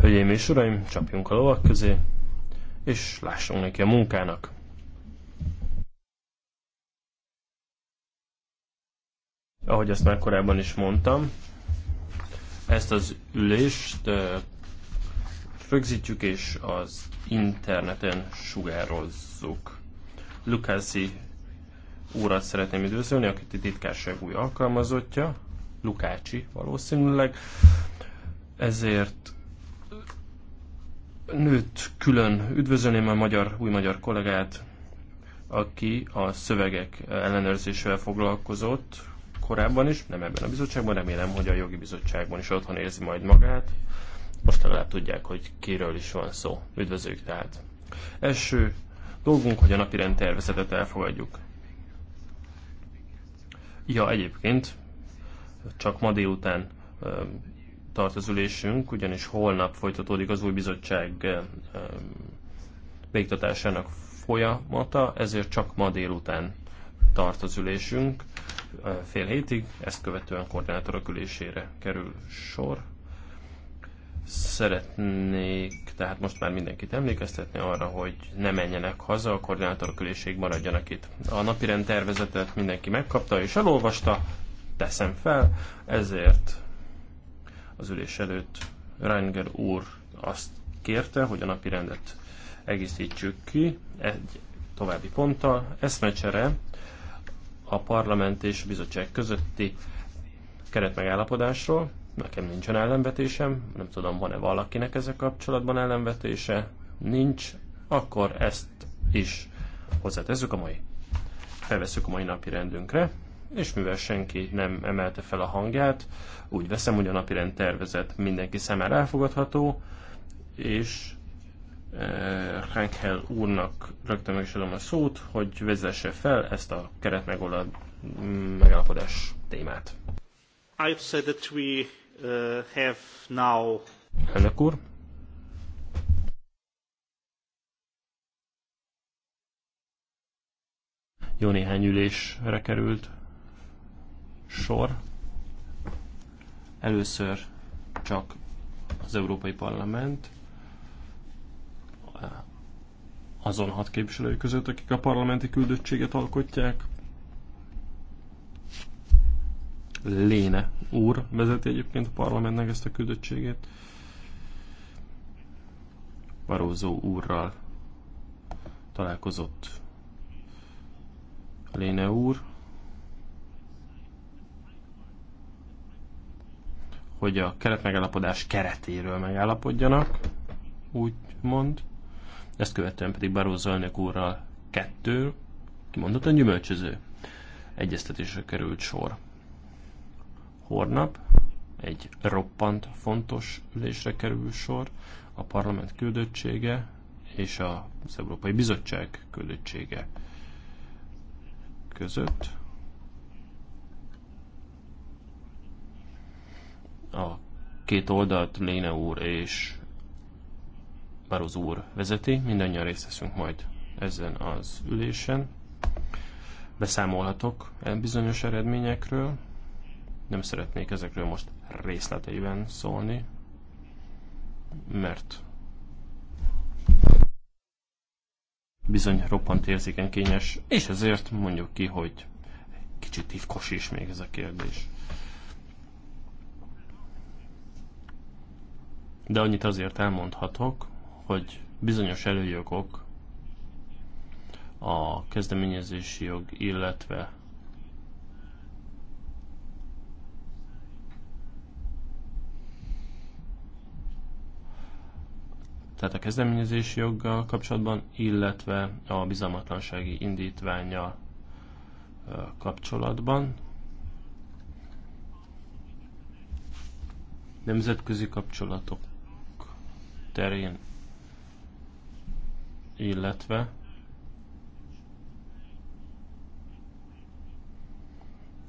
Hölgyeim és uraim, csapjunk a lovak közé, és lássunk neki a munkának. Ahogy azt már korábban is mondtam, ezt az ülést rögzítjük és az interneten sugározzuk. Lukászi úrat szeretném üdvözölni, akit a titkárság új alkalmazottja, Lukácsi valószínűleg. Ezért nőt külön üdvözölném a magyar, új magyar kollégát, aki a szövegek ellenőrzésével foglalkozott korábban is, nem ebben a bizottságban, remélem, hogy a jogi bizottságban is otthon érzi majd magát. Most legalább tudják, hogy kiről is van szó. Üdvözöljük tehát. Első dolgunk, hogy a napirend tervezetet elfogadjuk. Ja, egyébként csak ma délután tart az ülésünk, ugyanis holnap folytatódik az új bizottság végtatásának folyamata, ezért csak ma délután tart az ülésünk fél hétig, ezt követően koordinátorok ülésére kerül sor. Szeretnék tehát most már mindenkit emlékeztetni arra, hogy ne menjenek haza, a koordinátorok üléség maradjanak itt. A napirend tervezetet mindenki megkapta és elolvasta, teszem fel, ezért az ülés előtt Reinger úr azt kérte, hogy a napi rendet egészítsük ki egy további ponttal. Eszmecsere a parlament és a bizottság közötti keretmegállapodásról. Nekem nincsen ellenvetésem, nem tudom, van-e valakinek ezzel kapcsolatban ellenvetése. Nincs, akkor ezt is hozzátezzük a mai, felveszük a mai napi rendünkre és mivel senki nem emelte fel a hangját, úgy veszem, hogy a napirend tervezet mindenki számára elfogadható, és eh, Rankel úrnak rögtön meg is adom a szót, hogy vezesse fel ezt a keret mm, megállapodás témát. I have said that we uh, have now... Elnök úr, jó néhány ülésre került sor. Először csak az Európai Parlament azon hat képviselői között, akik a parlamenti küldöttséget alkotják. Léne úr vezeti egyébként a parlamentnek ezt a küldöttségét. Barózó úrral találkozott Léne úr, hogy a keretmegállapodás keretéről megállapodjanak, úgymond. Ezt követően pedig Barózó elnök úrral kettő, kimondottan gyümölcsöző egyeztetésre került sor. Hornap egy roppant fontos ülésre kerül sor, a parlament küldöttsége és az Európai Bizottság küldöttsége között. a két oldalt Léne úr és Barozó úr vezeti. Mindannyian részt veszünk majd ezen az ülésen. Beszámolhatok e bizonyos eredményekről. Nem szeretnék ezekről most részleteiben szólni, mert bizony roppant érzékeny, kényes, és ezért mondjuk ki, hogy kicsit hívkos is még ez a kérdés. de annyit azért elmondhatok, hogy bizonyos előjogok a kezdeményezési jog, illetve tehát a kezdeményezési joggal kapcsolatban, illetve a bizalmatlansági indítványa kapcsolatban. Nemzetközi kapcsolatok terén, illetve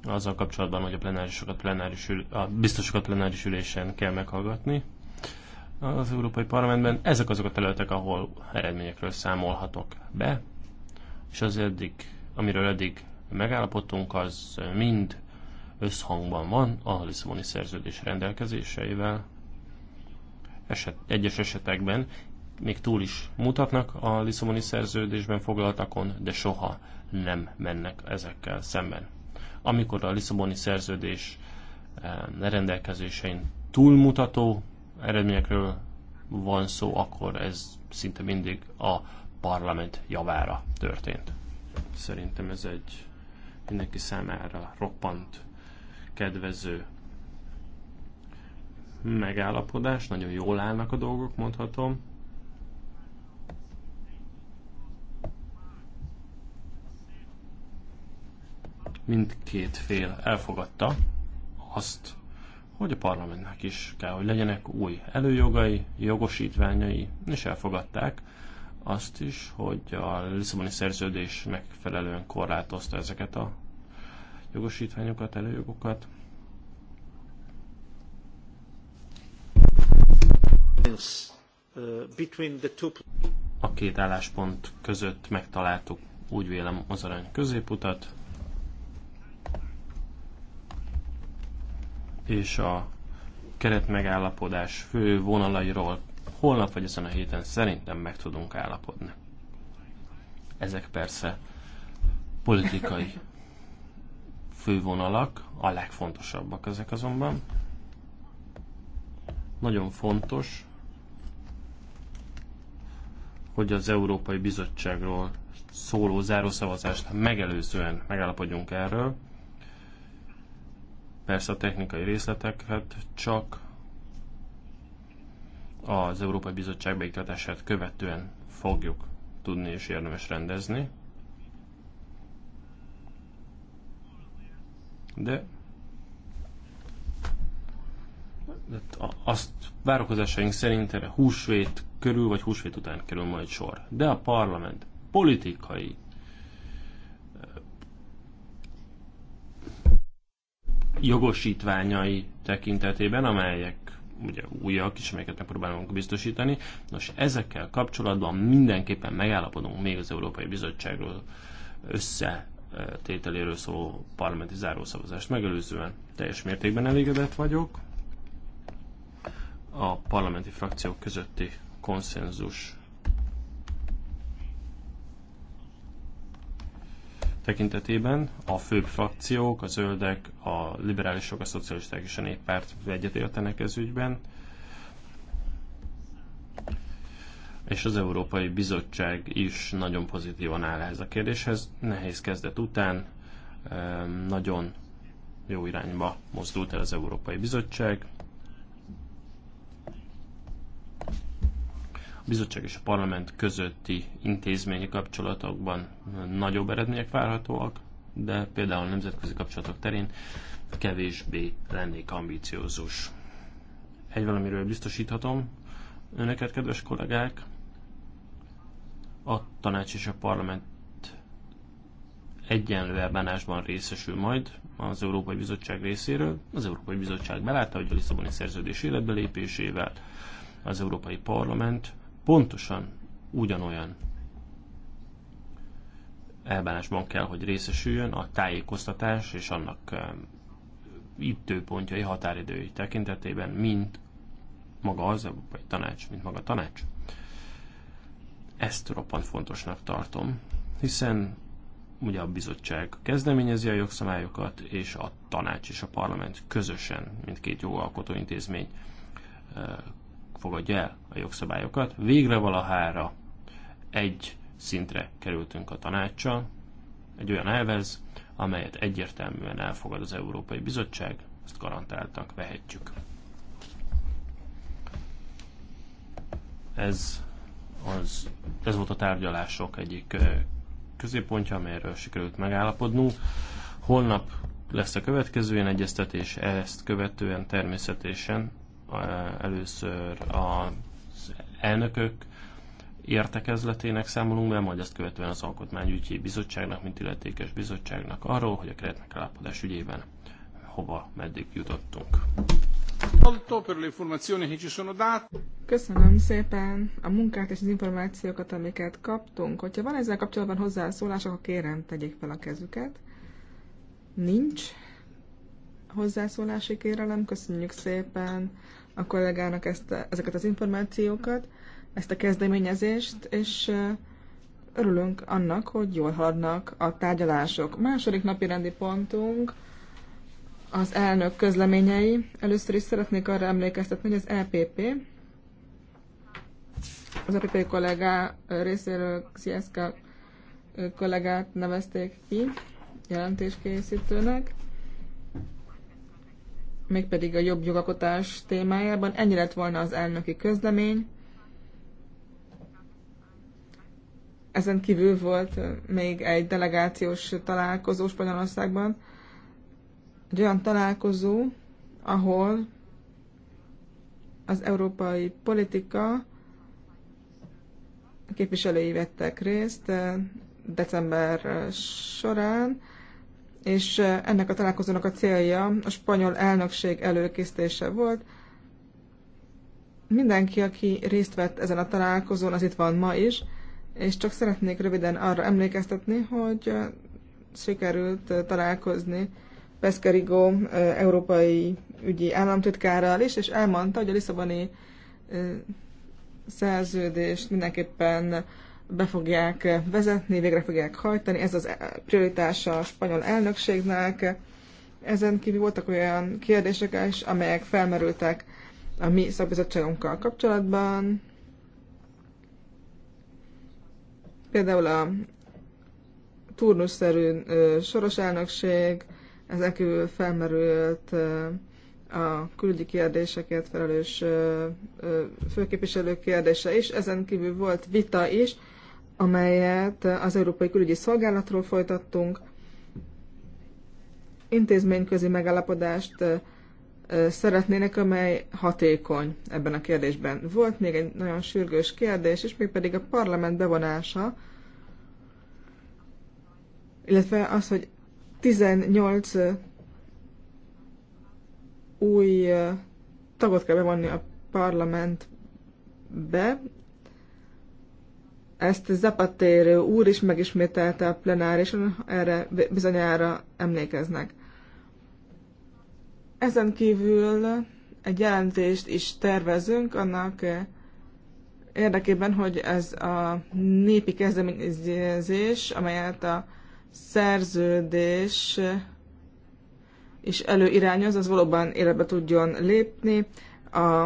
azzal kapcsolatban, hogy a plenárisokat plenáris ül, a biztosokat plenáris ülésen kell meghallgatni az Európai Parlamentben. Ezek azok a területek, ahol eredményekről számolhatok be, és az eddig, amiről eddig megállapodtunk, az mind összhangban van a Lisszaboni szerződés rendelkezéseivel, eset, egyes esetekben még túl is mutatnak a Lisszaboni szerződésben foglaltakon, de soha nem mennek ezekkel szemben. Amikor a Lisszaboni szerződés eh, rendelkezésein túlmutató eredményekről van szó, akkor ez szinte mindig a parlament javára történt. Szerintem ez egy mindenki számára roppant kedvező megállapodás, nagyon jól állnak a dolgok, mondhatom. Mindkét fél elfogadta azt, hogy a parlamentnek is kell, hogy legyenek új előjogai, jogosítványai, és elfogadták azt is, hogy a Lisszaboni szerződés megfelelően korlátozta ezeket a jogosítványokat, előjogokat. A két álláspont között megtaláltuk, úgy vélem, az arany középutat, és a keretmegállapodás fő vonalairól holnap vagy ezen a héten szerintem meg tudunk állapodni. Ezek persze politikai fővonalak, a legfontosabbak ezek azonban. Nagyon fontos, hogy az Európai Bizottságról szóló zárószavazást megelőzően megállapodjunk erről. Persze a technikai részleteket csak az Európai Bizottság beiktatását követően fogjuk tudni és érdemes rendezni. De azt várakozásaink szerint erre húsvét körül vagy húsvét után kerül majd sor. De a parlament politikai eh, jogosítványai tekintetében, amelyek ugye újak is, amelyeket megpróbálunk biztosítani. Nos, ezekkel kapcsolatban mindenképpen megállapodunk még az Európai Bizottságról összetételéről szóló parlamenti zárószavazást megelőzően. Teljes mértékben elégedett vagyok a parlamenti frakciók közötti konszenzus tekintetében a főbb frakciók, a zöldek, a liberálisok, a szocialisták és a néppárt egyetértenek ez ügyben. És az Európai Bizottság is nagyon pozitívan áll ehhez a kérdéshez. Nehéz kezdet után nagyon jó irányba mozdult el az Európai Bizottság. bizottság és a parlament közötti intézményi kapcsolatokban nagyobb eredmények várhatóak, de például a nemzetközi kapcsolatok terén kevésbé lennék ambíciózus. Egy valamiről biztosíthatom önöket, kedves kollégák, a tanács és a parlament egyenlő elbánásban részesül majd az Európai Bizottság részéről. Az Európai Bizottság belátta, hogy a Lisszaboni Szerződés életbelépésével az Európai Parlament pontosan ugyanolyan elbánásban kell, hogy részesüljön a tájékoztatás és annak időpontjai, határidői tekintetében, mint maga az vagy Tanács, mint maga a tanács. Ezt roppant fontosnak tartom, hiszen ugye a bizottság kezdeményezi a jogszabályokat, és a tanács és a parlament közösen, mint két jogalkotó intézmény fogadja el a jogszabályokat. Végre valahára egy szintre kerültünk a tanácssal, egy olyan elvez, amelyet egyértelműen elfogad az Európai Bizottság, ezt garantáltak vehetjük. Ez, az, ez volt a tárgyalások egyik középpontja, amelyről sikerült megállapodnunk. Holnap lesz a következő ilyen egyeztetés, ezt követően természetesen először az elnökök értekezletének számolunk be, majd ezt követően az Alkotmányügyi Bizottságnak, mint illetékes bizottságnak arról, hogy a keretmegállapodás ügyében hova, meddig jutottunk. Köszönöm szépen a munkát és az információkat, amiket kaptunk. Hogyha van ezzel kapcsolatban hozzászólás, akkor kérem, tegyék fel a kezüket. Nincs hozzászólási kérelem. Köszönjük szépen a kollégának ezt, ezeket az információkat, ezt a kezdeményezést, és örülünk annak, hogy jól haladnak a tárgyalások. Második napi rendi pontunk az elnök közleményei. Először is szeretnék arra emlékeztetni, hogy az EPP, az EPP kollégá részéről Sziaszka kollégát nevezték ki jelentéskészítőnek mégpedig a jobb jogakotás témájában. Ennyi lett volna az elnöki közlemény. Ezen kívül volt még egy delegációs találkozó Spanyolországban, egy olyan találkozó, ahol az európai politika képviselői vettek részt december során, és ennek a találkozónak a célja a spanyol elnökség előkészítése volt. Mindenki, aki részt vett ezen a találkozón, az itt van ma is, és csak szeretnék röviden arra emlékeztetni, hogy sikerült találkozni Pescarigo európai ügyi államtitkárral is, és elmondta, hogy a Lisszaboni szerződést mindenképpen be fogják vezetni, végre fogják hajtani. Ez az prioritása a spanyol elnökségnek. Ezen kívül voltak olyan kérdések is, amelyek felmerültek a mi szakbizottságunkkal kapcsolatban. Például a turnusszerű soros elnökség, ezen kívül felmerült a külügyi kérdéseket felelős főképviselők kérdése is, ezen kívül volt vita is amelyet az Európai Külügyi Szolgálatról folytattunk. Intézményközi megállapodást szeretnének, amely hatékony ebben a kérdésben. Volt még egy nagyon sürgős kérdés, és még pedig a parlament bevonása, illetve az, hogy 18 új tagot kell bevonni a parlamentbe, ezt Zapatero úr is megismételte a plenárison, erre bizonyára emlékeznek. Ezen kívül egy jelentést is tervezünk annak érdekében, hogy ez a népi kezdeményezés, amelyet a szerződés is előirányoz, az valóban életbe tudjon lépni. A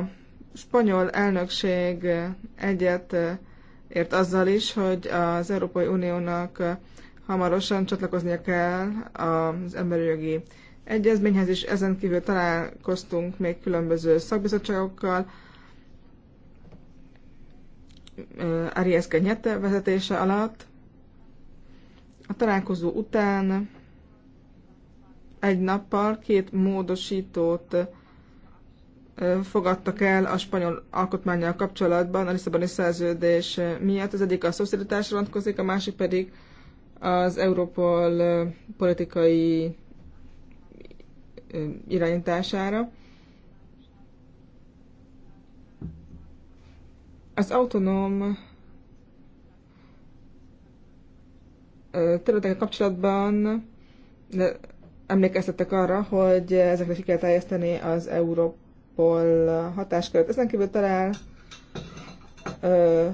spanyol elnökség egyet ért azzal is, hogy az Európai Uniónak hamarosan csatlakoznia kell az emberi jogi egyezményhez, és ezen kívül találkoztunk még különböző szakbizottságokkal, Arieszke Nyette vezetése alatt. A találkozó után egy nappal két módosítót fogadtak el a spanyol alkotmányjal kapcsolatban a Lisszaboni szerződés miatt. Az egyik a szociálitásra vonatkozik, a másik pedig az Európol politikai irányítására. Az autonóm területek kapcsolatban emlékeztettek arra, hogy ezekre ki kell teljeszteni az Európa Europol hatáskört. Ezen kívül talál ö,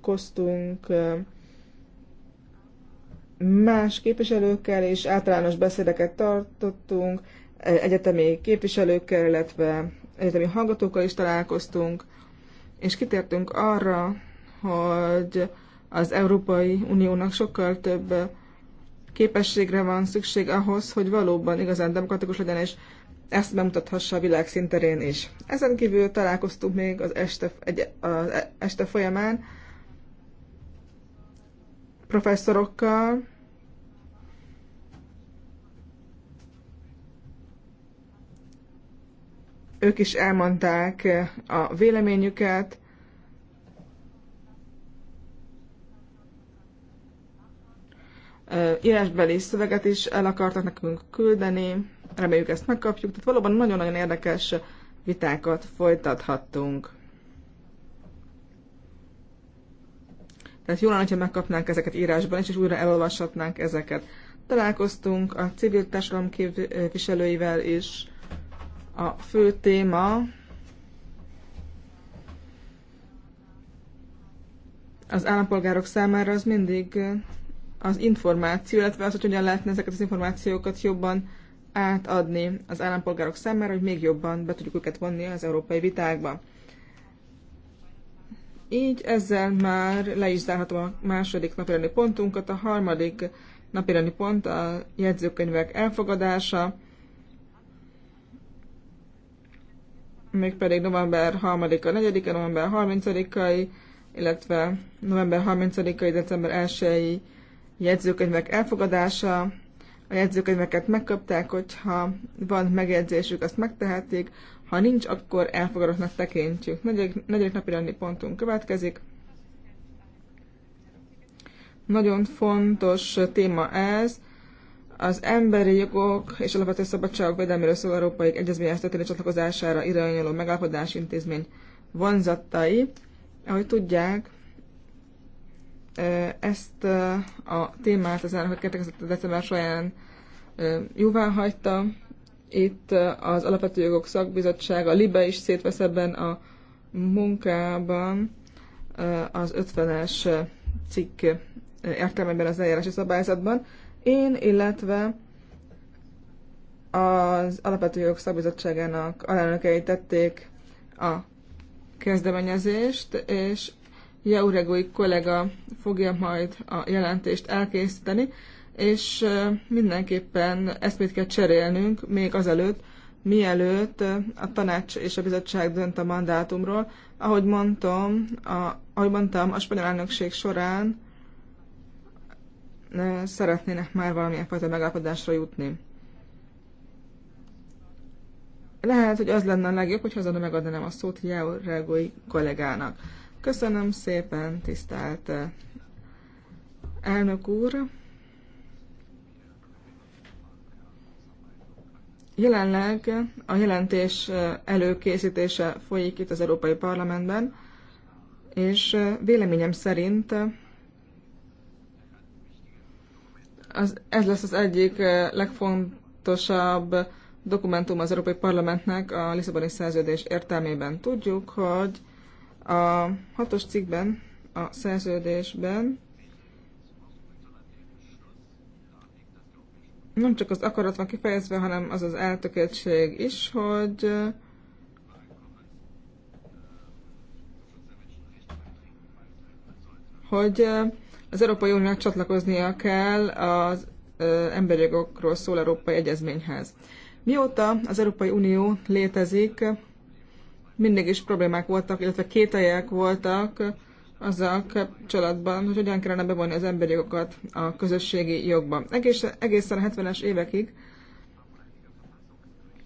kosztunk ö, más képviselőkkel, és általános beszédeket tartottunk, e, egyetemi képviselőkkel, illetve egyetemi hallgatókkal is találkoztunk, és kitértünk arra, hogy az Európai Uniónak sokkal több képességre van szükség ahhoz, hogy valóban igazán demokratikus legyen, és ezt bemutathassa a világ szinterén is. Ezen kívül találkoztunk még az este, egy, az e, este folyamán professzorokkal, ők is elmondták a véleményüket, írásbeli szöveget is el akartak nekünk küldeni, Reméljük ezt megkapjuk. Tehát valóban nagyon-nagyon érdekes vitákat folytathattunk. Tehát jó lenne, ha megkapnánk ezeket írásban is, és újra elolvashatnánk ezeket. Találkoztunk a civil társadalom képviselőivel is. A fő téma az állampolgárok számára az mindig az információ, illetve az, hogy hogyan lehetne ezeket az információkat jobban átadni az állampolgárok számára, hogy még jobban be tudjuk őket vonni az európai vitákba. Így ezzel már le is zárhatom a második napirendi pontunkat. A harmadik napirendi pont a jegyzőkönyvek elfogadása, mégpedig november 3-a, 4 -a, november 30-ai, illetve november 30-ai, december 1-i jegyzőkönyvek elfogadása, a jegyzőkönyveket megkapták, hogyha van megjegyzésük, azt megtehetik, ha nincs, akkor elfogadottnak tekintjük. Negyedik, negyedik napi rendi pontunk következik. Nagyon fontos téma ez, az emberi jogok és alapvető szabadságok védelméről szóló európai egyezményhez történő csatlakozására irányuló megállapodás intézmény vonzattai, Ahogy tudják, ezt a témát az elnök 2002. december során jóvá hagyta. Itt az Alapvető Jogok Szakbizottsága, a LIBE is szétvesz ebben a munkában az 50-es cikk értelmeben az eljárási szabályzatban. Én, illetve az Alapvető Jogok Szakbizottságának alelnökei tették a kezdeményezést, és Jauregui kollega fogja majd a jelentést elkészíteni, és mindenképpen eszmét kell cserélnünk még azelőtt, mielőtt a tanács és a bizottság dönt a mandátumról. Ahogy mondtam, a, ahogy mondtam, a spanyol elnökség során szeretnének már valamilyen fajta megállapodásra jutni. Lehet, hogy az lenne a legjobb, hogy azonnal megadnám a szót Jauregui kollégának. Köszönöm szépen, tisztelt eh, elnök úr! Jelenleg a jelentés eh, előkészítése folyik itt az Európai Parlamentben, és eh, véleményem szerint az, ez lesz az egyik legfontosabb dokumentum az Európai Parlamentnek a Lisszaboni szerződés értelmében. Tudjuk, hogy a hatos cikkben, a szerződésben nem csak az akarat van kifejezve, hanem az az eltökéltség is, hogy hogy az Európai Uniónak csatlakoznia kell az emberi jogokról szól Európai Egyezményhez. Mióta az Európai Unió létezik, mindig is problémák voltak, illetve kételjek voltak azzal kapcsolatban, hogy hogyan kellene bevonni az emberi jogokat a közösségi jogba. Egészen, egészen a 70-es évekig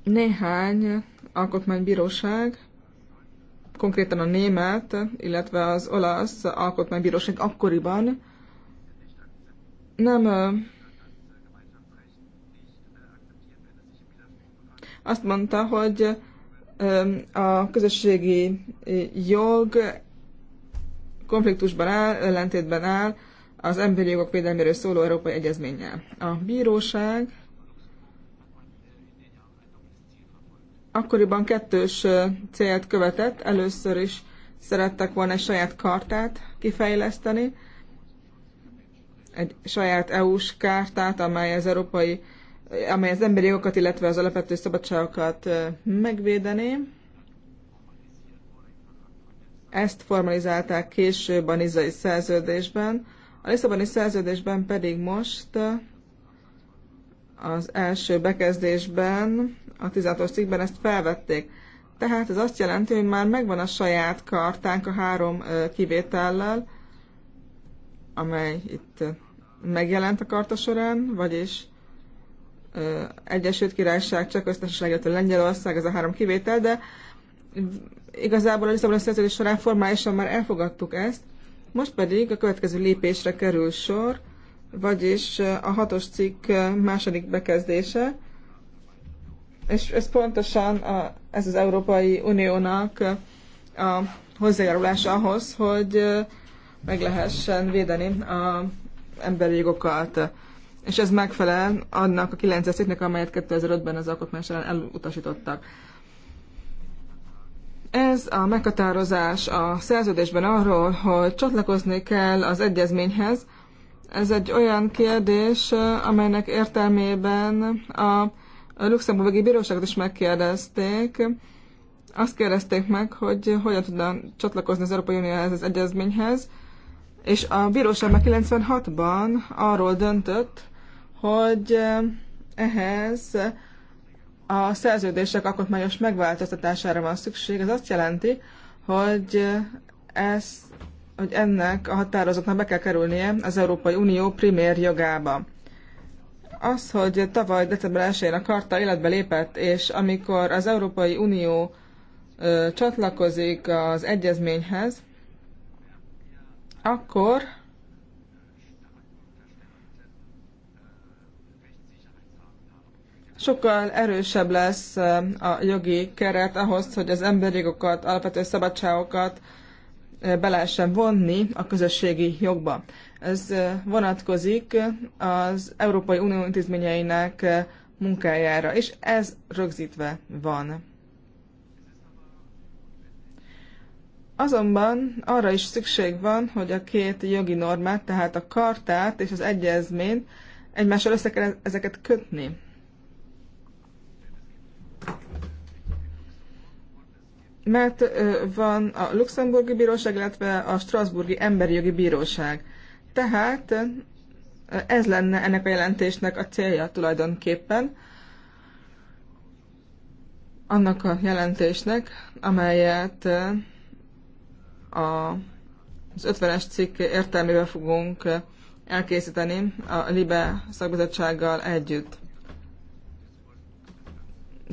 néhány alkotmánybíróság, konkrétan a német, illetve az olasz alkotmánybíróság akkoriban nem azt mondta, hogy a közösségi jog konfliktusban áll, ellentétben áll az emberi jogok védelméről szóló Európai Egyezménnyel. A bíróság akkoriban kettős célt követett, először is szerettek volna egy saját kartát kifejleszteni, egy saját EU-s kártát, amely az európai amely az emberi jogokat, illetve az alapvető szabadságokat megvédené. Ezt formalizálták később a nizai szerződésben. A Lisszaboni szerződésben pedig most az első bekezdésben, a 16-os cikkben ezt felvették. Tehát ez azt jelenti, hogy már megvan a saját kartánk a három kivétellel, amely itt megjelent a karta során, vagyis Egyesült Királyság, csak Köztársaság, Lengyelország, ez a három kivétel, de igazából a Lisszaboni szerződés során formálisan már elfogadtuk ezt, most pedig a következő lépésre kerül sor, vagyis a hatos cikk második bekezdése, és ez pontosan a, ez az Európai Uniónak a hozzájárulása ahhoz, hogy meg lehessen védeni az emberi jogokat és ez megfelel annak a 9 széknek, amelyet 2005-ben az alkotmány során elutasítottak. Ez a meghatározás a szerződésben arról, hogy csatlakozni kell az egyezményhez, ez egy olyan kérdés, amelynek értelmében a, luxemburgi bíróságot is megkérdezték. Azt kérdezték meg, hogy hogyan tudna csatlakozni az Európai Unióhoz az egyezményhez, és a bíróság már 96-ban arról döntött, hogy ehhez a szerződések alkotmányos megváltoztatására van szükség. Ez azt jelenti, hogy, ez, hogy ennek a határozatnak be kell kerülnie az Európai Unió primér jogába. Az, hogy tavaly december 1-én a karta életbe lépett, és amikor az Európai Unió ö, csatlakozik az egyezményhez, akkor sokkal erősebb lesz a jogi keret ahhoz, hogy az emberi jogokat, alapvető szabadságokat be lehessen vonni a közösségi jogba. Ez vonatkozik az Európai Unió intézményeinek munkájára, és ez rögzítve van. Azonban arra is szükség van, hogy a két jogi normát, tehát a kartát és az egyezményt egymással össze kell ezeket kötni. mert van a luxemburgi bíróság, illetve a strasburgi emberi jogi bíróság. Tehát ez lenne ennek a jelentésnek a célja tulajdonképpen, annak a jelentésnek, amelyet a, az 50-es cikk értelmével fogunk elkészíteni a LIBE szakbizottsággal együtt.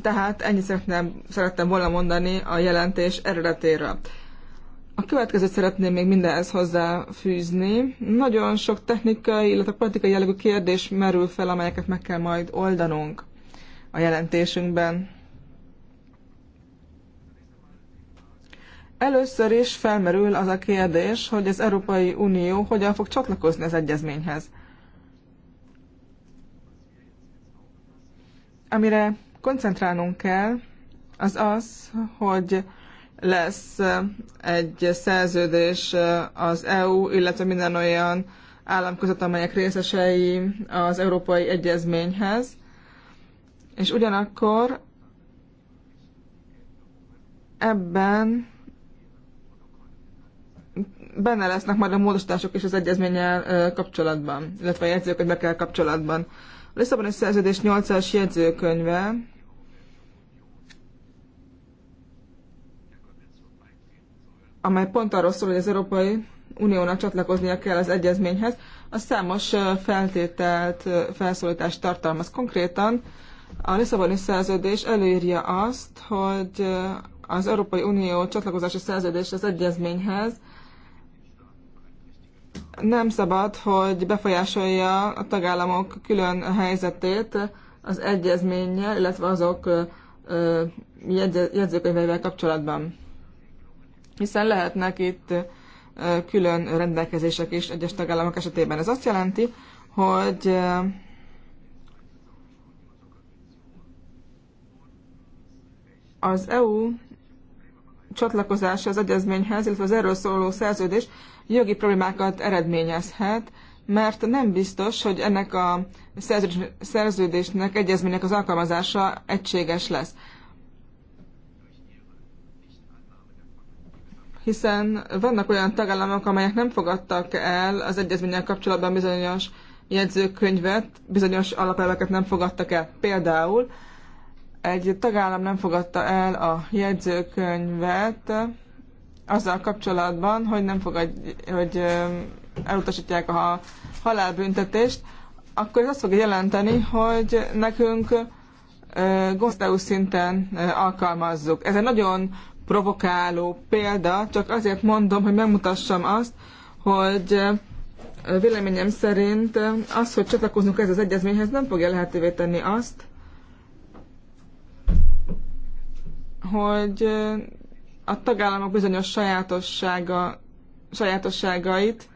Tehát ennyit szeretném, szerettem volna mondani a jelentés eredetéről. A következőt szeretném még mindenhez hozzáfűzni. Nagyon sok technikai, illetve politikai jellegű kérdés merül fel, amelyeket meg kell majd oldanunk a jelentésünkben. Először is felmerül az a kérdés, hogy az Európai Unió hogyan fog csatlakozni az egyezményhez. Amire koncentrálnunk kell, az az, hogy lesz egy szerződés az EU, illetve minden olyan állam között, amelyek részesei az Európai Egyezményhez, és ugyanakkor ebben benne lesznek majd a módosítások is az egyezménnyel kapcsolatban, illetve a jegyzőkönyvekkel kapcsolatban. A Lisszaboni Szerződés 8-as jegyzőkönyve amely pont arról szól, hogy az Európai Uniónak csatlakoznia kell az egyezményhez, az számos feltételt, felszólítást tartalmaz. Konkrétan a Lisszaboni szerződés előírja azt, hogy az Európai Unió csatlakozási szerződés az egyezményhez nem szabad, hogy befolyásolja a tagállamok külön helyzetét az egyezménnyel, illetve azok jegyzőkönyveivel kapcsolatban hiszen lehetnek itt külön rendelkezések is egyes tagállamok esetében. Ez azt jelenti, hogy az EU csatlakozása az egyezményhez, illetve az erről szóló szerződés jogi problémákat eredményezhet, mert nem biztos, hogy ennek a szerződésnek, egyezménynek az alkalmazása egységes lesz. hiszen vannak olyan tagállamok, amelyek nem fogadtak el az egyezménnyel kapcsolatban bizonyos jegyzőkönyvet, bizonyos alapelveket nem fogadtak el. Például egy tagállam nem fogadta el a jegyzőkönyvet azzal kapcsolatban, hogy nem fogad, hogy elutasítják a halálbüntetést, akkor ez azt fogja jelenteni, hogy nekünk gazdáú szinten alkalmazzuk. Ez egy nagyon provokáló példa, csak azért mondom, hogy megmutassam azt, hogy véleményem szerint az, hogy csatlakoznunk ez az egyezményhez, nem fogja lehetővé tenni azt, hogy a tagállamok bizonyos sajátossága, sajátosságait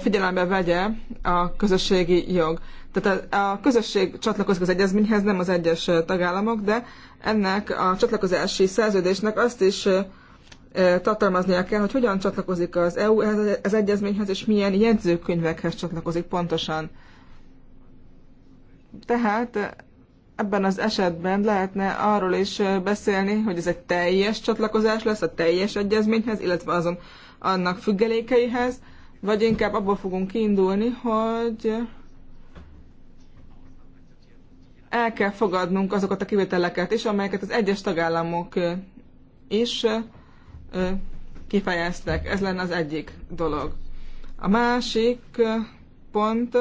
figyelembe vegye a közösségi jog. Tehát a, a közösség csatlakozik az egyezményhez, nem az egyes tagállamok, de ennek a csatlakozási szerződésnek azt is tartalmaznia kell, hogy hogyan csatlakozik az EU az egyezményhez, és milyen jegyzőkönyvekhez csatlakozik pontosan. Tehát ebben az esetben lehetne arról is beszélni, hogy ez egy teljes csatlakozás lesz a teljes egyezményhez, illetve azon annak függelékeihez, vagy inkább abból fogunk kiindulni, hogy el kell fogadnunk azokat a kivételeket is, amelyeket az egyes tagállamok is kifejeztek. Ez lenne az egyik dolog. A másik pont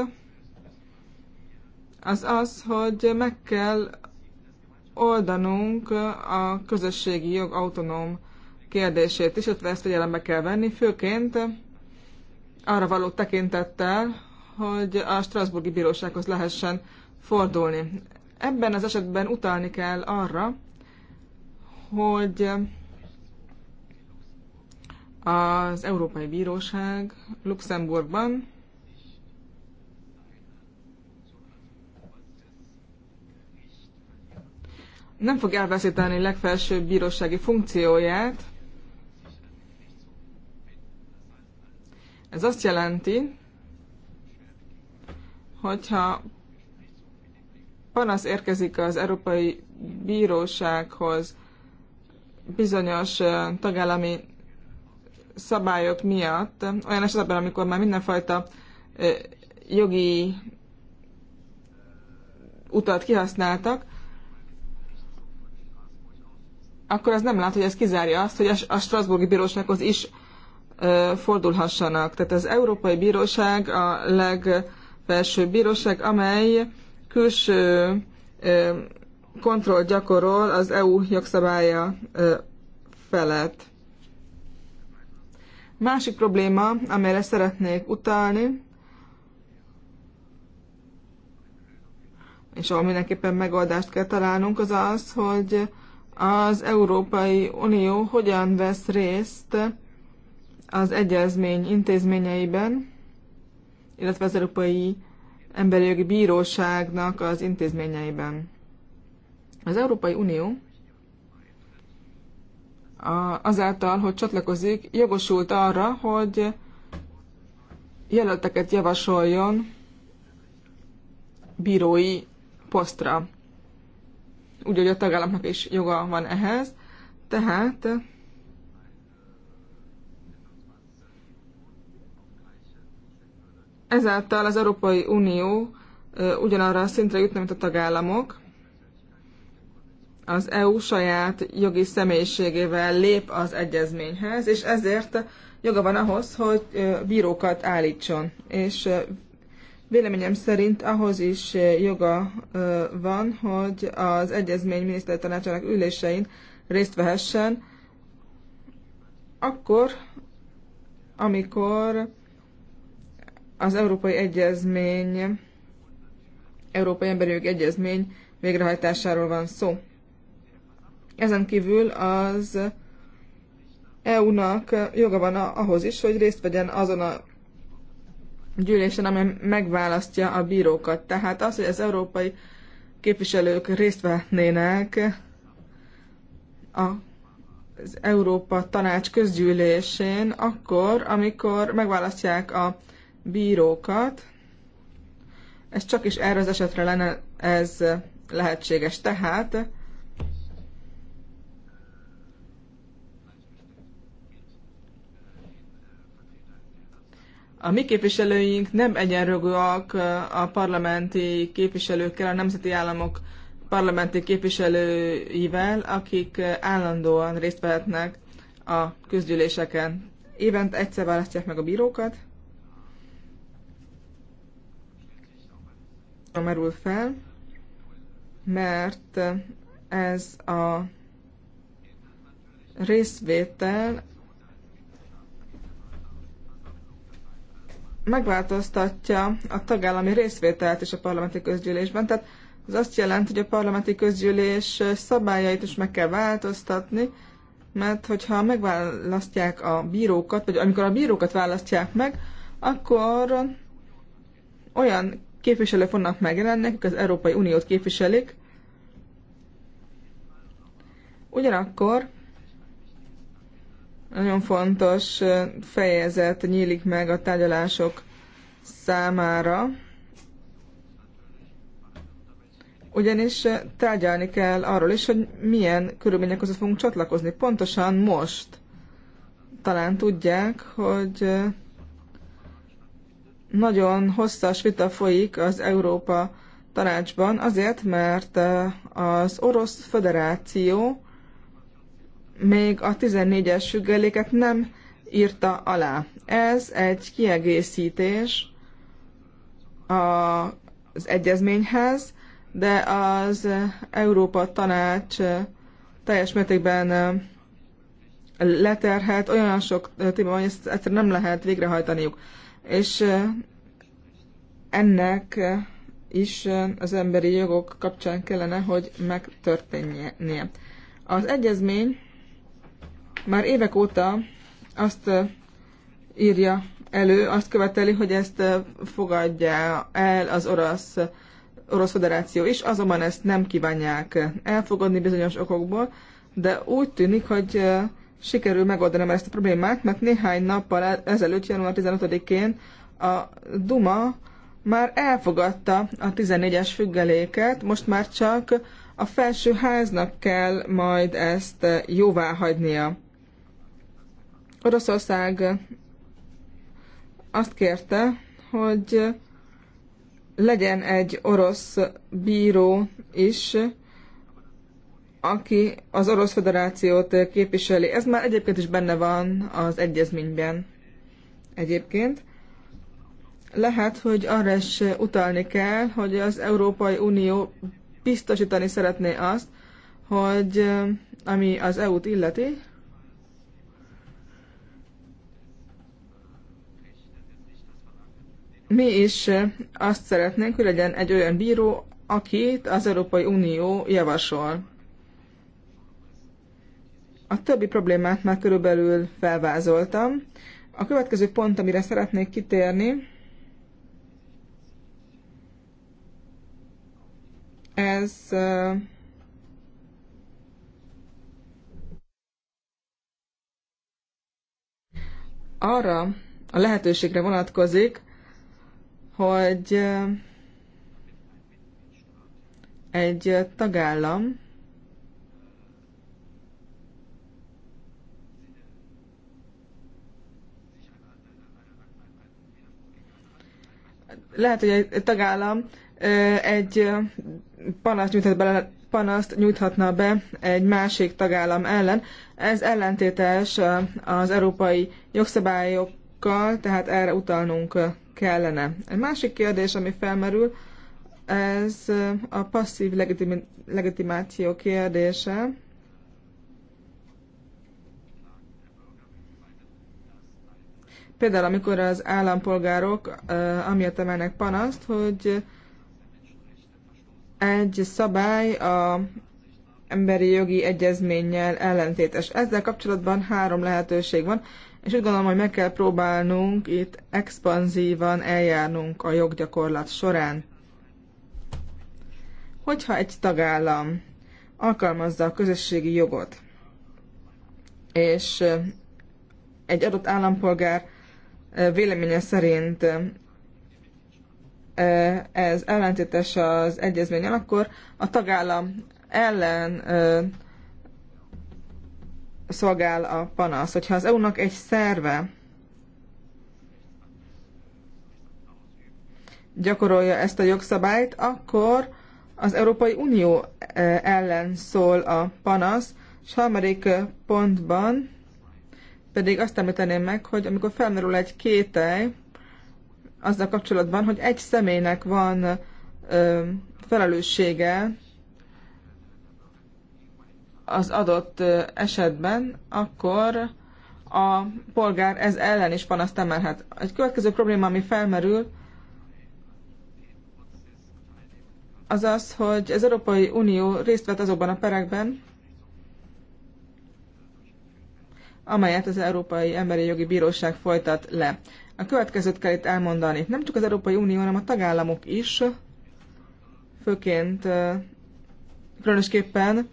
az az, hogy meg kell oldanunk a közösségi jog autonóm kérdését is, illetve ezt figyelembe kell venni, főként arra való tekintettel, hogy a Strasburgi Bírósághoz lehessen fordulni. Ebben az esetben utalni kell arra, hogy az Európai Bíróság Luxemburgban nem fog elveszíteni legfelsőbb bírósági funkcióját. Ez azt jelenti, hogyha panasz érkezik az Európai Bírósághoz bizonyos tagállami szabályok miatt, olyan esetben, amikor már mindenfajta jogi utat kihasználtak, akkor ez nem lát, hogy ez kizárja azt, hogy a Strasburgi Bírósághoz is fordulhassanak. Tehát az Európai Bíróság a legfelsőbb bíróság, amely külső kontroll gyakorol az EU jogszabálya felett. Másik probléma, amelyre szeretnék utalni, és ahol mindenképpen megoldást kell találnunk, az az, hogy az Európai Unió hogyan vesz részt az egyezmény intézményeiben, illetve az Európai emberi jogi bíróságnak az intézményeiben. Az Európai Unió azáltal, hogy csatlakozik, jogosult arra, hogy jelölteket javasoljon bírói posztra. Úgy, hogy a tagállamnak is joga van ehhez, tehát Ezáltal az Európai Unió ugyanarra a szintre jutna, mint a tagállamok. Az EU saját jogi személyiségével lép az egyezményhez, és ezért joga van ahhoz, hogy bírókat állítson. És véleményem szerint ahhoz is joga van, hogy az egyezmény tanácsának ülésein részt vehessen, akkor, amikor az Európai Egyezmény, Európai Emberi Jogi Egyezmény végrehajtásáról van szó. Ezen kívül az EU-nak joga van ahhoz is, hogy részt vegyen azon a gyűlésen, amely megválasztja a bírókat. Tehát az, hogy az európai képviselők részt vehetnének az Európa Tanács közgyűlésén, akkor, amikor megválasztják a bírókat. Ez csak is erre az esetre lenne ez lehetséges. Tehát a mi képviselőink nem egyenrogóak a parlamenti képviselőkkel, a nemzeti államok parlamenti képviselőivel, akik állandóan részt vehetnek a közgyűléseken. Évente egyszer választják meg a bírókat, merül fel, mert ez a részvétel megváltoztatja a tagállami részvételt is a parlamenti közgyűlésben. Tehát ez azt jelenti, hogy a parlamenti közgyűlés szabályait is meg kell változtatni, mert hogyha megválasztják a bírókat, vagy amikor a bírókat választják meg, akkor olyan képviselők vannak megjelennek, akik az Európai Uniót képviselik. Ugyanakkor nagyon fontos fejezet nyílik meg a tárgyalások számára, ugyanis tárgyalni kell arról is, hogy milyen körülmények között fogunk csatlakozni. Pontosan most talán tudják, hogy nagyon hosszas vita folyik az Európa tanácsban, azért, mert az Orosz Föderáció még a 14-es függeléket nem írta alá. Ez egy kiegészítés az egyezményhez, de az Európa Tanács teljes mértékben leterhet, olyan sok téma hogy ezt egyszerűen nem lehet végrehajtaniuk és ennek is az emberi jogok kapcsán kellene, hogy megtörténjenie. Az egyezmény már évek óta azt írja elő, azt követeli, hogy ezt fogadja el az orosz, orosz federáció is, azonban ezt nem kívánják elfogadni bizonyos okokból, de úgy tűnik, hogy sikerül megoldanom ezt a problémát, mert néhány nappal ezelőtt, január 15-én a Duma már elfogadta a 14-es függeléket, most már csak a felső háznak kell majd ezt eh, jóvá hagynia. Oroszország azt kérte, hogy legyen egy orosz bíró is, aki az Orosz Federációt képviseli. Ez már egyébként is benne van az egyezményben egyébként. Lehet, hogy arra is utalni kell, hogy az Európai Unió biztosítani szeretné azt, hogy ami az EU-t illeti, mi is azt szeretnénk, hogy legyen egy olyan bíró, akit az Európai Unió javasol. A többi problémát már körülbelül felvázoltam. A következő pont, amire szeretnék kitérni, ez arra a lehetőségre vonatkozik, hogy egy tagállam Lehet, hogy egy tagállam egy panaszt nyújthat, be, panaszt nyújthatna be egy másik tagállam ellen. Ez ellentétes az európai jogszabályokkal, tehát erre utalnunk kellene. Egy másik kérdés, ami felmerül, ez a passzív legitimáció kérdése. Például, amikor az állampolgárok amiatt emelnek panaszt, hogy egy szabály a emberi jogi egyezménnyel ellentétes. Ezzel kapcsolatban három lehetőség van, és úgy gondolom, hogy meg kell próbálnunk itt expanzívan eljárnunk a joggyakorlat során. Hogyha egy tagállam alkalmazza a közösségi jogot, és egy adott állampolgár véleménye szerint ez ellentétes az egyezmény. akkor a tagállam ellen szolgál a panasz. Hogyha az EU-nak egy szerve gyakorolja ezt a jogszabályt, akkor az Európai Unió ellen szól a panasz, és harmadik pontban pedig azt említeném meg, hogy amikor felmerül egy kételj azzal kapcsolatban, hogy egy személynek van ö, felelőssége az adott esetben, akkor a polgár ez ellen is panaszt emelhet. Egy következő probléma, ami felmerül, az az, hogy az Európai Unió részt vett azokban a perekben, amelyet az Európai Emberi Jogi Bíróság folytat le. A következőt kell itt elmondani. Nem csak az Európai Unió, hanem a tagállamok is, főként különösképpen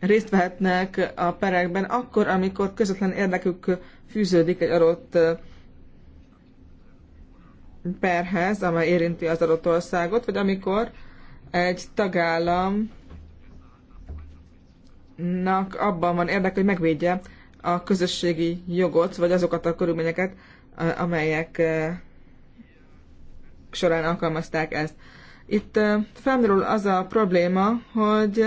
részt vehetnek a perekben akkor, amikor közvetlen érdekük fűződik egy adott perhez, amely érinti az adott országot, vagy amikor egy tagállam nak abban van érdek, hogy megvédje a közösségi jogot, vagy azokat a körülményeket, amelyek során alkalmazták ezt. Itt felmerül az a probléma, hogy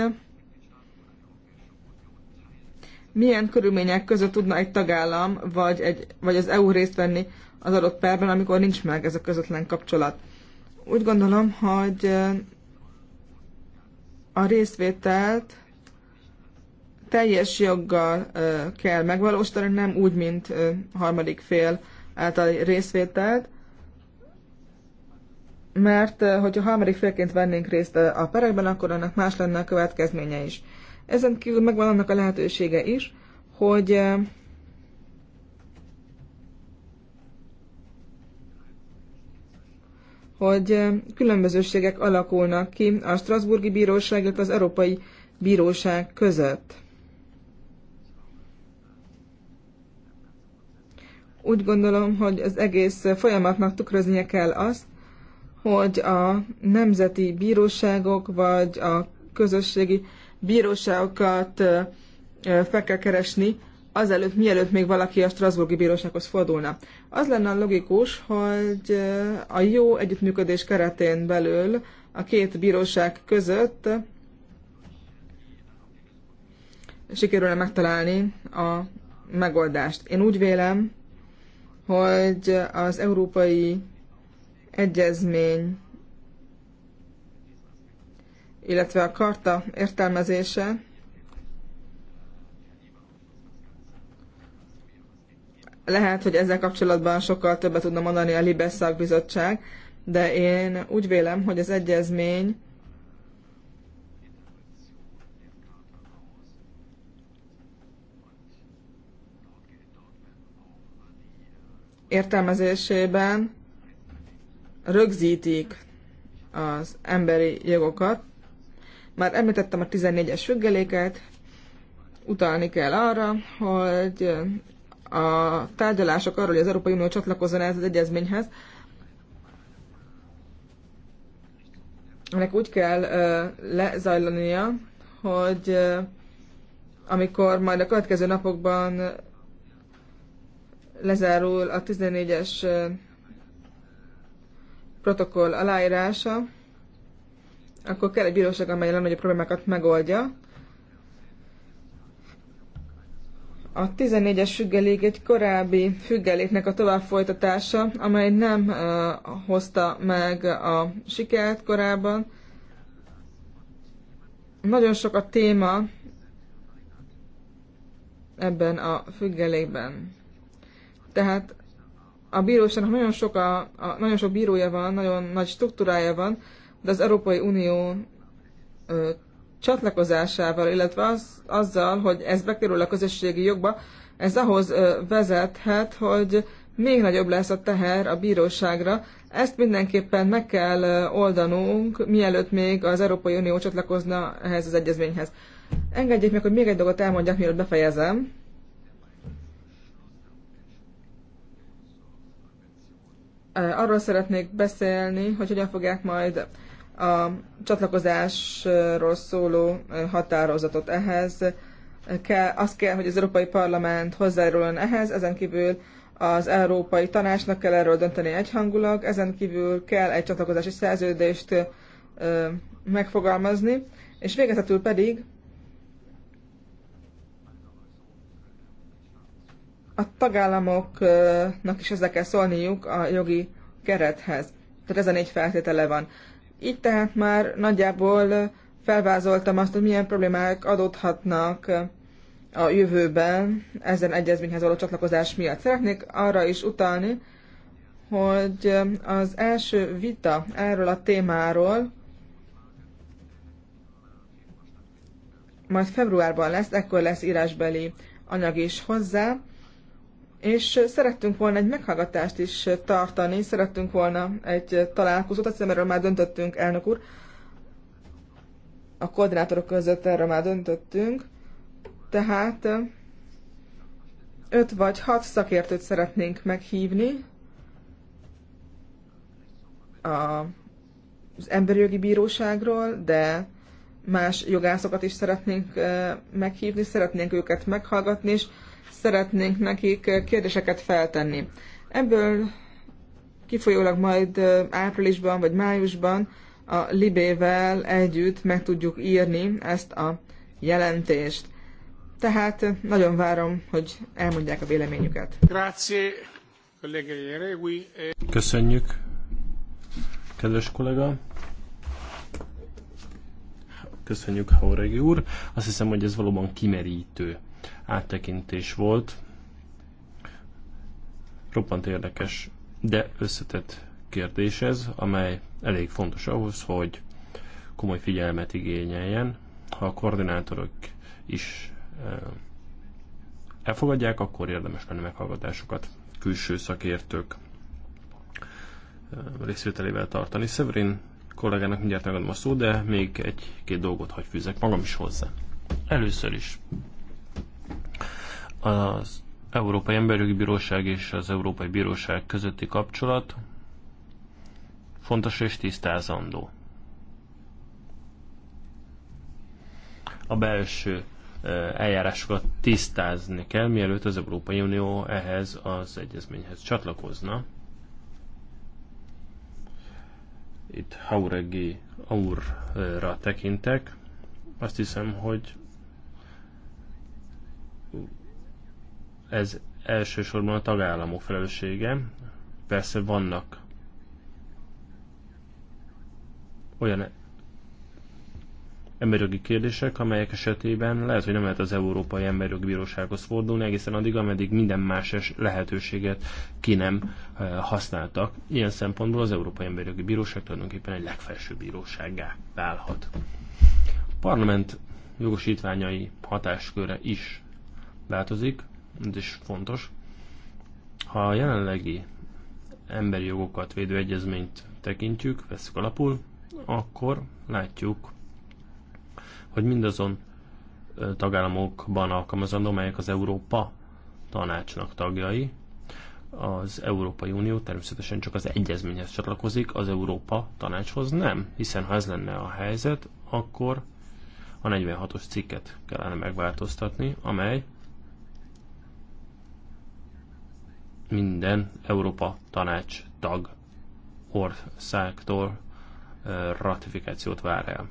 milyen körülmények között tudna egy tagállam vagy, egy, vagy az EU részt venni az adott perben, amikor nincs meg ez a közvetlen kapcsolat. Úgy gondolom, hogy a részvételt teljes joggal kell megvalósítani, nem úgy, mint harmadik fél által részvételt, mert hogyha harmadik félként vennénk részt a perekben, akkor annak más lenne a következménye is. Ezen kívül megvan annak a lehetősége is, hogy hogy különbözőségek alakulnak ki a Strasburgi Bíróság, illetve az Európai Bíróság között. Úgy gondolom, hogy az egész folyamatnak tükröznie kell azt, hogy a nemzeti bíróságok vagy a közösségi bíróságokat fel kell keresni, azelőtt, mielőtt még valaki a Strasburgi Bírósághoz fordulna. Az lenne a logikus, hogy a jó együttműködés keretén belül a két bíróság között sikerülne megtalálni a megoldást. Én úgy vélem, hogy az európai egyezmény, illetve a karta értelmezése lehet, hogy ezzel kapcsolatban sokkal többet tudna mondani a Libes szakbizottság, de én úgy vélem, hogy az egyezmény értelmezésében rögzítik az emberi jogokat. Már említettem a 14-es függeléket, utalni kell arra, hogy a tárgyalások arról, hogy az Európai Unió csatlakozzon ehhez az egyezményhez, ennek úgy kell ö, lezajlania, hogy ö, amikor majd a következő napokban lezárul a 14-es protokoll aláírása, akkor kell egy bíróság, amely a legnagyobb problémákat megoldja. A 14-es függelék egy korábbi függeléknek a tovább folytatása, amely nem uh, hozta meg a sikert korábban. Nagyon sok a téma ebben a függelékben. Tehát a bíróságnak nagyon, sok a, a, nagyon sok bírója van, nagyon nagy struktúrája van, de az Európai Unió ö, csatlakozásával, illetve az, azzal, hogy ez bekerül a közösségi jogba, ez ahhoz ö, vezethet, hogy még nagyobb lesz a teher a bíróságra. Ezt mindenképpen meg kell oldanunk, mielőtt még az Európai Unió csatlakozna ehhez az egyezményhez. Engedjék meg, hogy még egy dolgot elmondjak, mielőtt befejezem. arról szeretnék beszélni, hogy hogyan fogják majd a csatlakozásról szóló határozatot ehhez. Kell, az kell, hogy az Európai Parlament hozzájáruljon ehhez, ezen kívül az Európai Tanácsnak kell erről dönteni egyhangulag, ezen kívül kell egy csatlakozási szerződést megfogalmazni, és végezetül pedig a tagállamoknak is ezzel kell szólniuk a jogi kerethez. Tehát ez a négy feltétele van. Így tehát már nagyjából felvázoltam azt, hogy milyen problémák adódhatnak a jövőben ezen egyezményhez való csatlakozás miatt. Szeretnék arra is utalni, hogy az első vita erről a témáról majd februárban lesz, ekkor lesz írásbeli anyag is hozzá, és szerettünk volna egy meghallgatást is tartani, szerettünk volna egy találkozót, azt hiszem erről már döntöttünk, elnök úr. A koordinátorok között erről már döntöttünk. Tehát öt vagy hat szakértőt szeretnénk meghívni. A, az emberi jogi bíróságról, de más jogászokat is szeretnénk meghívni, szeretnénk őket meghallgatni, és szeretnénk nekik eh, kérdéseket feltenni. Ebből kifolyólag majd eh, áprilisban vagy májusban a Libével együtt meg tudjuk írni ezt a jelentést. Tehát eh, nagyon várom, hogy elmondják a véleményüket. Köszönjük, kedves kollega. Köszönjük, Hauregi úr. Azt hiszem, hogy ez valóban kimerítő áttekintés volt. Roppant érdekes, de összetett kérdés ez, amely elég fontos ahhoz, hogy komoly figyelmet igényeljen. Ha a koordinátorok is elfogadják, akkor érdemes lenne meghallgatásokat külső szakértők részvételével tartani. Severin kollégának mindjárt megadom a szót, de még egy-két dolgot hagy fűzek magam is hozzá. Először is az Európai Emberjogi Bíróság és az Európai Bíróság közötti kapcsolat fontos és tisztázandó. A belső eljárásokat tisztázni kell, mielőtt az Európai Unió ehhez az egyezményhez csatlakozna. Itt Hauregi Aurra tekintek. Azt hiszem, hogy ez elsősorban a tagállamok felelőssége. Persze vannak olyan emberjogi kérdések, amelyek esetében lehet, hogy nem lehet az Európai Emberjogi Bírósághoz fordulni egészen addig, ameddig minden más lehetőséget ki nem használtak. Ilyen szempontból az Európai Emberjogi Bíróság tulajdonképpen egy legfelsőbb bírósággá válhat. A parlament jogosítványai hatásköre is változik, ez is fontos. Ha a jelenlegi emberi jogokat védő egyezményt tekintjük, veszük alapul, akkor látjuk, hogy mindazon tagállamokban alkalmazandó, melyek az Európa tanácsnak tagjai, az Európai Unió természetesen csak az egyezményhez csatlakozik, az Európa tanácshoz nem, hiszen ha ez lenne a helyzet, akkor a 46-os cikket kellene megváltoztatni, amely minden Európa Tanács tag országtól ratifikációt vár el.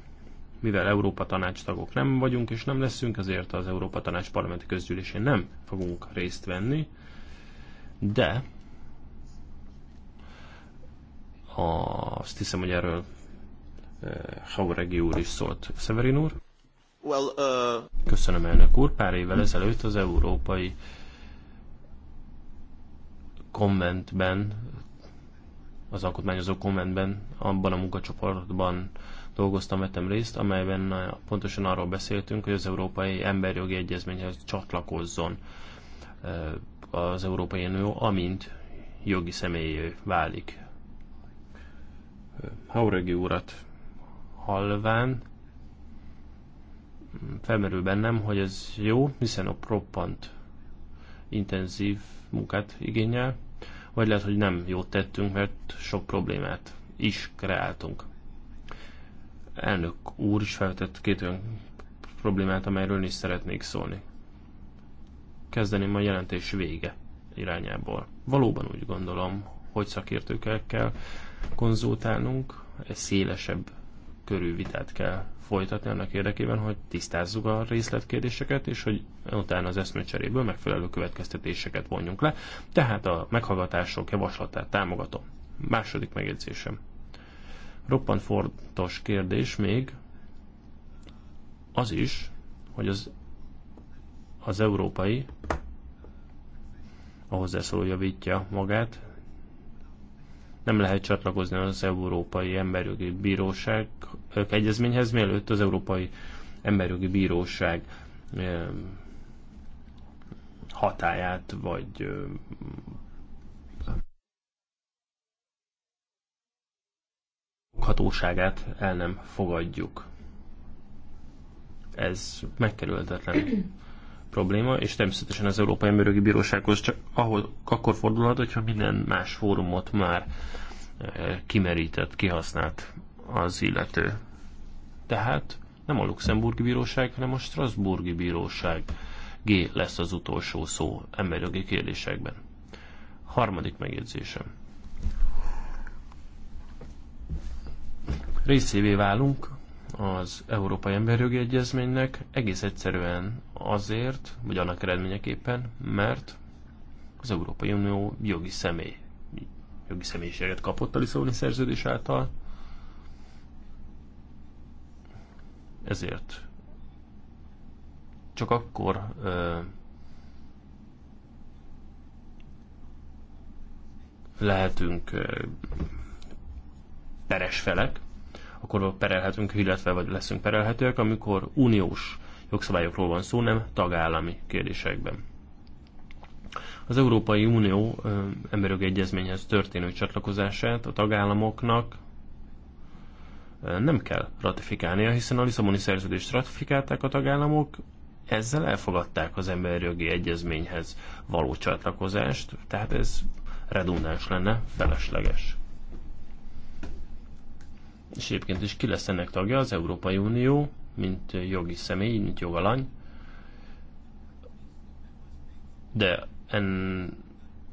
Mivel Európa Tanács tagok nem vagyunk és nem leszünk, ezért az Európa Tanács parlamenti közgyűlésén nem fogunk részt venni, de azt hiszem, hogy erről Hauregi úr is szólt. Severin úr? Köszönöm elnök úr. Pár évvel ezelőtt az Európai uh, konventben, az alkotmányozó konventben, abban a munkacsoportban dolgoztam, vettem részt, amelyben eh, pontosan arról beszéltünk, hogy az Európai Emberjogi Egyezményhez csatlakozzon eh, az Európai Unió, amint jogi személyé válik. Hauregi urat halván felmerül bennem, hogy ez jó, hiszen a proppant intenzív munkát igényel, vagy lehet, hogy nem jót tettünk, mert sok problémát is kreáltunk. Elnök úr is feltett két olyan problémát, amelyről is szeretnék szólni. Kezdeném a jelentés vége irányából. Valóban úgy gondolom, hogy szakértőkkel kell konzultálnunk, egy szélesebb körű vitát kell folytatni annak érdekében, hogy tisztázzuk a részletkérdéseket, és hogy utána az eszmecseréből megfelelő következtetéseket vonjunk le. Tehát a meghallgatások javaslatát támogatom. Második megjegyzésem. Roppant fontos kérdés még az is, hogy az, az európai a hozzászóló javítja magát, nem lehet csatlakozni az Európai Emberjogi Bíróság egyezményhez, mielőtt az Európai Emberjogi Bíróság hatáját vagy hatóságát el nem fogadjuk. Ez megkerülhetetlen probléma, és természetesen az Európai Emberjogi Bírósághoz csak ahol, akkor fordulhat, hogyha minden más fórumot már eh, kimerített, kihasznált az illető. Tehát nem a Luxemburgi Bíróság, hanem a Strasburgi Bíróság G lesz az utolsó szó emberjogi kérdésekben. Harmadik megjegyzésem. Részévé válunk az Európai Emberjogi Egyezménynek, egész egyszerűen azért, vagy annak eredményeképpen, mert az Európai Unió jogi személy, jogi személyiséget kapott a Lisszaboni szerződés által, ezért csak akkor ö, lehetünk ö, peres felek, akkor perelhetünk, illetve vagy leszünk perelhetőek, amikor uniós jogszabályokról van szó, nem tagállami kérdésekben. Az Európai Unió emberjogi egyezményhez történő csatlakozását a tagállamoknak nem kell ratifikálnia, hiszen a Lisszaboni szerződést ratifikálták a tagállamok, ezzel elfogadták az emberjogi egyezményhez való csatlakozást, tehát ez redundáns lenne, felesleges és egyébként is ki lesz ennek tagja az Európai Unió, mint jogi személy, mint jogalany, de en,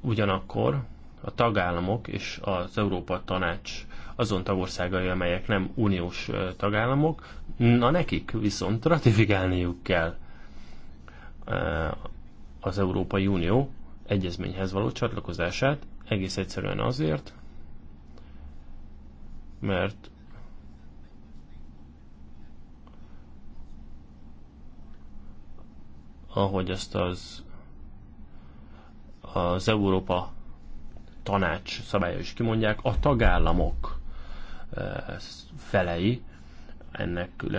ugyanakkor a tagállamok és az Európa Tanács azon tagországai, amelyek nem uniós tagállamok, na nekik viszont ratifikálniuk kell az Európai Unió egyezményhez való csatlakozását, egész egyszerűen azért, mert ahogy ezt az, az Európa tanács szabálya is kimondják, a tagállamok eh, felei ennek a,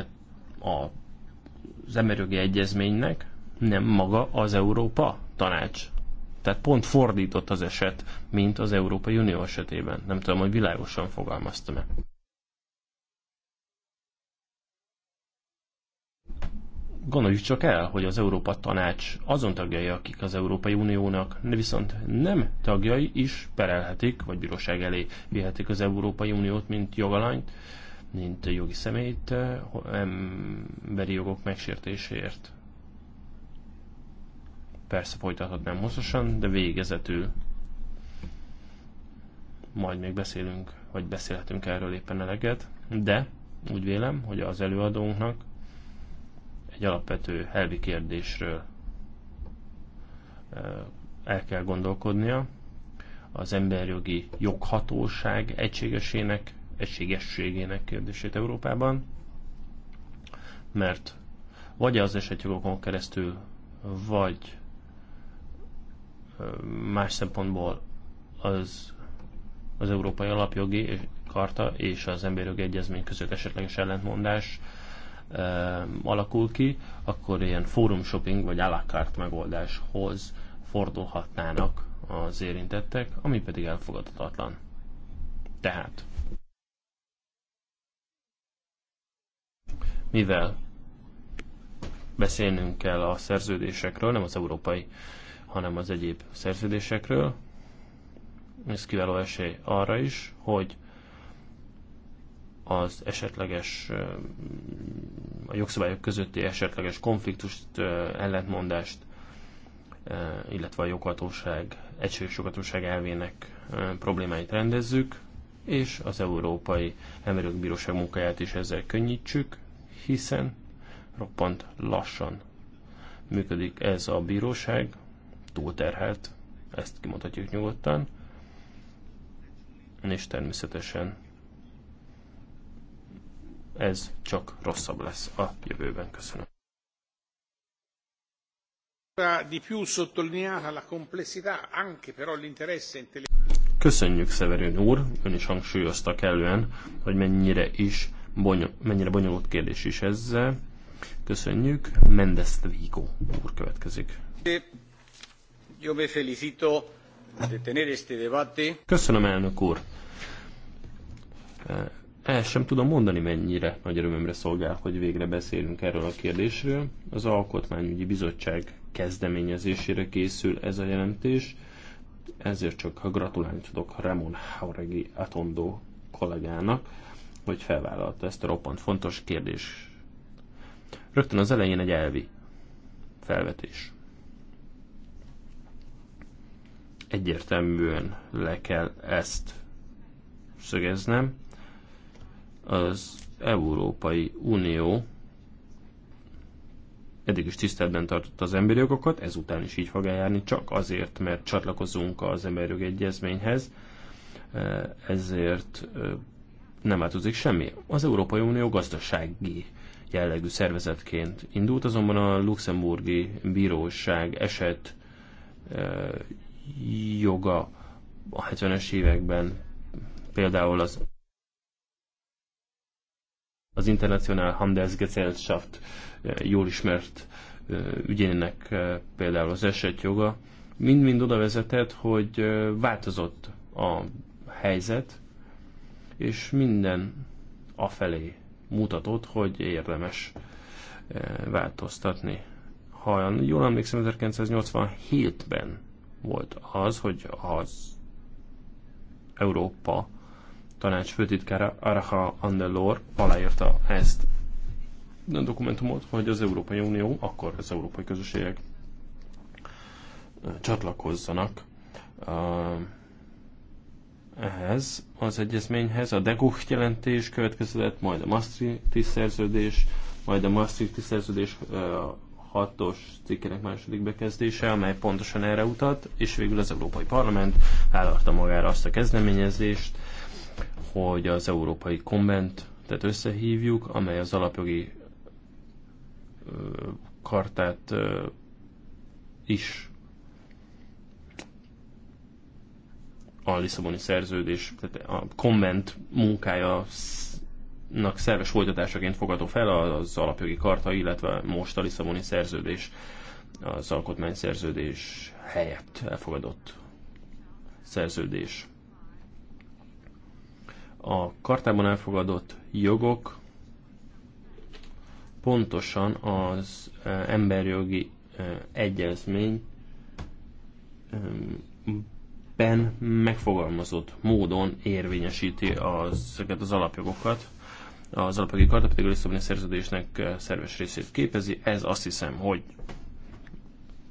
az emberjogi egyezménynek, nem maga az Európa tanács. Tehát pont fordított az eset, mint az Európai Unió esetében. Nem tudom, hogy világosan fogalmaztam-e. Gondoljuk csak el, hogy az Európa Tanács azon tagjai, akik az Európai Uniónak viszont nem tagjai is perelhetik, vagy bíróság elé vihetik az Európai Uniót, mint jogalanyt, mint jogi személyt eh, emberi jogok megsértéséért. Persze folytathatnám hosszasan, de végezetül majd még beszélünk, vagy beszélhetünk erről éppen eleget, de úgy vélem, hogy az előadónknak egy alapvető elvi kérdésről eh, el kell gondolkodnia. Az emberjogi joghatóság egységesének, egységességének kérdését Európában, mert vagy az esetjogokon keresztül, vagy eh, más szempontból az, az Európai Alapjogi Karta és az Emberjogi Egyezmény között esetleges ellentmondás Eh, alakul ki, akkor ilyen fórum shopping vagy alakart megoldáshoz fordulhatnának az érintettek, ami pedig elfogadhatatlan. Tehát, mivel beszélnünk kell a szerződésekről, nem az európai, hanem az egyéb szerződésekről, ez kiváló esély arra is, hogy az esetleges a jogszabályok közötti esetleges konfliktust, ellentmondást, illetve a joghatóság, egységes joghatóság elvének problémáit rendezzük, és az Európai Emberjogi Bíróság munkáját is ezzel könnyítsük, hiszen roppant lassan működik ez a bíróság, túlterhelt, ezt kimondhatjuk nyugodtan, és természetesen ez csak rosszabb lesz a jövőben. Köszönöm. Köszönjük, Severin úr, ön is hangsúlyozta kellően, hogy mennyire is bonyol, mennyire bonyolult kérdés is ezzel. Köszönjük, Mendes Vigo úr következik. de Köszönöm, elnök úr el sem tudom mondani, mennyire nagy örömömre szolgál, hogy végre beszélünk erről a kérdésről. Az Alkotmányügyi Bizottság kezdeményezésére készül ez a jelentés, ezért csak ha gratulálni tudok Ramon Hauregi Atondo kollégának, hogy felvállalta ezt a roppant fontos kérdés. Rögtön az elején egy elvi felvetés. Egyértelműen le kell ezt szögeznem, az Európai Unió eddig is tiszteletben tartotta az emberi jogokat, ezután is így fog eljárni, csak azért, mert csatlakozunk az emberi jog egyezményhez, ezért nem változik semmi. Az Európai Unió gazdasági jellegű szervezetként indult, azonban a luxemburgi bíróság eset joga a 70-es években például az az International Handelsgesellschaft eh, jól ismert eh, ügyének eh, például az esetjoga, mind-mind oda vezetett, hogy változott a helyzet, és minden afelé mutatott, hogy érdemes változtatni. Ha jól emlékszem, 1987-ben volt az, hogy az Európa tanács főtitkára Araha Andelor aláírta ezt a dokumentumot, hogy az Európai Unió, akkor az európai közösségek csatlakozzanak ehhez az egyezményhez. A Degucht jelentés következett, majd a Maastrichti szerződés, majd a Maastrichti szerződés hatos cikkének második bekezdése, amely pontosan erre utat, és végül az Európai Parlament vállalta magára azt a kezdeményezést, hogy az Európai Komment, tehát összehívjuk, amely az alapjogi kartát is a Lisszaboni szerződés, tehát a komment munkája nak szerves folytatásaként fogadó fel az alapjogi karta, illetve most a Lisszaboni szerződés az szerződés helyett elfogadott szerződés a kartában elfogadott jogok pontosan az e, emberjogi e, egyezmény e, ben megfogalmazott módon érvényesíti az, az alapjogokat. Az alapjogi karta pedig a Lisszaboni szerződésnek szerves részét képezi. Ez azt hiszem, hogy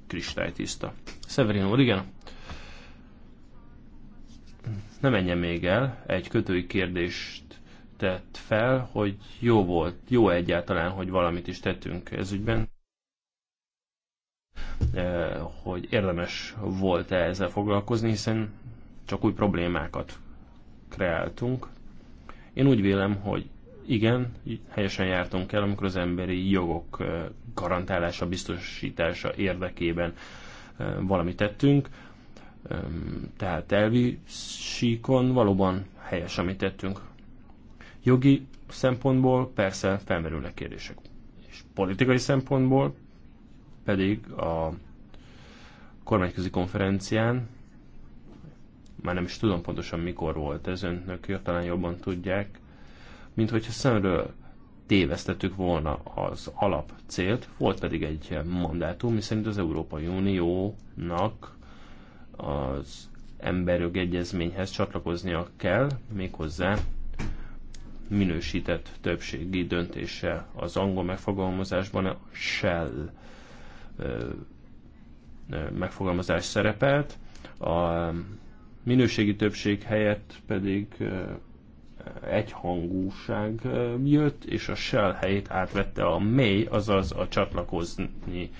kristálytiszta. Severino, igen? Nem menjen még el, egy kötői kérdést tett fel, hogy jó volt, jó egyáltalán, hogy valamit is tettünk ez ügyben, eh, hogy érdemes volt-e ezzel foglalkozni, hiszen csak új problémákat kreáltunk. Én úgy vélem, hogy igen, helyesen jártunk el, amikor az emberi jogok eh, garantálása, biztosítása érdekében eh, valamit tettünk. Tehát elvi síkon valóban helyes, amit tettünk. Jogi szempontból persze felmerülnek kérdések. És politikai szempontból pedig a kormányközi konferencián, már nem is tudom pontosan mikor volt ez, önök talán jobban tudják, mint hogyha szemről tévesztettük volna az alapcélt, volt pedig egy mandátum, miszerint az Európai Uniónak az emberjog egyezményhez csatlakoznia kell, méghozzá minősített többségi döntéssel. Az angol megfogalmazásban a Shell megfogalmazás szerepelt, a minőségi többség helyett pedig egyhangúság jött, és a shell helyét átvette a mély, azaz a csatlakozni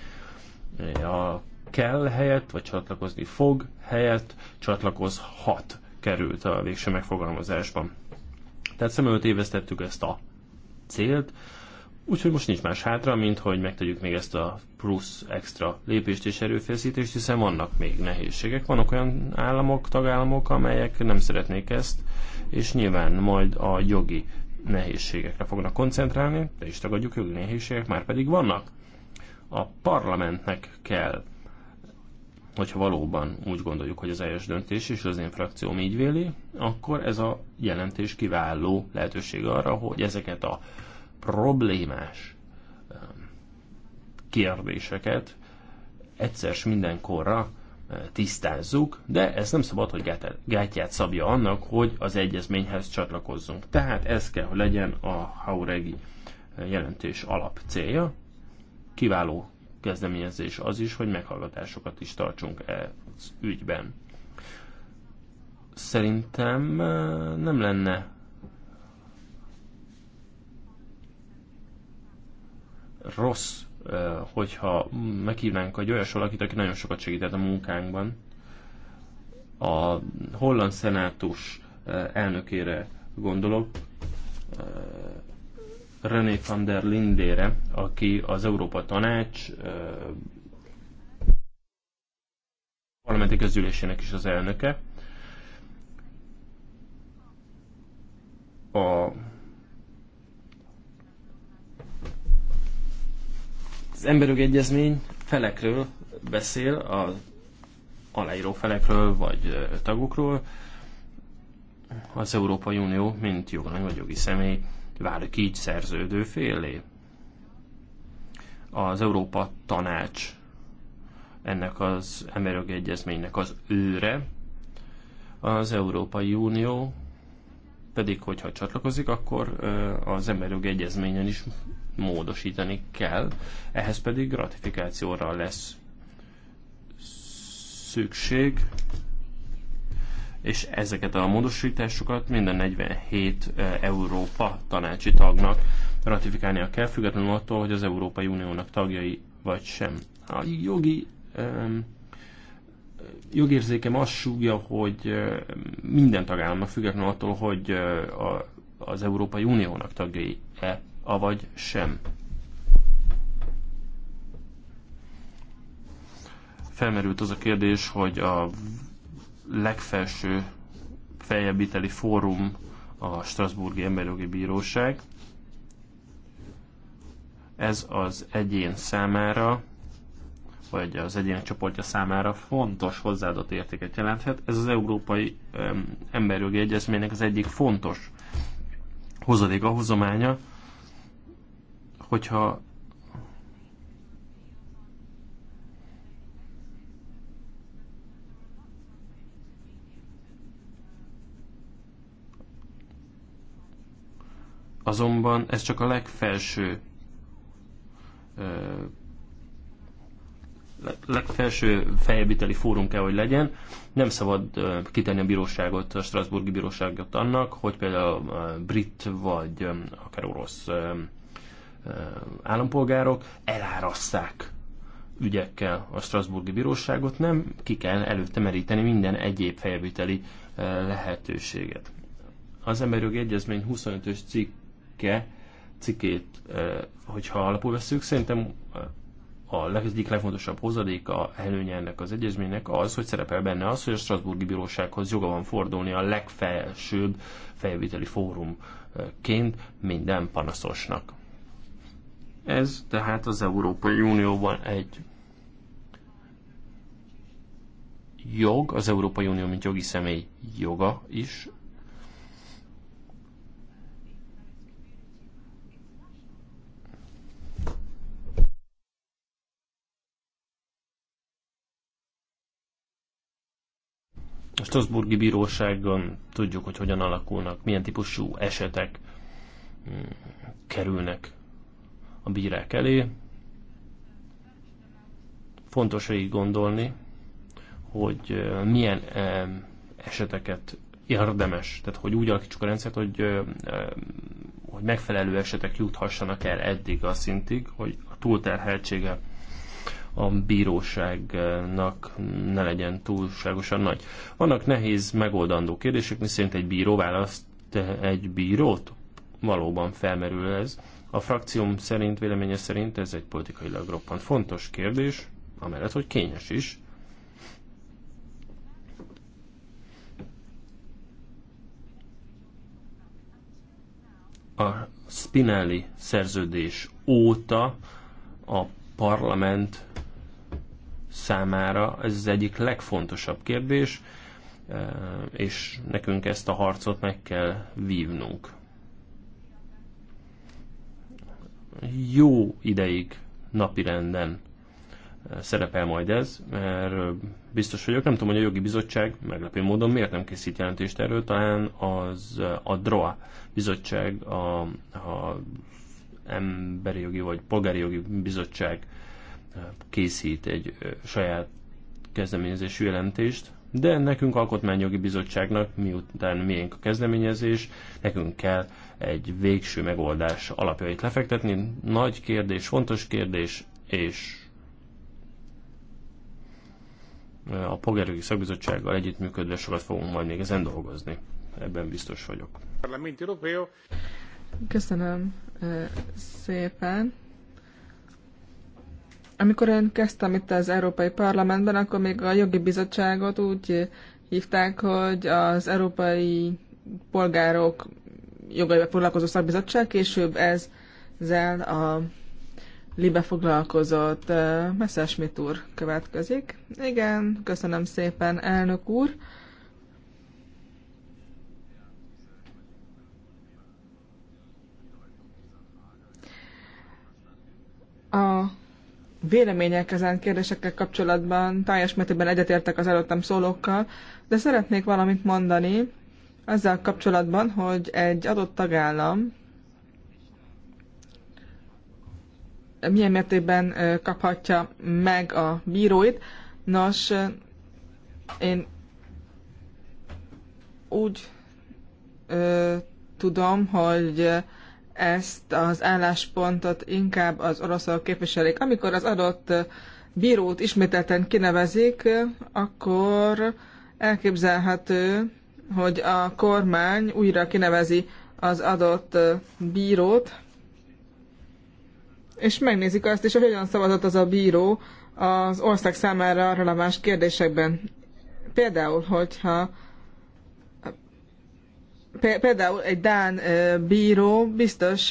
a kell helyett, vagy csatlakozni fog helyett, csatlakozhat került a végső megfogalmazásban. Tehát szem előtt évesztettük ezt a célt, úgyhogy most nincs más hátra, mint hogy megtegyük még ezt a plusz extra lépést és erőfeszítést, hiszen vannak még nehézségek, vannak olyan államok, tagállamok, amelyek nem szeretnék ezt, és nyilván majd a jogi nehézségekre fognak koncentrálni, de is tagadjuk, jogi nehézségek már pedig vannak. A parlamentnek kell hogyha valóban úgy gondoljuk, hogy az helyes döntés, és az én frakcióm így véli, akkor ez a jelentés kiváló lehetőség arra, hogy ezeket a problémás kérdéseket egyszer mindenkorra tisztázzuk, de ez nem szabad, hogy gátját szabja annak, hogy az egyezményhez csatlakozzunk. Tehát ez kell, hogy legyen a Hauregi jelentés alap célja. Kiváló kezdeményezés az is, hogy meghallgatásokat is tartsunk ez ügyben. Szerintem e, nem lenne rossz, e, hogyha meghívnánk egy olyas valakit, aki nagyon sokat segített a munkánkban. A holland szenátus e, elnökére gondolok, René van der Lindére, aki az Európa Tanács parlamenti közülésének is az elnöke. A az emberjogi egyezmény felekről beszél, a aláíró felekről vagy tagokról, az Európai Unió, mint jogalany vagy jogi személy válik így szerződő félé. Az Európa Tanács ennek az emberjogi egyezménynek az őre, az Európai Unió pedig, hogyha csatlakozik, akkor az emberjogi egyezményen is módosítani kell, ehhez pedig ratifikációra lesz szükség és ezeket a módosításokat minden 47 e, Európa tanácsi tagnak ratifikálnia kell, függetlenül attól, hogy az Európai Uniónak tagjai vagy sem. A jogi um, jogérzékem azt súgja, hogy e, minden tagállamnak függetlenül attól, hogy a, az Európai Uniónak tagjai-e, avagy sem. Felmerült az a kérdés, hogy a legfelső feljebbíteli fórum a Strasburgi Emberjogi Bíróság. Ez az egyén számára, vagy az egyének csoportja számára fontos hozzáadott értéket jelenthet. Ez az Európai Emberjogi Egyezménynek az egyik fontos hozadéka, hozománya, hogyha Azonban ez csak a legfelső legfelső feljebbviteli fórum kell, hogy legyen. Nem szabad kitenni a bíróságot, a Strasburgi bíróságot annak, hogy például a brit vagy akár orosz állampolgárok elárasszák ügyekkel a Strasburgi bíróságot, nem ki kell előtte meríteni minden egyéb felvételi lehetőséget. Az emberjogi egyezmény 25-ös cikk cikke, cikkét, hogyha alapul veszük, szerintem a egyik legfontosabb hozadéka, előnye ennek az egyezménynek az, hogy szerepel benne az, hogy a Strasburgi Bírósághoz joga van fordulni a legfelsőbb fejvételi fórumként minden panaszosnak. Ez tehát az Európai Unióban egy jog, az Európai Unió, mint jogi személy joga is A Strasburgi Bíróságon tudjuk, hogy hogyan alakulnak, milyen típusú esetek mm, kerülnek a bírák elé. Fontos így gondolni, hogy milyen eseteket érdemes, tehát hogy úgy alakítsuk a rendszert, hogy, hogy megfelelő esetek juthassanak el eddig a szintig, hogy a túlterheltsége a bíróságnak ne legyen túlságosan nagy. Vannak nehéz megoldandó kérdések, miszerint egy bíró választ egy bírót? Valóban felmerül ez. A frakcióm szerint, véleménye szerint ez egy politikailag roppant fontos kérdés, amellett, hogy kényes is. A Spinelli szerződés óta a parlament számára ez az egyik legfontosabb kérdés, e, és nekünk ezt a harcot meg kell vívnunk. Jó ideig napirenden e, szerepel majd ez, mert biztos vagyok, nem tudom, hogy a jogi bizottság meglepő módon miért nem készít jelentést erről, talán az e, a DROA bizottság, a, a emberi jogi vagy polgári jogi bizottság készít egy saját kezdeményezésű jelentést, de nekünk alkotmányjogi bizottságnak, miután miénk a kezdeményezés, nekünk kell egy végső megoldás alapjait lefektetni. Nagy kérdés, fontos kérdés, és a polgárjogi szakbizottsággal együttműködve sokat fogunk majd még ezen dolgozni. Ebben biztos vagyok. Köszönöm szépen. Amikor én kezdtem itt az Európai Parlamentben, akkor még a jogi bizottságot úgy hívták, hogy az Európai Polgárok jogaival foglalkozó szakbizottság, később ez ezzel a Libe foglalkozott Messerschmitt úr következik. Igen, köszönöm szépen, elnök úr. A vélemények ezen kérdésekkel kapcsolatban teljes mértékben egyetértek az előttem szólókkal, de szeretnék valamit mondani ezzel kapcsolatban, hogy egy adott tagállam milyen mértékben kaphatja meg a bíróit. Nos, én úgy ö, tudom, hogy ezt az álláspontot inkább az oroszok képviselik. Amikor az adott bírót ismételten kinevezik, akkor elképzelhető, hogy a kormány újra kinevezi az adott bírót, és megnézik azt is, hogy hogyan szavazott az a bíró az ország számára releváns kérdésekben. Például, hogyha például egy Dán bíró biztos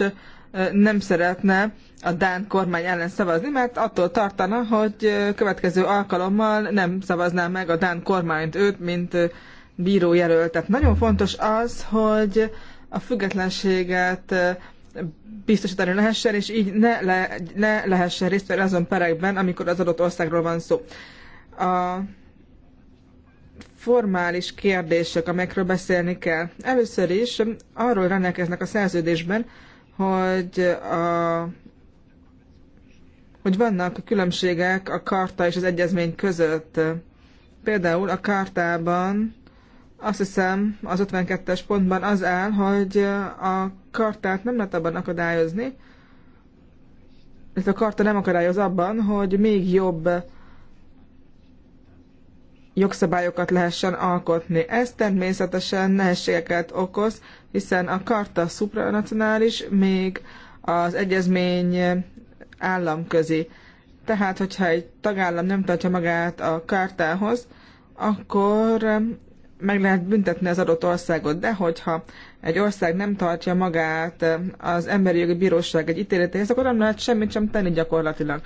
nem szeretne a Dán kormány ellen szavazni, mert attól tartana, hogy következő alkalommal nem szavazná meg a Dán kormányt őt, mint bírójelöltet. Nagyon fontos az, hogy a függetlenséget biztosítani lehessen, és így ne, le, ne lehessen részt venni azon perekben, amikor az adott országról van szó. A formális kérdések, amelyekről beszélni kell. Először is arról rendelkeznek a szerződésben, hogy, a, hogy vannak különbségek a karta és az egyezmény között. Például a kartában azt hiszem az 52-es pontban az áll, hogy a kartát nem lehet abban akadályozni, Ez a karta nem akadályoz abban, hogy még jobb jogszabályokat lehessen alkotni. Ez természetesen nehézségeket okoz, hiszen a karta szupranacionális, még az egyezmény államközi. Tehát, hogyha egy tagállam nem tartja magát a kártához, akkor meg lehet büntetni az adott országot, de hogyha egy ország nem tartja magát az emberi jogi bíróság egy ítéletéhez, akkor nem lehet semmit sem tenni gyakorlatilag.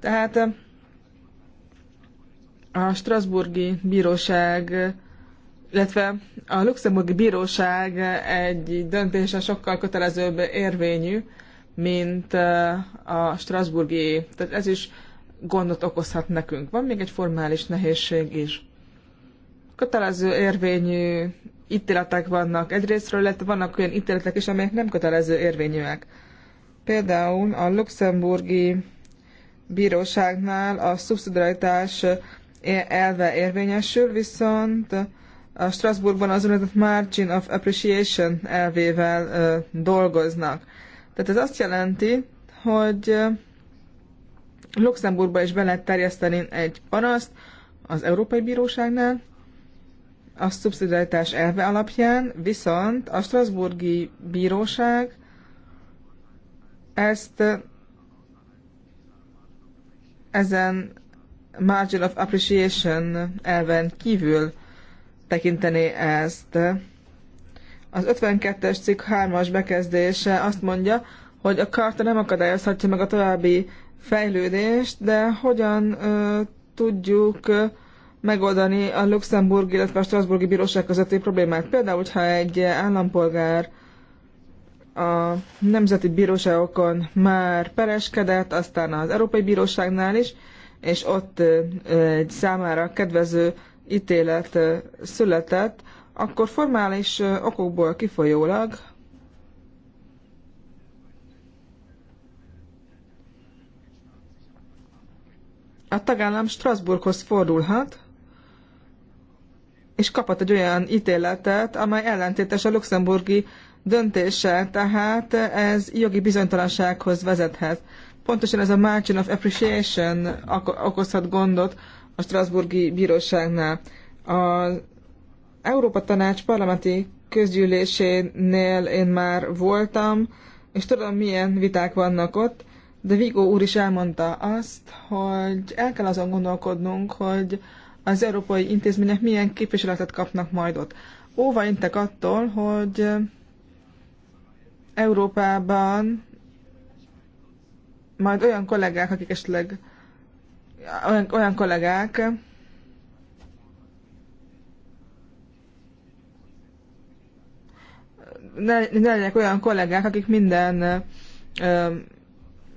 Tehát a Strasburgi Bíróság, illetve a Luxemburgi Bíróság egy döntése sokkal kötelezőbb érvényű, mint a Strasburgi. Tehát ez is gondot okozhat nekünk. Van még egy formális nehézség is. Kötelező érvényű ítéletek vannak egyrésztről, illetve vannak olyan ítéletek is, amelyek nem kötelező érvényűek. Például a luxemburgi bíróságnál a szubszidiaritás elve érvényesül, viszont a Strasbourgban az úgynevezett Margin of Appreciation elvével dolgoznak. Tehát ez azt jelenti, hogy Luxemburgba is be lehet terjeszteni egy panaszt az Európai Bíróságnál, a szubszidiaritás elve alapján, viszont a Strasburgi Bíróság ezt ezen margin of appreciation elven kívül tekinteni ezt. Az 52-es cikk 3-as bekezdése azt mondja, hogy a karta nem akadályozhatja meg a további fejlődést, de hogyan ö, tudjuk ö, megoldani a Luxemburg, illetve a Strasburgi Bíróság közötti problémát. Például, hogyha egy állampolgár a nemzeti bíróságokon már pereskedett, aztán az Európai Bíróságnál is, és ott egy számára kedvező ítélet született, akkor formális okokból kifolyólag a tagállam Strasbourghoz fordulhat, és kaphat egy olyan ítéletet, amely ellentétes a luxemburgi döntéssel, tehát ez jogi bizonytalansághoz vezethet. Pontosan ez a margin of appreciation okozhat gondot a Strasburgi Bíróságnál. Az Európa Tanács parlamenti közgyűlésénél én már voltam, és tudom, milyen viták vannak ott, de Vigo úr is elmondta azt, hogy el kell azon gondolkodnunk, hogy az európai intézmények milyen képviseletet kapnak majd ott. Óva intek attól, hogy Európában majd olyan kollégák, akik esetleg olyan, olyan kollégák, ne, ne legyenek olyan kollégák, akik minden ö,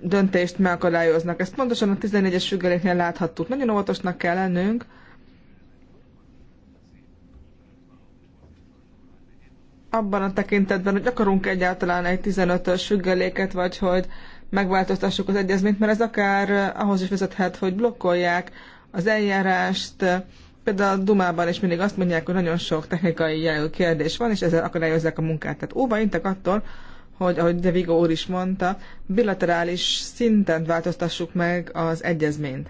döntést megakadályoznak. Ezt pontosan a 14-es függeléknél láthattuk. Nagyon óvatosnak kell lennünk. Abban a tekintetben, hogy akarunk egyáltalán egy 15-ös függeléket, vagy hogy ö, megváltoztassuk az egyezményt, mert ez akár ahhoz is vezethet, hogy blokkolják az eljárást. Például a Dumában is mindig azt mondják, hogy nagyon sok technikai jelű kérdés van, és ezzel akadályozzák a munkát. Tehát óva intek attól, hogy ahogy De Vigo úr is mondta, bilaterális szinten változtassuk meg az egyezményt.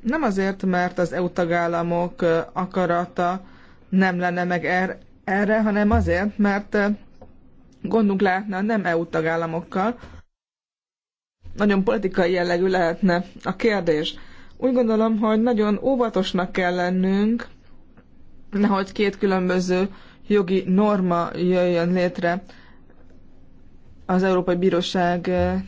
Nem azért, mert az EU tagállamok akarata nem lenne meg er- erre, hanem azért, mert gondunk lehetne a nem EU tagállamokkal. Nagyon politikai jellegű lehetne a kérdés. Úgy gondolom, hogy nagyon óvatosnak kell lennünk, nehogy két különböző jogi norma jöjjön létre az Európai Bíróság eh,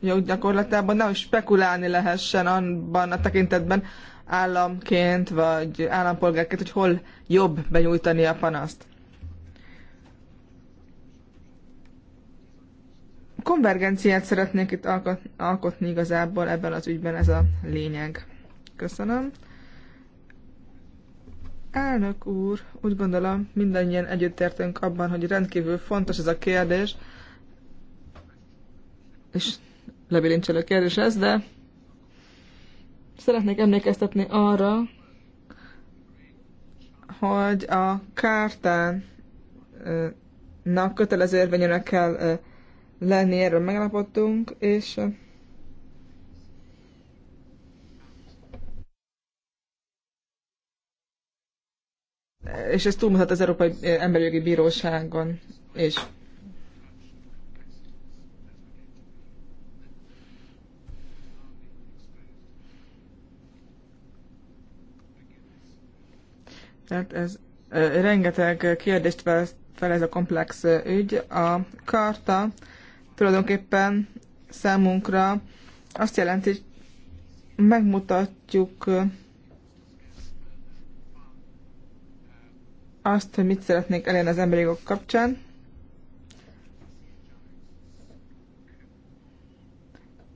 joggyakorlatában, nehogy spekulálni lehessen abban a tekintetben államként vagy állampolgárként, hogy hol jobb benyújtani a panaszt. konvergenciát szeretnék itt alkotni igazából ebben az ügyben, ez a lényeg. Köszönöm. Elnök úr, úgy gondolom, mindannyian együttértünk abban, hogy rendkívül fontos ez a kérdés, és lebilincselő kérdés ez, de szeretnék emlékeztetni arra, hogy a kártának kötelező érvényűnek kell lenni, erről megállapodtunk, és és ez túlmutat az Európai Emberi Jogi Bíróságon, és Tehát ez rengeteg kérdést fel, fel ez a komplex ügy. A karta tulajdonképpen számunkra azt jelenti, hogy megmutatjuk azt, hogy mit szeretnénk elérni az emberi jogok kapcsán.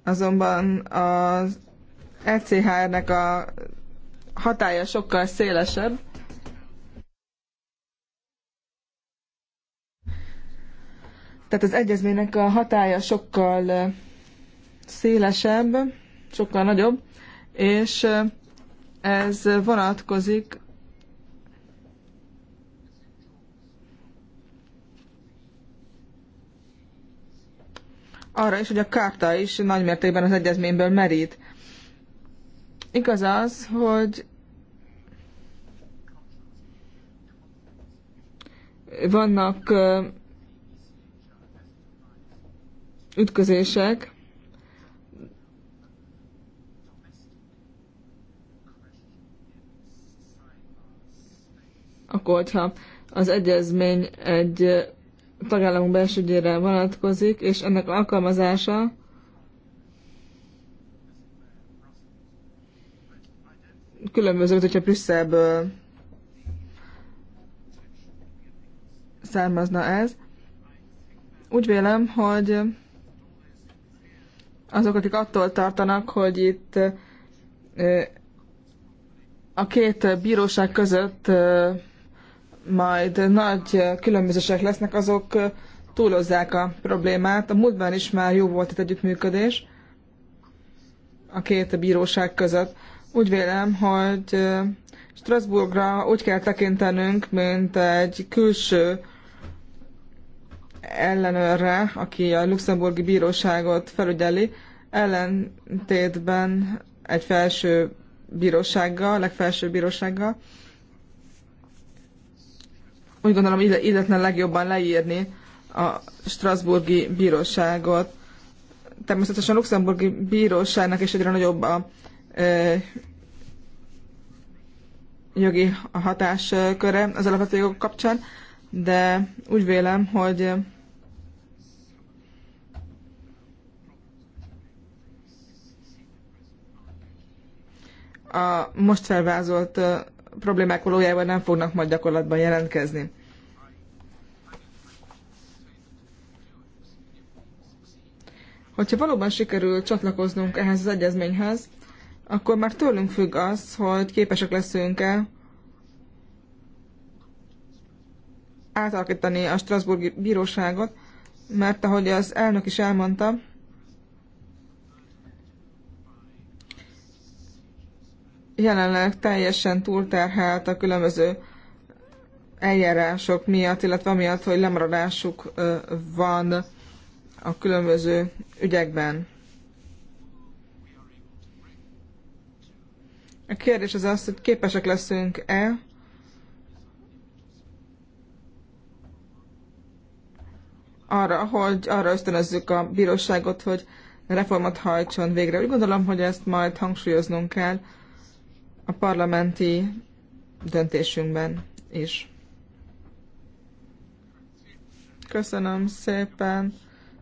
Azonban az ECHR-nek a hatája sokkal szélesebb, Tehát az egyezménynek a hatája sokkal szélesebb, sokkal nagyobb, és ez vonatkozik arra is, hogy a kárta is nagymértékben az egyezményből merít. Igaz az, hogy vannak ütközések, akkor, hogyha az egyezmény egy tagállamunk belsőgyére vonatkozik, és ennek alkalmazása különböző, hogyha Brüsszelből származna ez. Úgy vélem, hogy azok, akik attól tartanak, hogy itt a két bíróság között majd nagy különbözőség lesznek, azok túlozzák a problémát. A múltban is már jó volt itt együttműködés a két bíróság között. Úgy vélem, hogy Strasbourgra úgy kell tekintenünk, mint egy külső ellenőrre, aki a luxemburgi bíróságot felügyeli, ellentétben egy felső bírósággal, legfelső bírósággal. Úgy gondolom, illetlen legjobban leírni a Strasburgi bíróságot. Természetesen a luxemburgi bíróságnak is egyre nagyobb a e, jogi hatásköre az alapvető jogok kapcsán, de úgy vélem, hogy a most felvázolt problémák valójában nem fognak majd gyakorlatban jelentkezni. Hogyha valóban sikerül csatlakoznunk ehhez az egyezményhez, akkor már tőlünk függ az, hogy képesek leszünk-e átalakítani a Strasburgi bíróságot, mert ahogy az elnök is elmondta, jelenleg teljesen túlterhelt a különböző eljárások miatt, illetve amiatt, hogy lemaradásuk van a különböző ügyekben. A kérdés az az, hogy képesek leszünk-e arra, hogy arra ösztönözzük a bíróságot, hogy reformot hajtson végre. Úgy gondolom, hogy ezt majd hangsúlyoznunk kell, a parlamenti döntésünkben is. Köszönöm szépen.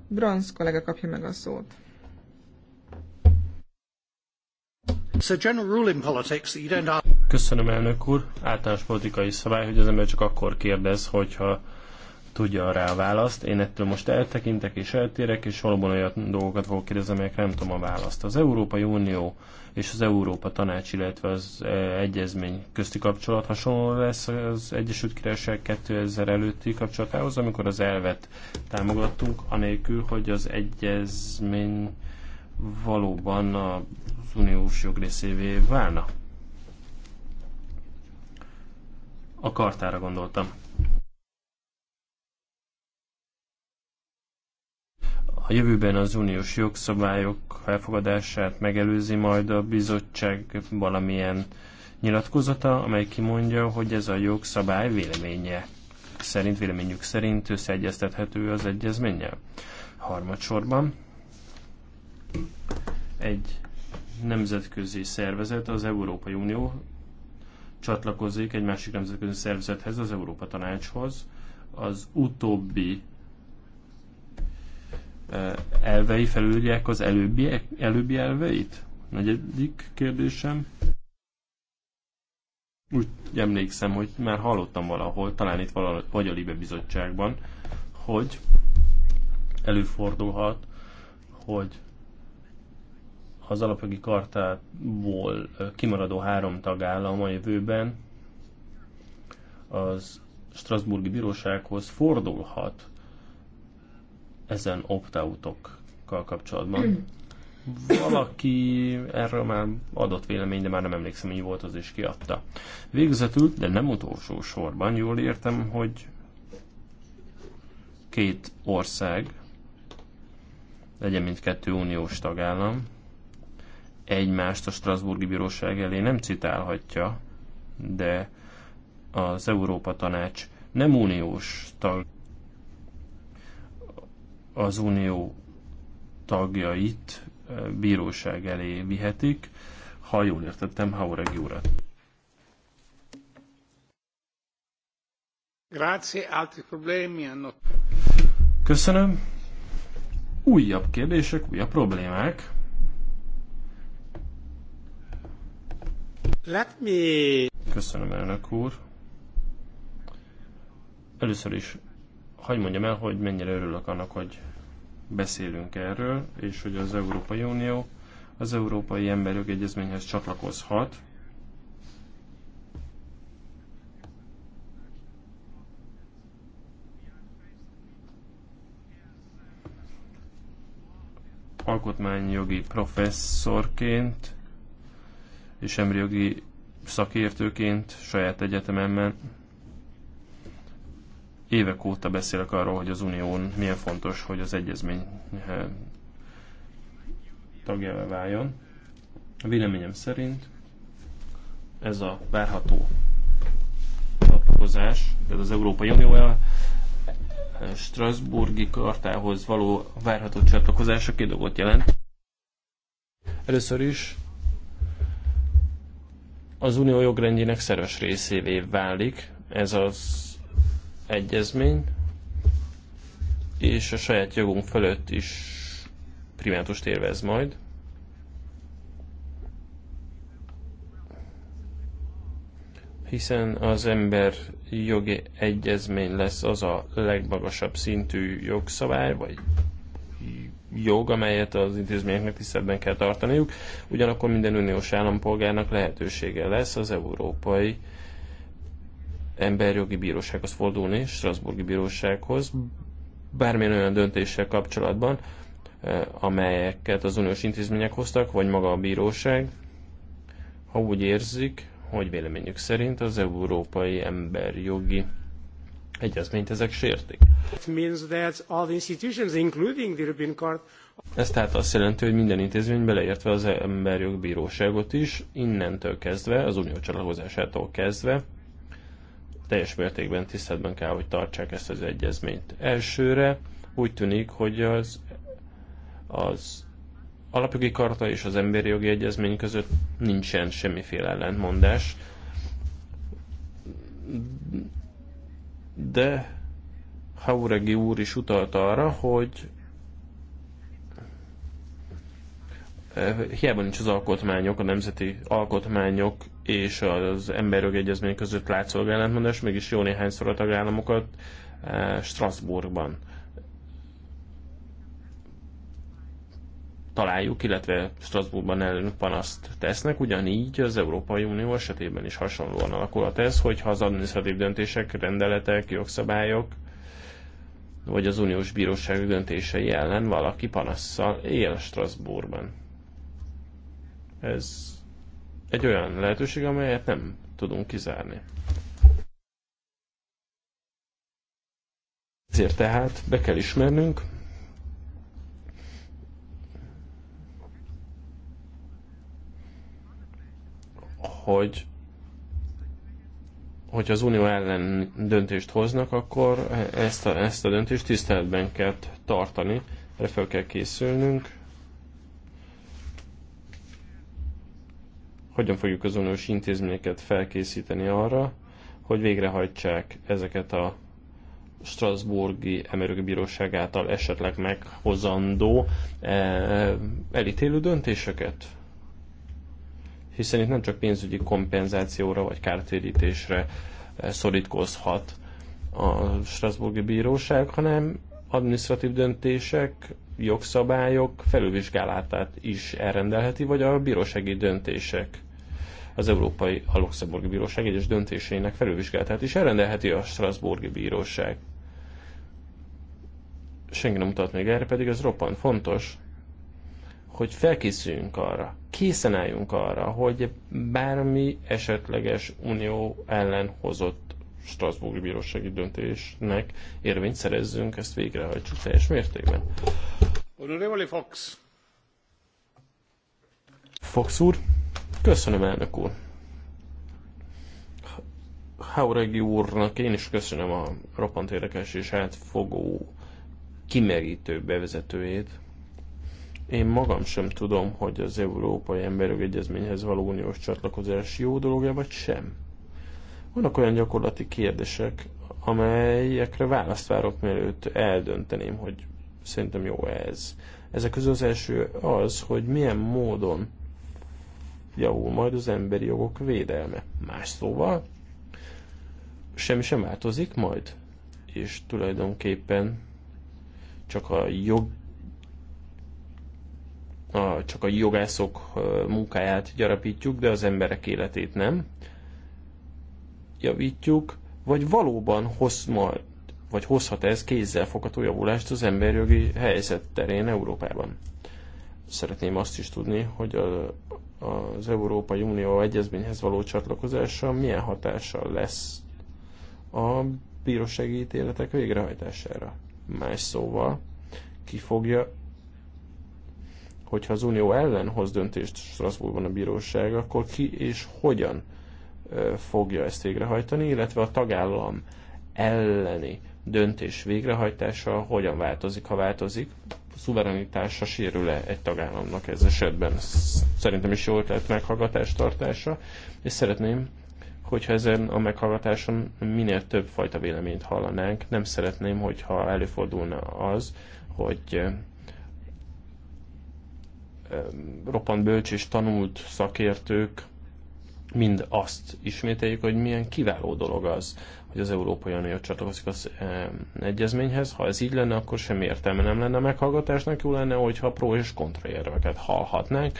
Bronz kollega kapja meg a szót. Köszönöm, elnök úr. Általános politikai szabály, hogy az ember csak akkor kérdez, hogyha tudja rá a választ. Én ettől most eltekintek és eltérek, és valóban olyan dolgokat fogok kérdezni, amelyekre nem tudom a választ. Az Európai Unió és az Európa Tanács, illetve az e, egyezmény közti kapcsolat hasonló lesz az Egyesült Királyság 2000 előtti kapcsolatához, amikor az elvet támogattunk, anélkül, hogy az egyezmény valóban az uniós jog részévé válna. A kartára gondoltam. a jövőben az uniós jogszabályok elfogadását megelőzi majd a bizottság valamilyen nyilatkozata, amely kimondja, hogy ez a jogszabály véleménye szerint, véleményük szerint összeegyeztethető az egyezménnyel. Harmadsorban egy nemzetközi szervezet, az Európai Unió csatlakozik egy másik nemzetközi szervezethez, az Európa Tanácshoz. Az utóbbi elvei felülják az előbbi, előbbi elveit? Negyedik kérdésem. Úgy emlékszem, hogy már hallottam valahol, talán itt valahol, vagy a Libe Bizottságban, hogy előfordulhat, hogy az alapjogi kartából kimaradó három tagállam a jövőben az Strasburgi Bírósághoz fordulhat ezen opt okkal kapcsolatban. Valaki erről már adott vélemény, de már nem emlékszem, hogy volt az és kiadta. végzetül de nem utolsó sorban, jól értem, hogy két ország, legyen mindkettő uniós tagállam, egymást a Strasburgi Bíróság elé nem citálhatja, de az Európa Tanács nem uniós tag az unió tagjait eh, bíróság elé vihetik, ha jól értettem Haureg urat. Grazie, altri problemi hanno... Köszönöm. Újabb kérdések, újabb problémák. Let me... Köszönöm, elnök úr. Először is hagy mondjam el, hogy mennyire örülök annak, hogy beszélünk erről, és hogy az Európai Unió az Európai Emberjog Egyezményhez csatlakozhat. Alkotmányjogi professzorként és emberjogi szakértőként saját egyetememben évek óta beszélek arról, hogy az Unión milyen fontos, hogy az egyezmény eh, tagjává váljon. A véleményem szerint ez a várható csatlakozás, tehát az Európai Unió a eh, Strasburgi kartához való várható csatlakozás a két dolgot jelent. Először is az unió jogrendjének szerves részévé válik ez az egyezmény, és a saját jogunk fölött is primátust élvez majd. hiszen az ember jogi egyezmény lesz az a legmagasabb szintű jogszabály, vagy jog, amelyet az intézményeknek tisztelben kell tartaniuk, ugyanakkor minden uniós állampolgárnak lehetősége lesz az európai emberjogi bírósághoz fordulni, Strasburgi bírósághoz, bármilyen olyan döntéssel kapcsolatban, eh, amelyeket az uniós intézmények hoztak, vagy maga a bíróság, ha úgy érzik, hogy véleményük szerint az európai emberjogi egyezményt ezek sértik. Ez tehát azt jelenti, hogy minden intézmény beleértve az emberjogi bíróságot is, innentől kezdve, az unió csatlakozásától kezdve, teljes mértékben tiszteletben kell, hogy tartsák ezt az egyezményt. Elsőre úgy tűnik, hogy az, az alapjogi karta és az emberi jogi egyezmény között nincsen semmiféle ellentmondás, de Hauregi úr is utalta arra, hogy eh, hiába nincs az alkotmányok, a nemzeti alkotmányok és az emberjogi egyezmény között látszólag ellentmondás, mégis jó néhányszor a tagállamokat eh, Strasbourgban találjuk, illetve Strasbourgban ellenük panaszt tesznek, ugyanígy az Európai Unió esetében is hasonlóan alakulhat ez, hogyha az adminisztratív döntések, rendeletek, jogszabályok vagy az uniós bíróság döntései ellen valaki panasszal él Strasbourgban. Ez egy olyan lehetőség, amelyet nem tudunk kizárni. Ezért tehát be kell ismernünk, hogy hogy az unió ellen döntést hoznak, akkor ezt a, ezt a döntést tiszteletben kell tartani, erre fel kell készülnünk, hogyan fogjuk az uniós intézményeket felkészíteni arra, hogy végrehajtsák ezeket a Strasburgi Emerőgi Bíróság által esetleg meghozandó eh, elítélő döntéseket? Hiszen itt nem csak pénzügyi kompenzációra vagy kártérítésre eh, szorítkozhat a Strasburgi Bíróság, hanem administratív döntések jogszabályok felülvizsgálatát is elrendelheti, vagy a bírósági döntések az Európai a Luxemburgi Bíróság egyes döntésének felülvizsgálatát is elrendelheti a Strasburgi Bíróság. Senki nem mutat még erre, pedig ez roppant fontos, hogy felkészüljünk arra, készen álljunk arra, hogy bármi esetleges unió ellen hozott Strasbourg bírósági döntésnek érvényt szerezzünk, ezt végrehajtsuk teljes mértékben. Honorable Fox. Fox úr, köszönöm elnök úr. Hauregi úrnak én is köszönöm a roppant érdekes és átfogó kimerítő bevezetőjét. Én magam sem tudom, hogy az Európai Emberjogi Egyezményhez való uniós csatlakozás jó dolog-e vagy sem vannak olyan gyakorlati kérdések, amelyekre választ várok, mielőtt eldönteném, hogy szerintem jó ez. Ezek közül az első az, hogy milyen módon javul majd az emberi jogok védelme. Más szóval, semmi sem változik majd, és tulajdonképpen csak a jog a, csak a jogászok munkáját gyarapítjuk, de az emberek életét nem javítjuk, vagy valóban hoz majd, vagy hozhat ez fogható javulást az emberjogi helyzet terén Európában. Szeretném azt is tudni, hogy a, az Európai Unió egyezményhez való csatlakozása milyen hatással lesz a bírósági ítéletek végrehajtására. Más szóval, ki fogja, hogyha az Unió ellen hoz döntést Strasbourgban a bíróság, akkor ki és hogyan fogja ezt végrehajtani, illetve a tagállam elleni döntés végrehajtása hogyan változik, ha változik. A szuverenitása sérül-e egy tagállamnak ez esetben? Szerintem is jól lehet meghallgatás tartása, és szeretném, hogyha ezen a meghallgatáson minél több fajta véleményt hallanánk. Nem szeretném, hogyha előfordulna az, hogy roppant bölcs és tanult szakértők mind azt ismételjük, hogy milyen kiváló dolog az, hogy az Európai Unió csatlakozik az e, egyezményhez. Ha ez így lenne, akkor semmi értelme nem lenne meghallgatásnak. Jó lenne, hogyha pró és érveket hallhatnánk.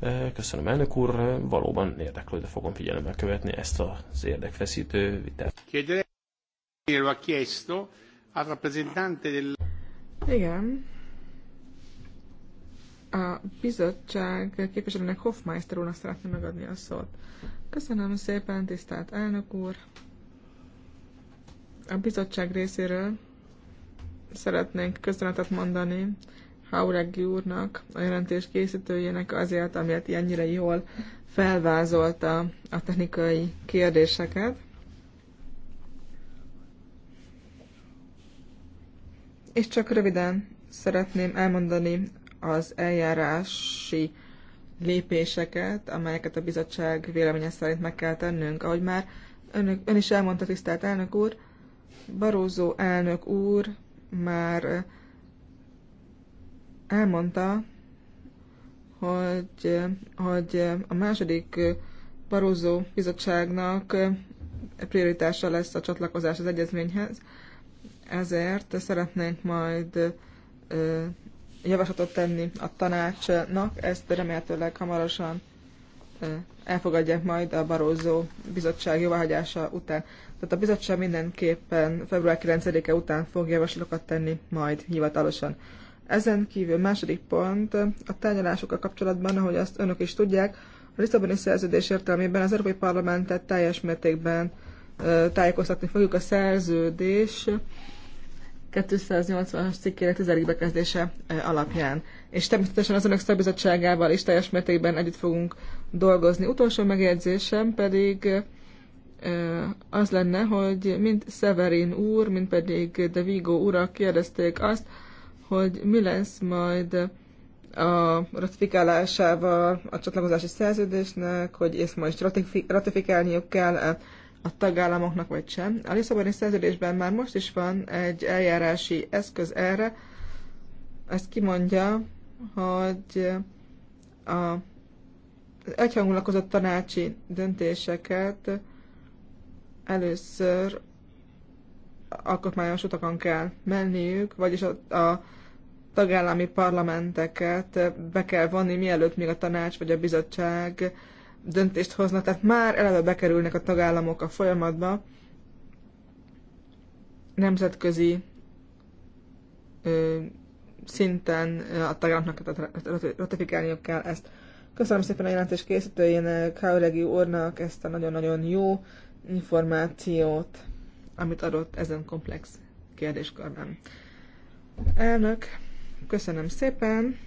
E, köszönöm, elnök úr. Valóban érdeklődve fogom figyelembe követni ezt az érdekfeszítő vitát. Igen. A bizottság képviselőnek Hofmeister úrnak szeretném megadni a szót. Köszönöm szépen, tisztelt elnök úr! A bizottság részéről szeretnénk köszönetet mondani Hauregi úrnak, a jelentés készítőjének azért, amiért ennyire jól felvázolta a technikai kérdéseket. És csak röviden szeretném elmondani az eljárási lépéseket, amelyeket a bizottság véleménye szerint meg kell tennünk. Ahogy már önök, ön is elmondta, tisztelt elnök úr, Barózó elnök úr már elmondta, hogy, hogy a második Barózó bizottságnak prioritása lesz a csatlakozás az egyezményhez, ezért szeretnénk majd javaslatot tenni a tanácsnak, ezt remélhetőleg hamarosan elfogadják majd a Barózó bizottság jóváhagyása után. Tehát a bizottság mindenképpen február 9-e után fog javaslatokat tenni majd hivatalosan. Ezen kívül második pont a tárgyalásokkal kapcsolatban, ahogy azt önök is tudják, a Lisszaboni szerződés értelmében az Európai Parlamentet teljes mértékben tájékoztatni fogjuk a szerződés 280-as cikkének tizedik bekezdése eh, alapján. És természetesen az önök szabizottságával is teljes mértékben együtt fogunk dolgozni. Utolsó megjegyzésem pedig eh, az lenne, hogy mind Severin úr, mind pedig De Vigo urak kérdezték azt, hogy mi lesz majd a ratifikálásával a csatlakozási szerződésnek, hogy ezt majd ratifikálniuk kell a tagállamoknak vagy sem. A Lisszaboni szerződésben már most is van egy eljárási eszköz erre, ezt kimondja, hogy a egyhangulakozott tanácsi döntéseket először alkotmányos utakon kell menniük, vagyis a, a tagállami parlamenteket be kell vonni, mielőtt még a tanács vagy a bizottság döntést hozna, tehát már eleve bekerülnek a tagállamok a folyamatba nemzetközi ö, szinten a tagállamnak ratifikálniuk kell ezt. Köszönöm szépen a jelentés készítőjének, Hauregi úrnak ezt a nagyon-nagyon jó információt, amit adott ezen komplex kérdéskörben. Elnök, köszönöm szépen!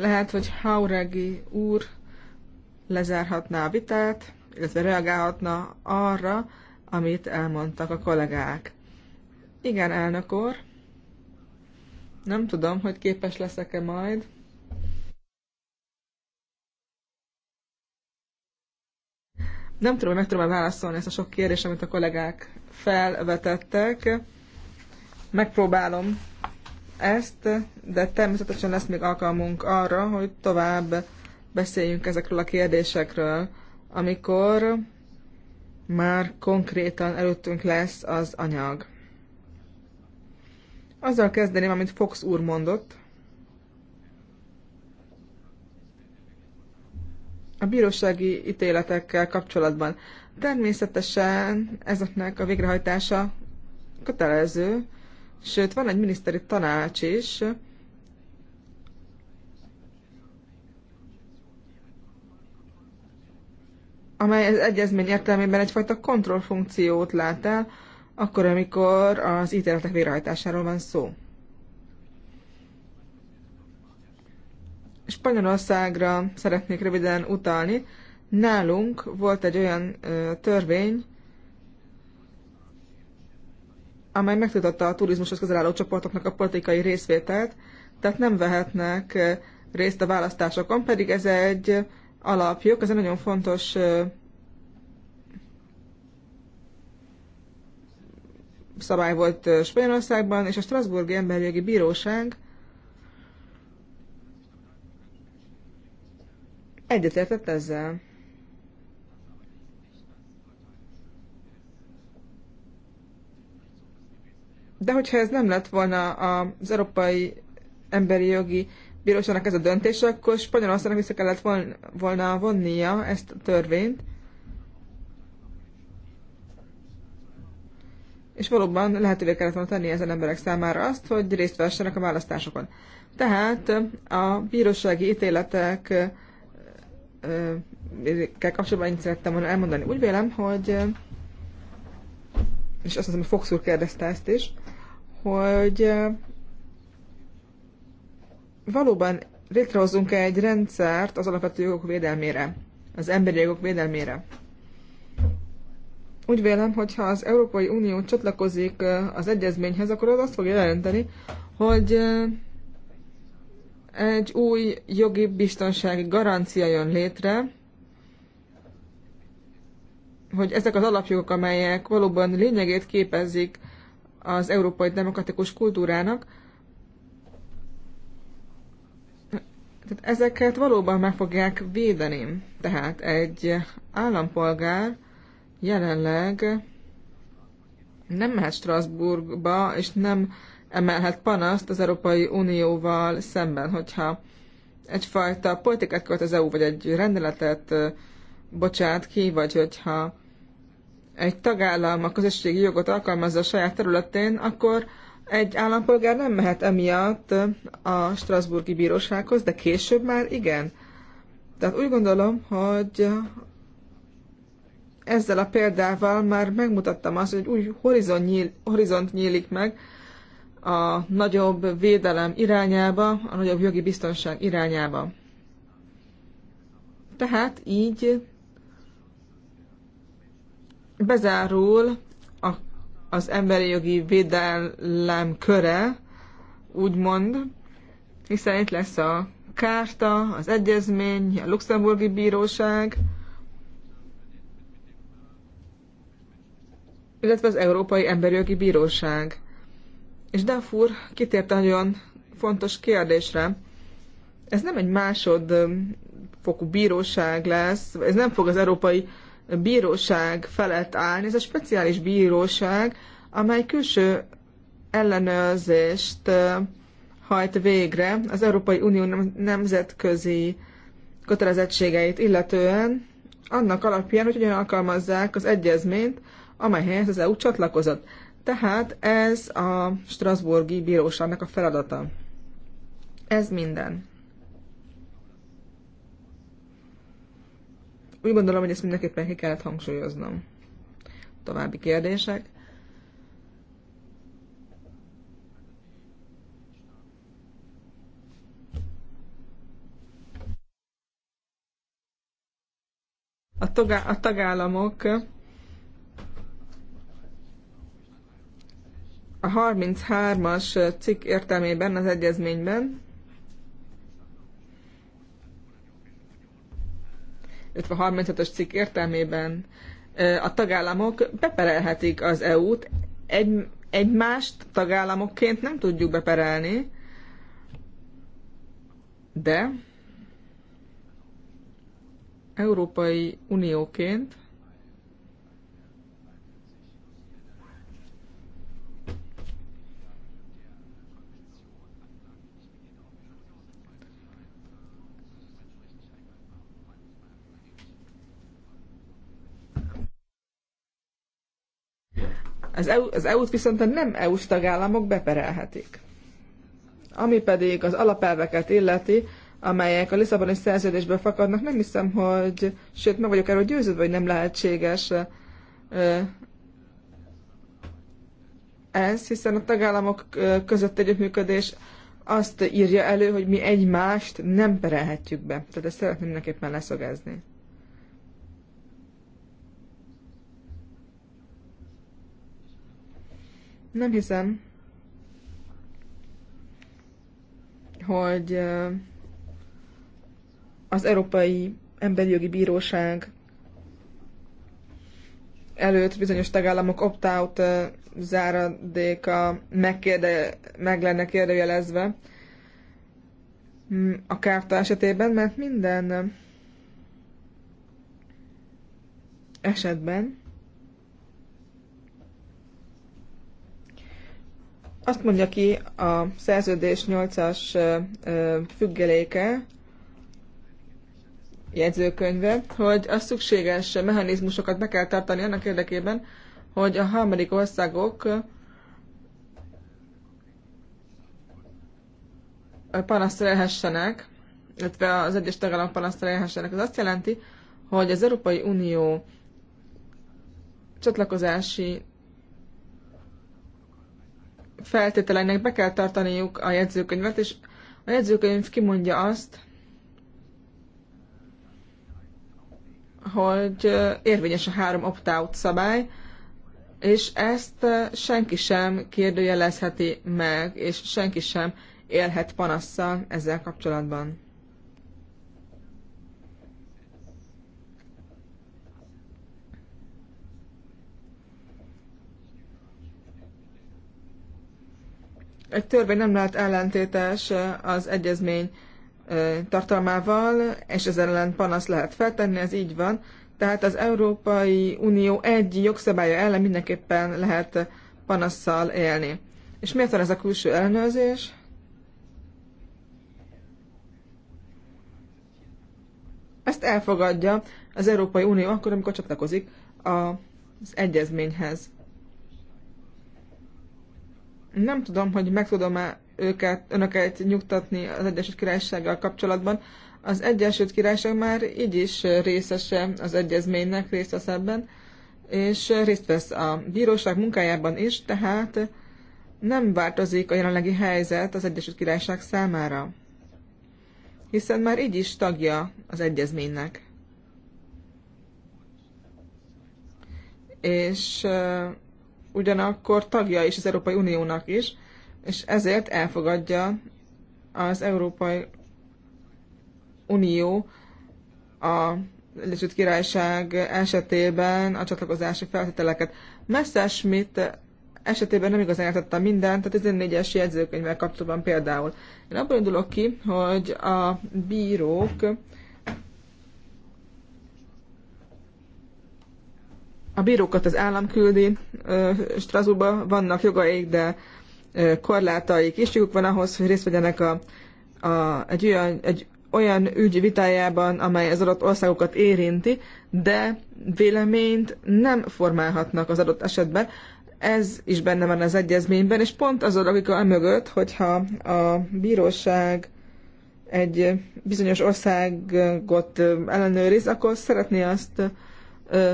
Lehet, hogy Hauregi úr lezárhatná a vitát, illetve reagálhatna arra, amit elmondtak a kollégák. Igen, elnök úr. Nem tudom, hogy képes leszek-e majd. Nem tudom, meg tudom válaszolni ezt a sok kérdést, amit a kollégák felvetettek. Megpróbálom ezt, de természetesen lesz még alkalmunk arra, hogy tovább beszéljünk ezekről a kérdésekről, amikor már konkrétan előttünk lesz az anyag. Azzal kezdeném, amit Fox úr mondott. A bírósági ítéletekkel kapcsolatban. Természetesen ezeknek a végrehajtása kötelező, Sőt, van egy miniszteri tanács is, amely az egyezmény értelmében egyfajta kontrollfunkciót lát el, akkor, amikor az ítéletek végrehajtásáról van szó. Spanyolországra szeretnék röviden utalni. Nálunk volt egy olyan ö, törvény, amely megtiltotta a turizmushoz közel álló csoportoknak a politikai részvételt, tehát nem vehetnek részt a választásokon, pedig ez egy alapjuk, ez egy nagyon fontos szabály volt Spanyolországban, és a Strasburgi Emberjogi Bíróság egyetértett ezzel. De hogyha ez nem lett volna az Európai Emberi Jogi Bíróságnak ez a döntés, akkor Spanyolországnak vissza kellett volna vonnia ezt a törvényt. És valóban lehetővé kellett volna tenni ezen emberek számára azt, hogy részt vessenek a választásokon. Tehát a bírósági ítéletek kapcsolatban én szerettem volna elmondani. Úgy vélem, hogy és azt hiszem, hogy Fox úr kérdezte ezt is, hogy valóban létrehozzunk egy rendszert az alapvető jogok védelmére, az emberi jogok védelmére. Úgy vélem, hogy ha az Európai Unió csatlakozik az egyezményhez, akkor az azt fogja jelenteni, hogy egy új jogi biztonsági garancia jön létre, hogy ezek az alapjogok, amelyek valóban lényegét képezik az európai demokratikus kultúrának, tehát ezeket valóban meg fogják védeni. Tehát egy állampolgár jelenleg nem mehet Strasbourgba, és nem emelhet panaszt az Európai Unióval szemben, hogyha egyfajta politikát követ az EU, vagy egy rendeletet bocsát ki, vagy hogyha egy tagállam a közösségi jogot alkalmazza a saját területén, akkor egy állampolgár nem mehet emiatt a Strasburgi Bírósághoz, de később már igen. Tehát úgy gondolom, hogy ezzel a példával már megmutattam azt, hogy új horizont, nyíl, horizont nyílik meg a nagyobb védelem irányába, a nagyobb jogi biztonság irányába. Tehát így bezárul a, az emberi jogi védelem köre, úgymond, hiszen itt lesz a kárta, az egyezmény, a luxemburgi bíróság, illetve az Európai Emberi Jogi Bíróság. És Dafur kitért nagyon fontos kérdésre. Ez nem egy másodfokú bíróság lesz, ez nem fog az Európai bíróság felett állni. Ez egy speciális bíróság, amely külső ellenőrzést hajt végre az Európai Unió nemzetközi kötelezettségeit illetően, annak alapján, hogy hogyan alkalmazzák az egyezményt, amelyhez az EU csatlakozott. Tehát ez a Strasburgi Bíróságnak a feladata. Ez minden. úgy gondolom, hogy ezt mindenképpen ki kellett hangsúlyoznom. További kérdések. a, tagá- a tagállamok a 33-as cikk értelmében az egyezményben illetve a 35-ös cikk értelmében a tagállamok beperelhetik az EU-t, egy, egymást tagállamokként nem tudjuk beperelni, de Európai Unióként Az, EU, az EU-t viszont a nem EU-s tagállamok beperelhetik. Ami pedig az alapelveket illeti, amelyek a Lisszaboni szerződésből fakadnak, nem hiszem, hogy, sőt, meg vagyok erről győződve, hogy nem lehetséges ez, hiszen a tagállamok között együttműködés azt írja elő, hogy mi egymást nem perelhetjük be. Tehát ezt szeretném mindenképpen leszögezni. Nem hiszem, hogy eh, az Európai Emberi Jogi Bíróság előtt bizonyos tagállamok opt-out eh, záradéka megkérde, meg lenne kérdőjelezve mm, a kárta esetében, mert minden eh, esetben Azt mondja ki a szerződés 8-as függeléke, jegyzőkönyve, hogy a szükséges mechanizmusokat be kell tartani annak érdekében, hogy a harmadik országok panaszt élhessenek, illetve az egyes tagállam panaszt élhessenek. Ez azt jelenti, hogy az Európai Unió csatlakozási feltételeinek be kell tartaniuk a jegyzőkönyvet, és a jegyzőkönyv kimondja azt, hogy érvényes a három opt-out szabály, és ezt senki sem kérdőjelezheti meg, és senki sem élhet panasszal ezzel kapcsolatban. egy törvény nem lehet ellentétes az egyezmény tartalmával, és ezzel ellen panasz lehet feltenni, ez így van. Tehát az Európai Unió egy jogszabálya ellen mindenképpen lehet panasszal élni. És miért van ez a külső ellenőrzés? Ezt elfogadja az Európai Unió akkor, amikor csatlakozik az egyezményhez. Nem tudom, hogy meg tudom-e őket, önöket nyugtatni az Egyesült Királysággal kapcsolatban. Az Egyesült Királyság már így is részese az egyezménynek, részt vesz ebben, és részt vesz a bíróság munkájában is, tehát nem változik a jelenlegi helyzet az Egyesült Királyság számára, hiszen már így is tagja az egyezménynek. És ugyanakkor tagja is az Európai Uniónak is, és ezért elfogadja az Európai Unió a Egyesült Királyság esetében a csatlakozási feltételeket. Messerschmitt esetében nem igazán értette mindent, a 14-es jegyzőkönyvvel kapcsolatban például. Én abból indulok ki, hogy a bírók A bírókat az állam küldi Strasbourgba, vannak jogaik, de korlátaik is, jók van ahhoz, hogy részt vegyenek a, a, egy, olyan, egy olyan ügy vitájában, amely az adott országokat érinti, de véleményt nem formálhatnak az adott esetben. Ez is benne van az egyezményben, és pont az a logika emögött, hogyha a bíróság egy bizonyos országot ellenőriz, akkor szeretné azt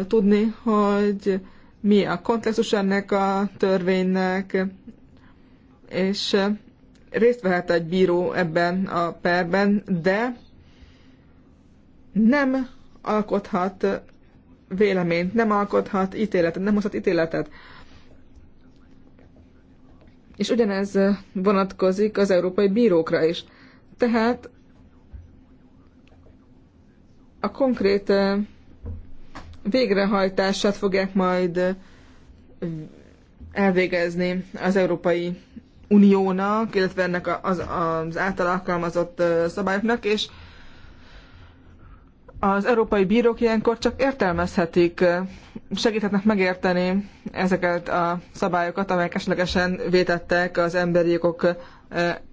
tudni, hogy mi a kontextus ennek a törvénynek, és részt vehet egy bíró ebben a perben, de nem alkothat véleményt, nem alkothat ítéletet, nem hozhat ítéletet. És ugyanez vonatkozik az európai bírókra is. Tehát a konkrét végrehajtását fogják majd elvégezni az Európai Uniónak, illetve ennek az, az által alkalmazott szabályoknak, és az európai bírók ilyenkor csak értelmezhetik, segíthetnek megérteni ezeket a szabályokat, amelyek esetlegesen vétettek az emberi jogok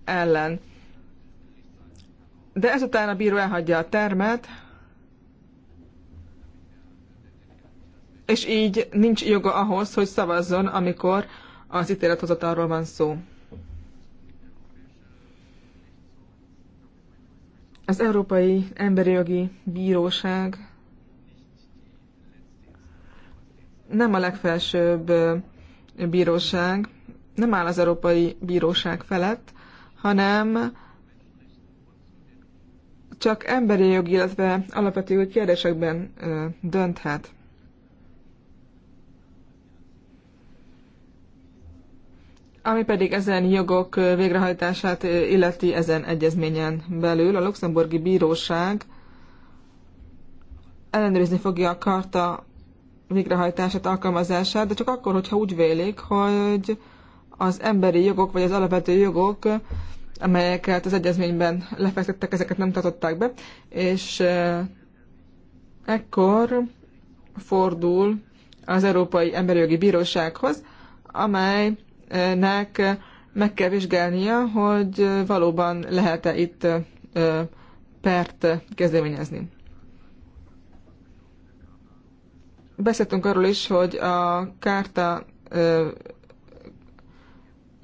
ellen. De ezután a bíró elhagyja a termet, és így nincs joga ahhoz, hogy szavazzon, amikor az ítélethozatalról van szó. Az Európai Emberi Jogi Bíróság nem a legfelsőbb bíróság, nem áll az Európai Bíróság felett, hanem csak emberi jogi, illetve alapvető kérdésekben dönthet. Ami pedig ezen jogok végrehajtását illeti ezen egyezményen belül, a luxemburgi bíróság ellenőrizni fogja a karta végrehajtását, alkalmazását, de csak akkor, hogyha úgy vélik, hogy az emberi jogok vagy az alapvető jogok, amelyeket az egyezményben lefektettek, ezeket nem tartották be, és ekkor fordul az Európai Emberi Jogi Bírósághoz, amely nek meg kell vizsgálnia, hogy valóban lehet-e itt pert kezdeményezni. Beszéltünk arról is, hogy a kárta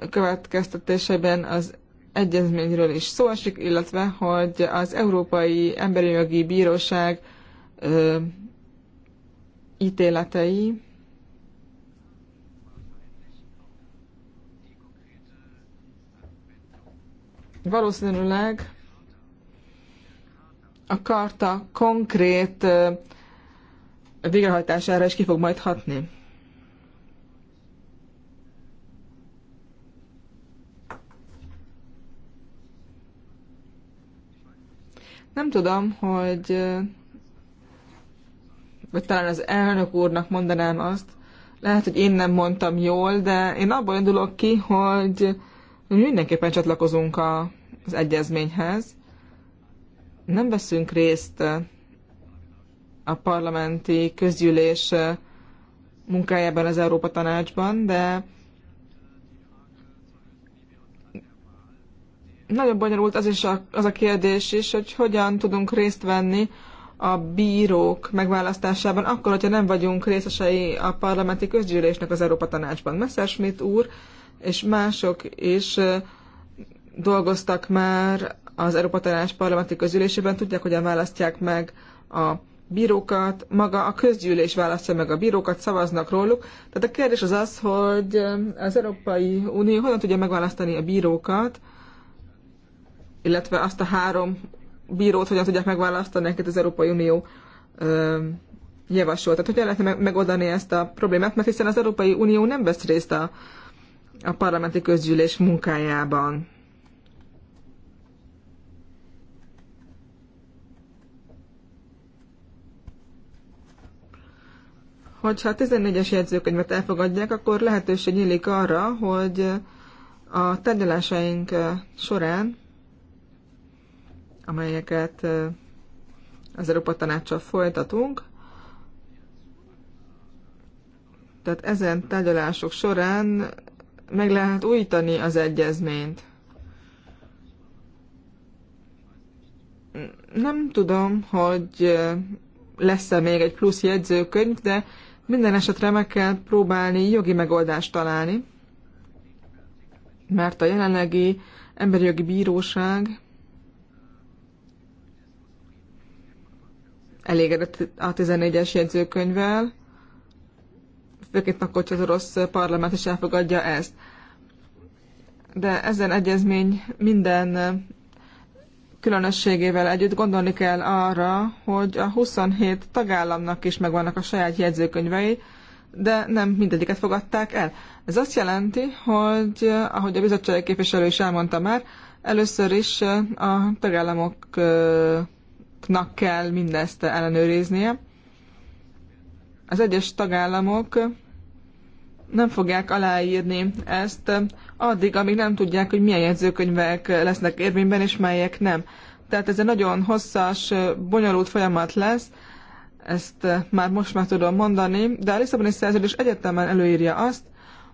következtetéseiben az egyezményről is szó esik, illetve hogy az Európai Emberi Jogi Bíróság ítéletei valószínűleg a karta konkrét végrehajtására is ki fog majd hatni. Nem tudom, hogy vagy talán az elnök úrnak mondanám azt, lehet, hogy én nem mondtam jól, de én abból indulok ki, hogy mi mindenképpen csatlakozunk a, az egyezményhez. Nem veszünk részt a parlamenti közgyűlés munkájában az Európa Tanácsban, de nagyon bonyolult az is a, az a kérdés is, hogy hogyan tudunk részt venni a bírók megválasztásában, akkor, hogyha nem vagyunk részesei a parlamenti közgyűlésnek az Európa Tanácsban. Messerschmidt úr és mások is dolgoztak már az Európa Tanács parlamenti közülésében, tudják, hogyan választják meg a bírókat, maga a közgyűlés választja meg a bírókat, szavaznak róluk. Tehát a kérdés az az, hogy az Európai Unió hogyan tudja megválasztani a bírókat, illetve azt a három bírót hogyan tudják megválasztani, akit az Európai Unió ö, javasolt. Tehát hogyan lehetne megoldani ezt a problémát, mert hiszen az Európai Unió nem vesz részt a a parlamenti közgyűlés munkájában. Hogyha a 14-es jegyzőkönyvet elfogadják, akkor lehetőség nyílik arra, hogy a tárgyalásaink során, amelyeket az Európa Tanácssal folytatunk, tehát ezen tárgyalások során meg lehet újítani az egyezményt. Nem tudom, hogy lesz-e még egy plusz jegyzőkönyv, de minden esetre meg kell próbálni jogi megoldást találni, mert a jelenlegi emberi jogi bíróság elégedett a 14-es jegyzőkönyvvel, főként akkor, hogy az orosz parlament is elfogadja ezt. De ezen egyezmény minden különösségével együtt gondolni kell arra, hogy a 27 tagállamnak is megvannak a saját jegyzőkönyvei, de nem mindegyiket fogadták el. Ez azt jelenti, hogy ahogy a bizottsági képviselő is elmondta már, először is a tagállamoknak kell mindezt ellenőriznie, az egyes tagállamok nem fogják aláírni ezt addig, amíg nem tudják, hogy milyen jegyzőkönyvek lesznek érvényben, és melyek nem. Tehát ez egy nagyon hosszas, bonyolult folyamat lesz, ezt már most már tudom mondani, de a Lisszaboni szerződés egyetemen előírja azt,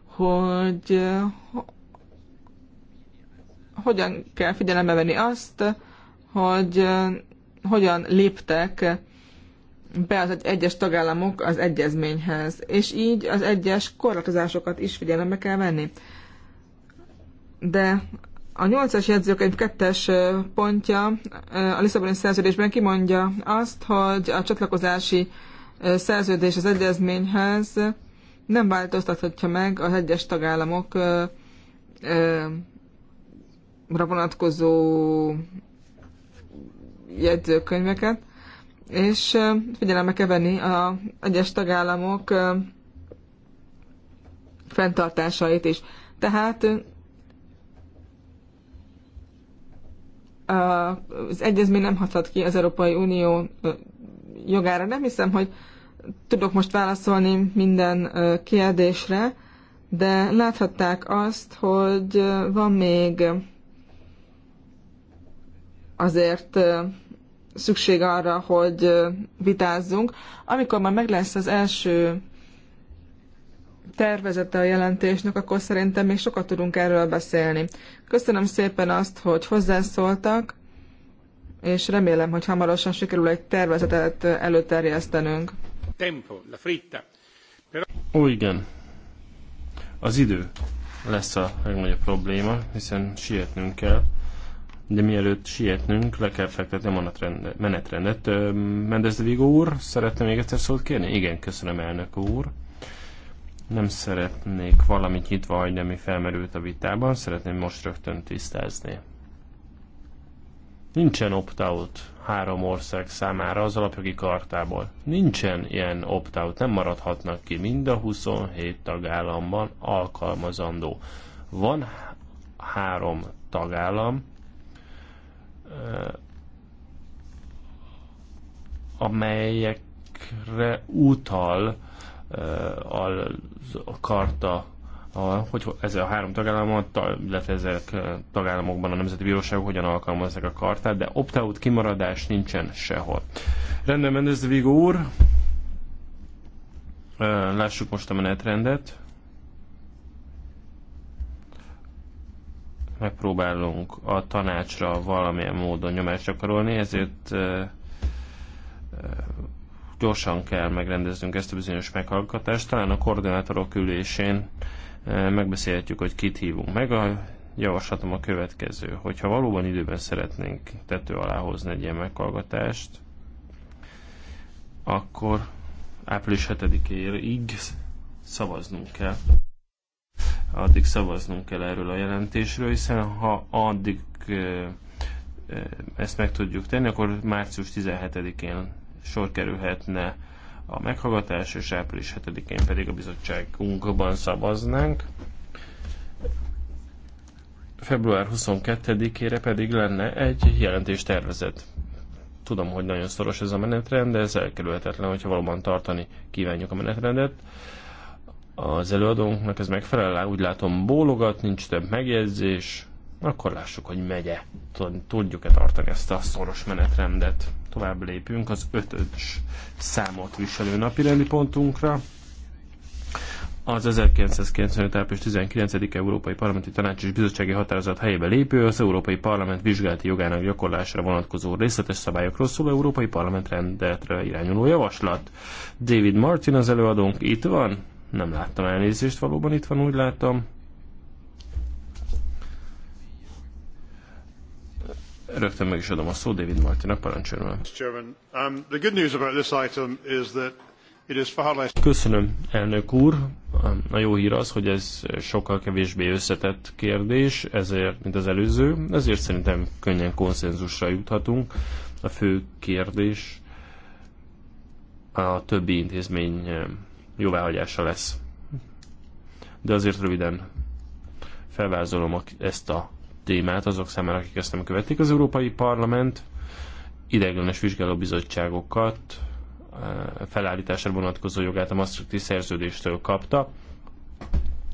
hogy eh, hogyan kell figyelembe venni azt, hogy eh, hogyan léptek be az egyes tagállamok az egyezményhez, és így az egyes korlátozásokat is figyelembe kell venni. De a 8-as jegyzőkönyv 2-es pontja a Lisszaboni szerződésben kimondja azt, hogy a csatlakozási szerződés az egyezményhez nem változtathatja meg az egyes tagállamok vonatkozó jegyzőkönyveket, és figyelembe kell venni az egyes tagállamok fenntartásait is. Tehát az egyezmény nem hathat ki az Európai Unió jogára. Nem hiszem, hogy tudok most válaszolni minden kérdésre, de láthatták azt, hogy van még azért szükség arra, hogy vitázzunk. Amikor már meg lesz az első tervezete a jelentésnek, akkor szerintem még sokat tudunk erről beszélni. Köszönöm szépen azt, hogy hozzászóltak, és remélem, hogy hamarosan sikerül egy tervezetet előterjesztenünk. Tempo, la fritta. Ó, igen. Az idő lesz a legnagyobb probléma, hiszen sietnünk kell de mielőtt sietnünk, le kell fektetni a menetrendet. Mendez Vigo úr, szeretne még egyszer szót kérni? Igen, köszönöm elnök úr. Nem szeretnék valamit nyitva hagyni, ami felmerült a vitában, szeretném most rögtön tisztázni. Nincsen opt-out három ország számára az alapjogi kartából. Nincsen ilyen opt-out, nem maradhatnak ki mind a 27 tagállamban alkalmazandó. Van három tagállam, amelyekre utal a karta a, hogy ez a három tagállamot illetve ezek tagállamokban a nemzeti bíróságok hogyan alkalmazzák a kartát, de opt-out kimaradás nincsen sehol. Rendben, Mendez Vigo úr, lássuk most a menetrendet. megpróbálunk a tanácsra valamilyen módon nyomást gyakorolni, ezért gyorsan kell megrendeznünk ezt a bizonyos meghallgatást. Talán a koordinátorok ülésén megbeszélhetjük, hogy kit hívunk meg. A javaslatom a következő, hogyha valóban időben szeretnénk tető alá hozni egy ilyen meghallgatást, akkor április 7-éig szavaznunk kell addig szavaznunk kell erről a jelentésről, hiszen ha addig ezt meg tudjuk tenni, akkor március 17-én sor kerülhetne a meghallgatás, és április 7-én pedig a bizottságunkban szavaznánk. Február 22-ére pedig lenne egy jelentés tervezet. Tudom, hogy nagyon szoros ez a menetrend, de ez elkerülhetetlen, hogyha valóban tartani kívánjuk a menetrendet az előadónknak ez megfelel, úgy látom bólogat, nincs több megjegyzés, akkor lássuk, hogy megye. Tudjuk-e tartani ezt a szoros menetrendet. Tovább lépünk az ötös számot viselő napirendi pontunkra. Az 1995. április 19. Európai Parlamenti Tanács és Bizottsági Határozat helyébe lépő az Európai Parlament vizsgálati jogának gyakorlásra vonatkozó részletes szabályokról szóló Európai Parlament rendeletre irányuló javaslat. David Martin az előadónk itt van, nem láttam elnézést, valóban itt van, úgy látom. Rögtön meg is adom a szó David Martinak, parancsoljon. Köszönöm, elnök úr. Um, a jó hír az, hogy ez sokkal kevésbé összetett kérdés, ezért, mint az előző, ezért szerintem könnyen konszenzusra juthatunk. A fő kérdés a többi intézmény um, jóváhagyása lesz. De azért röviden felvázolom ezt a témát azok számára, akik ezt nem követik. Az Európai Parlament ideiglenes vizsgálóbizottságokat eh, felállításra vonatkozó jogát a Maastrichti szerződéstől kapta.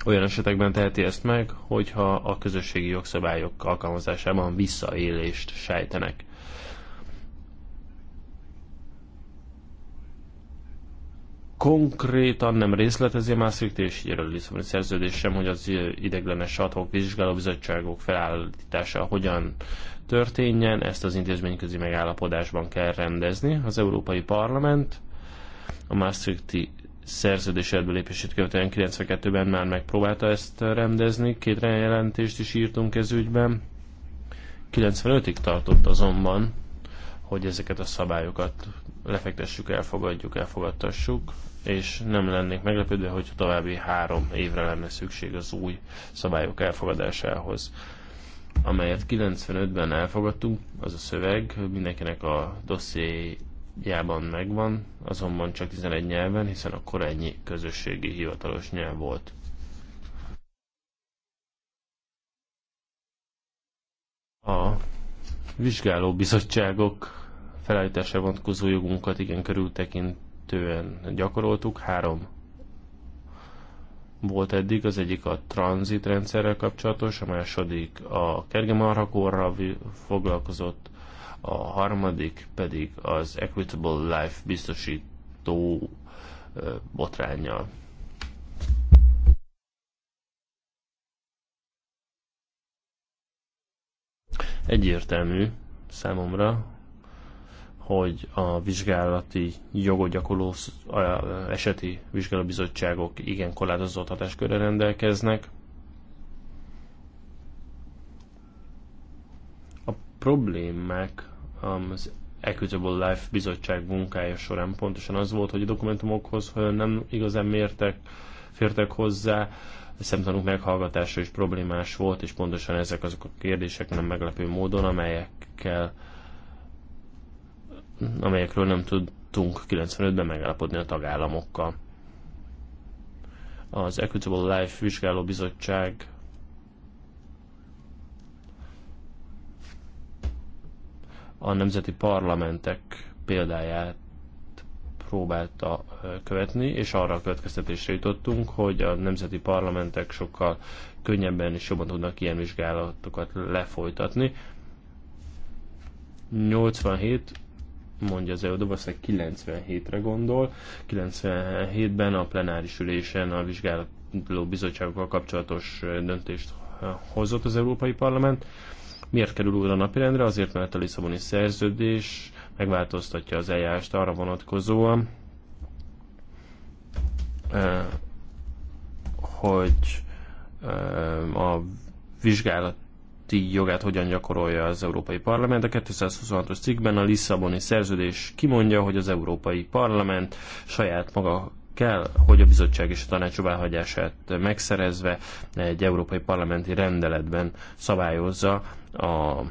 Olyan esetekben teheti ezt meg, hogyha a közösségi jogszabályok alkalmazásában visszaélést sejtenek. konkrétan nem részletezi a másik és a Lisszaboni szerződés sem, hogy az ideglenes adhok vizsgáló bizottságok felállítása hogyan történjen, ezt az intézményközi megállapodásban kell rendezni. Az Európai Parlament a Maastrichti szerződés lépését követően 92-ben már megpróbálta ezt rendezni, két jelentést is írtunk ez ügyben. 95-ig tartott azonban, hogy ezeket a szabályokat lefektessük, elfogadjuk, elfogadtassuk és nem lennék meglepődve, hogy további három évre lenne szükség az új szabályok elfogadásához amelyet 95-ben elfogadtunk, az a szöveg, mindenkinek a dossziéjában megvan, azonban csak 11 nyelven, hiszen akkor ennyi közösségi hivatalos nyelv volt. A vizsgáló bizottságok felállításra vonatkozó jogunkat igen körültekint alapvetően gyakoroltuk. Három volt eddig, az egyik a tranzit rendszerrel kapcsolatos, a második a kergemarhakorra foglalkozott, a harmadik pedig az Equitable Life biztosító botrányjal. Egyértelmű számomra, hogy a vizsgálati jogot gyakorló eseti vizsgálóbizottságok igen korlátozott hatáskörre rendelkeznek. A problémák az Equitable Life bizottság munkája során pontosan az volt, hogy a dokumentumokhoz nem igazán mértek, fértek hozzá, a szemtanúk meghallgatása is problémás volt, és pontosan ezek azok a kérdések nem meglepő módon, amelyekkel amelyekről nem tudtunk 95-ben megállapodni a tagállamokkal. Az Equitable Life Vizsgáló Bizottság a nemzeti parlamentek példáját próbálta követni, és arra a következtetésre jutottunk, hogy a nemzeti parlamentek sokkal könnyebben és jobban tudnak ilyen vizsgálatokat lefolytatni. 87 mondja az előadó, valószínűleg 97-re gondol. 97-ben a plenáris ülésen a vizsgáló bizottságokkal kapcsolatos döntést hozott az Európai Parlament. Miért kerül újra napirendre? Azért, mert a Lisszaboni szerződés megváltoztatja az eljárást arra vonatkozóan, hogy a vizsgálat közötti jogát hogyan gyakorolja az Európai Parlament. A 226-os cikkben a Lisszaboni szerződés kimondja, hogy az Európai Parlament saját maga kell, hogy a bizottság és a tanács jóváhagyását megszerezve egy európai parlamenti rendeletben szabályozza a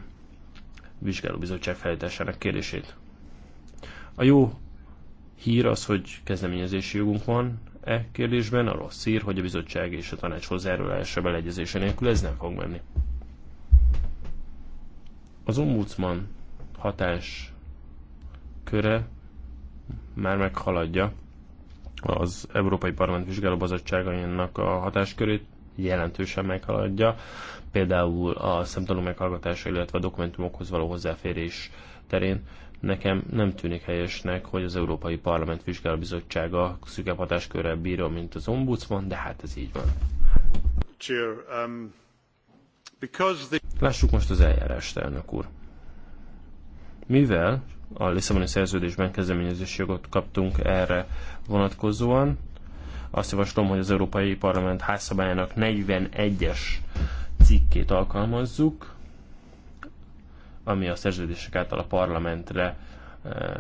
vizsgálóbizottság felállításának kérdését. A jó hír az, hogy kezdeményezési jogunk van e kérdésben, a rossz hír, hogy a bizottság és a tanács hozzájárulása beleegyezése nélkül ez nem fog menni. Az ombudsman hatás köre már meghaladja az Európai Parlament vizsgálóbizottságainak a hatáskörét, jelentősen meghaladja, például a szemtanú meghallgatása, illetve a dokumentumokhoz való hozzáférés terén. Nekem nem tűnik helyesnek, hogy az Európai Parlament vizsgálóbizottsága szükebb hatáskörrel bírja, mint az ombudsman, de hát ez így van. Cheer, um... Lássuk most az eljárást, elnök úr. Mivel a Lisszaboni szerződésben kezdeményezési jogot kaptunk erre vonatkozóan, azt javaslom, hogy az Európai Parlament házszabályának 41-es cikkét alkalmazzuk, ami a szerződések által a parlamentre eh,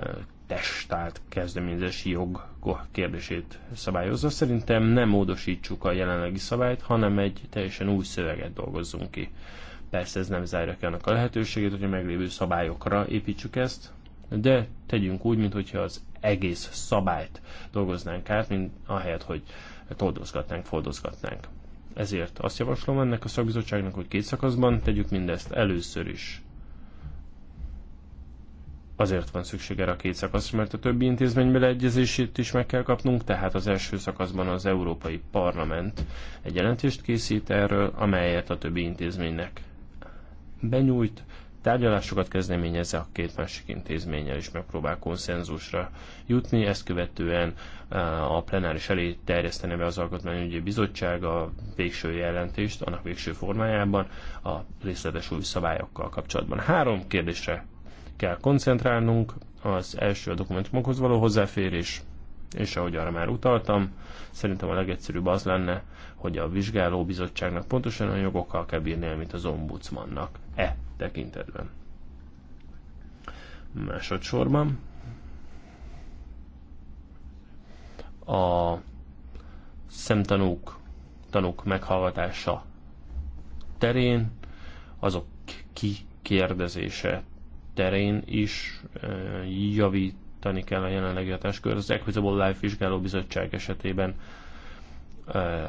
testált kezdeményezési jog kérdését szabályozza. Szerintem nem módosítsuk a jelenlegi szabályt, hanem egy teljesen új szöveget dolgozzunk ki. Persze ez nem zárja ki annak a lehetőségét, hogy a meglévő szabályokra építsük ezt, de tegyünk úgy, mintha az egész szabályt dolgoznánk át, mint ahelyett, hogy toldozgatnánk, foldozgatnánk. Ezért azt javaslom ennek a szakbizottságnak, hogy két szakaszban tegyük mindezt először is Azért van szükség erre a két szakasz, mert a többi intézmény beleegyezését is meg kell kapnunk, tehát az első szakaszban az Európai Parlament egy jelentést készít erről, amelyet a többi intézménynek benyújt, tárgyalásokat kezdeményezze a két másik intézménnyel is megpróbál konszenzusra jutni, ezt követően eh, a plenáris elé terjesztene be az Alkotmányügyi Bizottság a végső jelentést, annak végső formájában a részletes új szabályokkal kapcsolatban. Három kérdésre kell koncentrálnunk. Az első a dokumentumokhoz való hozzáférés, és ahogy arra már utaltam, szerintem a legegyszerűbb az lenne, hogy a bizottságnak pontosan olyan jogokkal kell bírni, mint az ombudsmannak e tekintetben. Másodszorban a szemtanúk tanúk meghallgatása terén azok kikérdezése terén is eh, javítani kell a jelenlegi hatáskör. Az Equitable Life Vizsgálóbizottság esetében eh,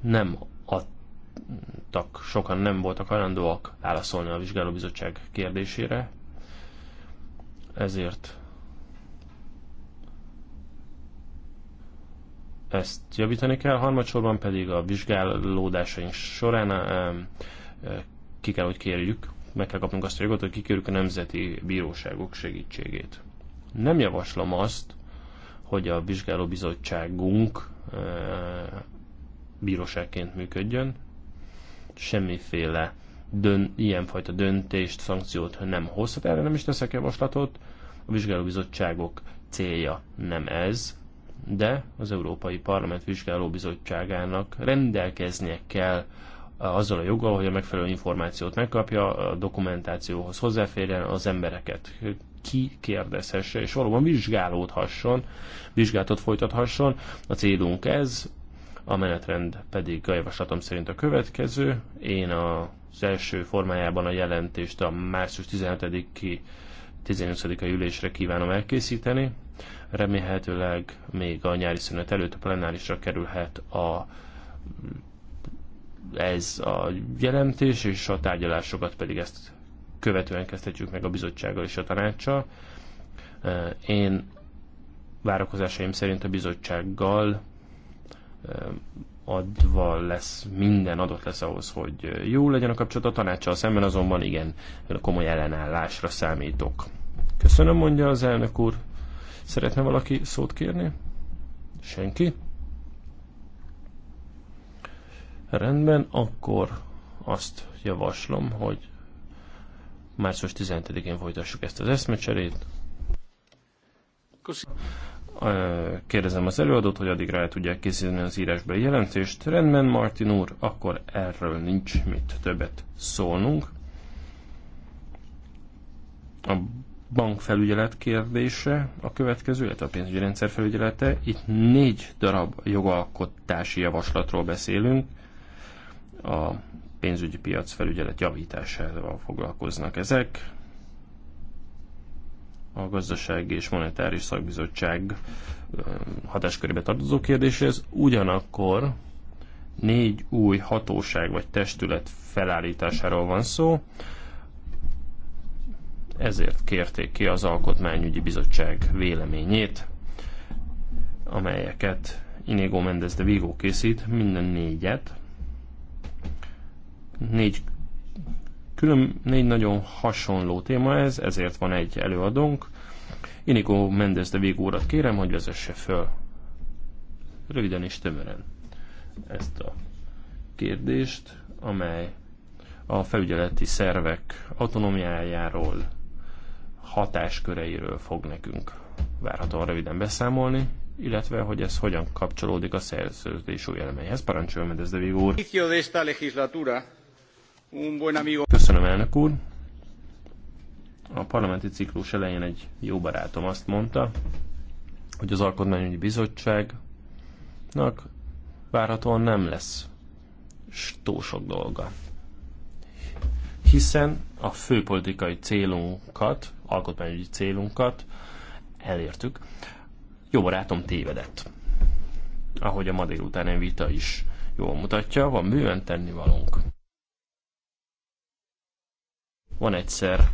nem adtak, sokan nem voltak hajlandóak válaszolni a vizsgálóbizottság kérdésére, ezért ezt javítani kell, harmadsorban pedig a vizsgálódásaink során eh, ki kell, hogy kérjük meg kell kapnunk azt a jogot, hogy kikérjük a nemzeti bíróságok segítségét. Nem javaslom azt, hogy a vizsgálóbizottságunk e, bíróságként működjön, semmiféle dön, ilyenfajta döntést, szankciót nem hozhat, erre nem is teszek javaslatot. A vizsgálóbizottságok célja nem ez, de az Európai Parlament vizsgálóbizottságának rendelkeznie kell azzal a joggal, hogy a megfelelő információt megkapja, a dokumentációhoz hozzáférjen, az embereket ki kérdezhesse, és valóban vizsgálódhasson, vizsgálatot folytathasson. A célunk ez, a menetrend pedig a javaslatom szerint a következő. Én az első formájában a jelentést a március 17-i 18-a ülésre kívánom elkészíteni. Remélhetőleg még a nyári szünet előtt a plenárisra kerülhet a ez a jelentés, és a tárgyalásokat pedig ezt követően kezdhetjük meg a bizottsággal és a tanácssal. Én várakozásaim szerint a bizottsággal adva lesz, minden adott lesz ahhoz, hogy jó legyen a kapcsolat a tanácssal szemben, azonban igen, komoly ellenállásra számítok. Köszönöm, mondja az elnök úr. Szeretne valaki szót kérni? Senki? Rendben, akkor azt javaslom, hogy március 17-én folytassuk ezt az eszmecserét. Kérdezem az előadót, hogy addig rá tudják készíteni az írásbeli jelentést. Rendben, Martin úr, akkor erről nincs mit többet szólnunk. A bankfelügyelet kérdése a következő, illetve a pénzügyi rendszer felügyelete. Itt négy darab jogalkotási javaslatról beszélünk a pénzügyi piac felügyelet javításával foglalkoznak ezek. A Gazdasági és Monetáris Szakbizottság hatáskörébe tartozó kérdéshez. Ugyanakkor négy új hatóság vagy testület felállításáról van szó, ezért kérték ki az Alkotmányügyi Bizottság véleményét, amelyeket Inigo Mendez de Vigo készít, minden négyet, Négy, külön, négy nagyon hasonló téma ez, ezért van egy előadónk. Inigo Mendez de Vigórat kérem, hogy vezesse föl röviden és tömören ezt a kérdést, amely a felügyeleti szervek autonómiájáról, hatásköreiről fog nekünk várhatóan röviden beszámolni, illetve hogy ez hogyan kapcsolódik a szerződés új elemeihez. Parancsoljon, Mendez de Vigo úr! Köszönöm, elnök úr. A parlamenti ciklus elején egy jó barátom azt mondta, hogy az Alkotmányügyi Bizottságnak várhatóan nem lesz túl sok dolga. Hiszen a főpolitikai célunkat, alkotmányügyi célunkat elértük. Jó barátom tévedett. Ahogy a ma délutáni vita is jól mutatja, van bőven tennivalónk. Van egyszer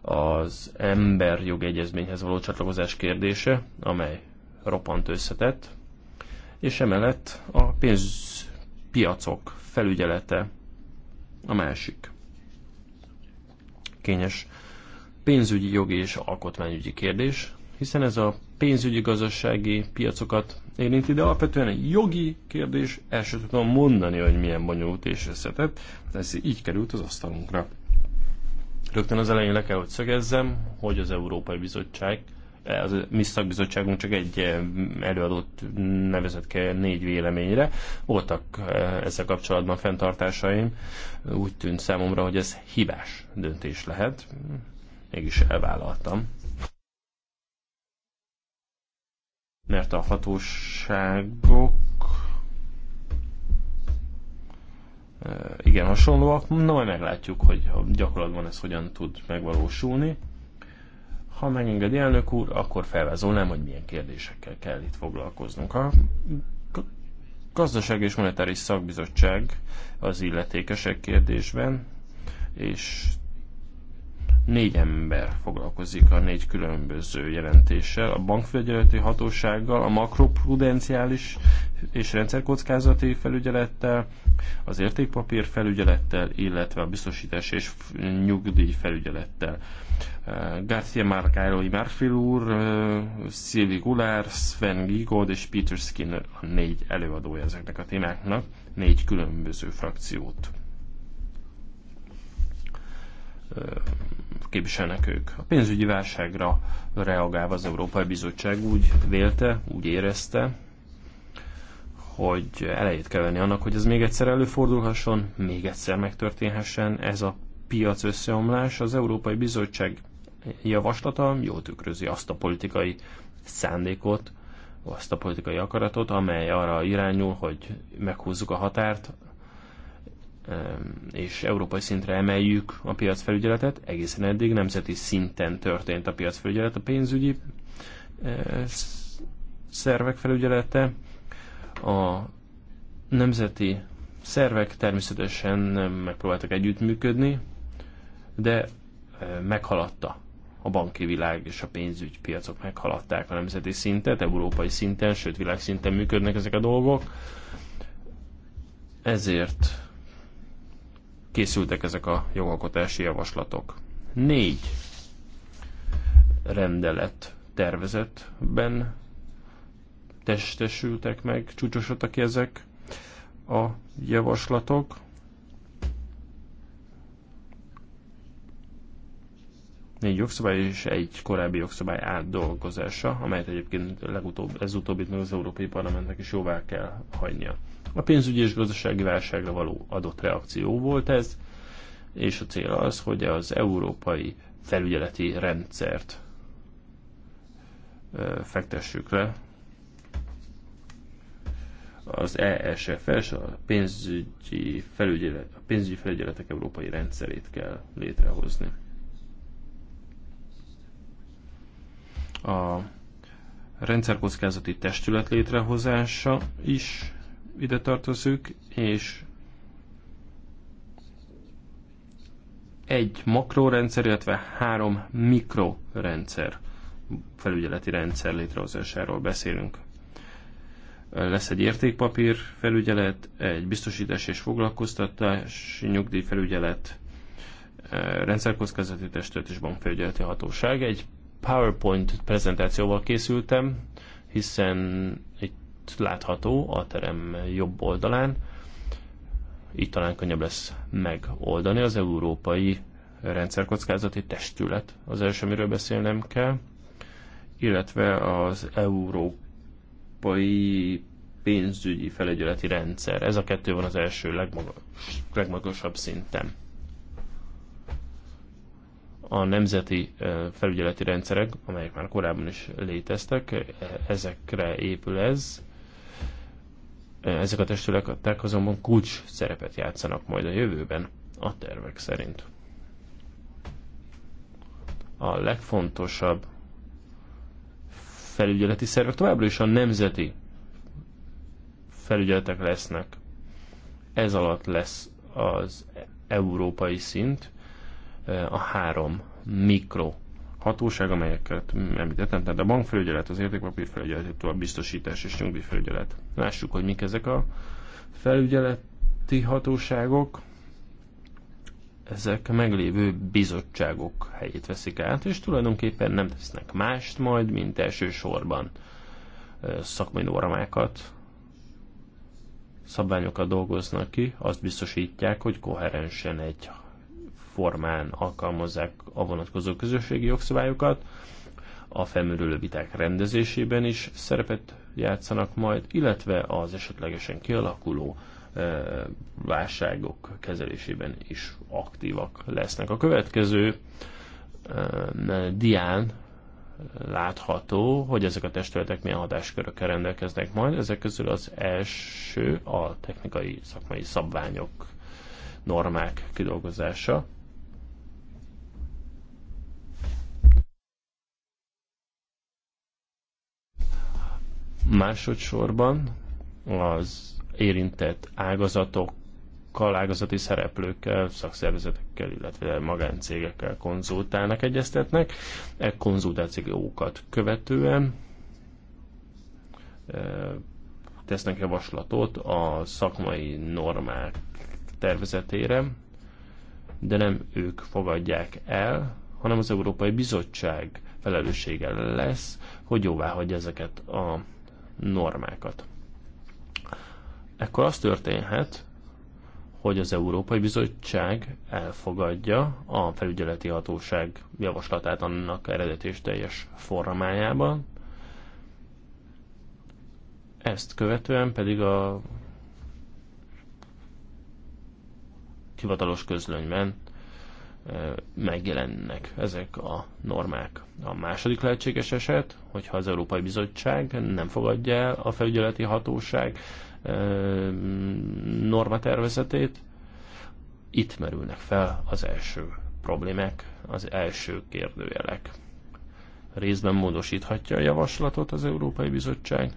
az emberjogi egyezményhez való csatlakozás kérdése, amely roppant összetett, és emellett a pénzpiacok felügyelete a másik. Kényes pénzügyi, jogi és alkotmányügyi kérdés, hiszen ez a pénzügyi gazdasági piacokat érinti, de alapvetően egy jogi kérdés, el sem tudom mondani, hogy milyen bonyolult és összetett, ez így került az asztalunkra. Rögtön az elején le kell, hogy szögezzem, hogy az Európai Bizottság, az mi szakbizottságunk csak egy eh, előadott nevezett kell négy véleményre. Voltak eh, ezzel kapcsolatban fenntartásaim. Úgy tűnt számomra, hogy ez hibás döntés lehet. Mégis elvállaltam. Mert a hatóságok igen hasonlóak. Na majd meglátjuk, hogy a gyakorlatban ez hogyan tud megvalósulni. Ha megengedi elnök úr, akkor felvázolnám, hogy milyen kérdésekkel kell itt foglalkoznunk. A gazdaság és monetáris szakbizottság az illetékesek kérdésben, és négy ember foglalkozik a négy különböző jelentéssel, a bankfelügyeleti hatósággal, a makroprudenciális és rendszerkockázati felügyelettel, az értékpapír felügyelettel, illetve a biztosítás és nyugdíj felügyelettel. Eh, García Marcállói Márfil úr, eh, Szilvi Gulár, Sven Gigold és Peter Skinner a négy előadója ezeknek a témáknak, négy különböző frakciót eh, képviselnek ők. A pénzügyi válságra reagálva az Európai Bizottság úgy vélte, úgy érezte, hogy elejét kell venni annak, hogy ez még egyszer előfordulhasson, még egyszer megtörténhessen ez a piac összeomlás. Az Európai Bizottság javaslata jól tükrözi azt a politikai szándékot, azt a politikai akaratot, amely arra irányul, hogy meghúzzuk a határt, és európai szintre emeljük a piacfelügyeletet. Egészen eddig nemzeti szinten történt a piacfelügyelet, a pénzügyi szervek felügyelete, a nemzeti szervek természetesen megpróbáltak együttműködni, de meghaladta a banki világ és a piacok meghaladták a nemzeti szintet, európai szinten, sőt világszinten működnek ezek a dolgok. Ezért készültek ezek a jogalkotási javaslatok. Négy rendelet tervezetben testesültek meg, csúcsosodtak ki ezek a javaslatok. Négy jogszabály és egy korábbi jogszabály átdolgozása, amelyet egyébként legutóbb, ez utóbbit meg az Európai Parlamentnek is jóvá kell hagynia. A pénzügyi és gazdasági válságra való adott reakció volt ez, és a cél az, hogy az európai felügyeleti rendszert fektessük le az e ESFS, a pénzügyi, felügyelet, a pénzügyi felügyeletek európai rendszerét kell létrehozni. A rendszerkockázati testület létrehozása is ide tartozik, és egy makrorendszer, illetve három mikrorendszer felügyeleti rendszer létrehozásáról beszélünk. Lesz egy értékpapír felügyelet, egy biztosítás és foglalkoztatási nyugdíjfelügyelet, eh, rendszerkockázati testület és bankfelügyeleti hatóság. Egy PowerPoint prezentációval készültem, hiszen egy látható a terem jobb oldalán. Így talán könnyebb lesz megoldani az európai rendszerkockázati testület, az első, amiről beszélnem kell, illetve az európai pénzügyi felügyeleti rendszer. Ez a kettő van az első legmagas, legmagasabb szinten. A nemzeti felügyeleti rendszerek, amelyek már korábban is léteztek, e, ezekre épül ez, ezek a testületek azonban kulcs szerepet játszanak majd a jövőben a tervek szerint. A legfontosabb felügyeleti szervek továbbra is a nemzeti felügyeletek lesznek. Ez alatt lesz az európai szint, a három mikro hatóság, amelyeket említettem, tehát a bankfelügyelet, az értékpapírfelügyelet, a biztosítás és nyugdíjfelügyelet. Lássuk, hogy mik ezek a felügyeleti hatóságok. Ezek meglévő bizottságok helyét veszik át, és tulajdonképpen nem tesznek mást majd, mint elsősorban szakmai normákat, szabványokat dolgoznak ki, azt biztosítják, hogy koherensen egy formán alkalmazzák a vonatkozó közösségi jogszabályokat, a felmerülő viták rendezésében is szerepet játszanak majd, illetve az esetlegesen kialakuló e, válságok kezelésében is aktívak lesznek. A következő e, dián látható, hogy ezek a testületek milyen hatáskörökkel rendelkeznek majd. Ezek közül az első a technikai szakmai szabványok normák kidolgozása. Másodszorban az érintett ágazatokkal, ágazati szereplőkkel, szakszervezetekkel, illetve magáncégekkel konzultálnak, egyeztetnek. E konzultációkat követően e, tesznek javaslatot a szakmai normák tervezetére, de nem ők fogadják el, hanem az Európai Bizottság felelőssége lesz, hogy jóvá hagyja ezeket a normákat. Ekkor az történhet, hogy az Európai Bizottság elfogadja a felügyeleti hatóság javaslatát annak eredetés teljes formájában, ezt követően pedig a hivatalos közlönyben megjelennek ezek a normák. A második lehetséges eset, hogyha az Európai Bizottság nem fogadja el a felügyeleti hatóság normatervezetét, itt merülnek fel az első problémák, az első kérdőjelek. Részben módosíthatja a javaslatot az Európai Bizottság,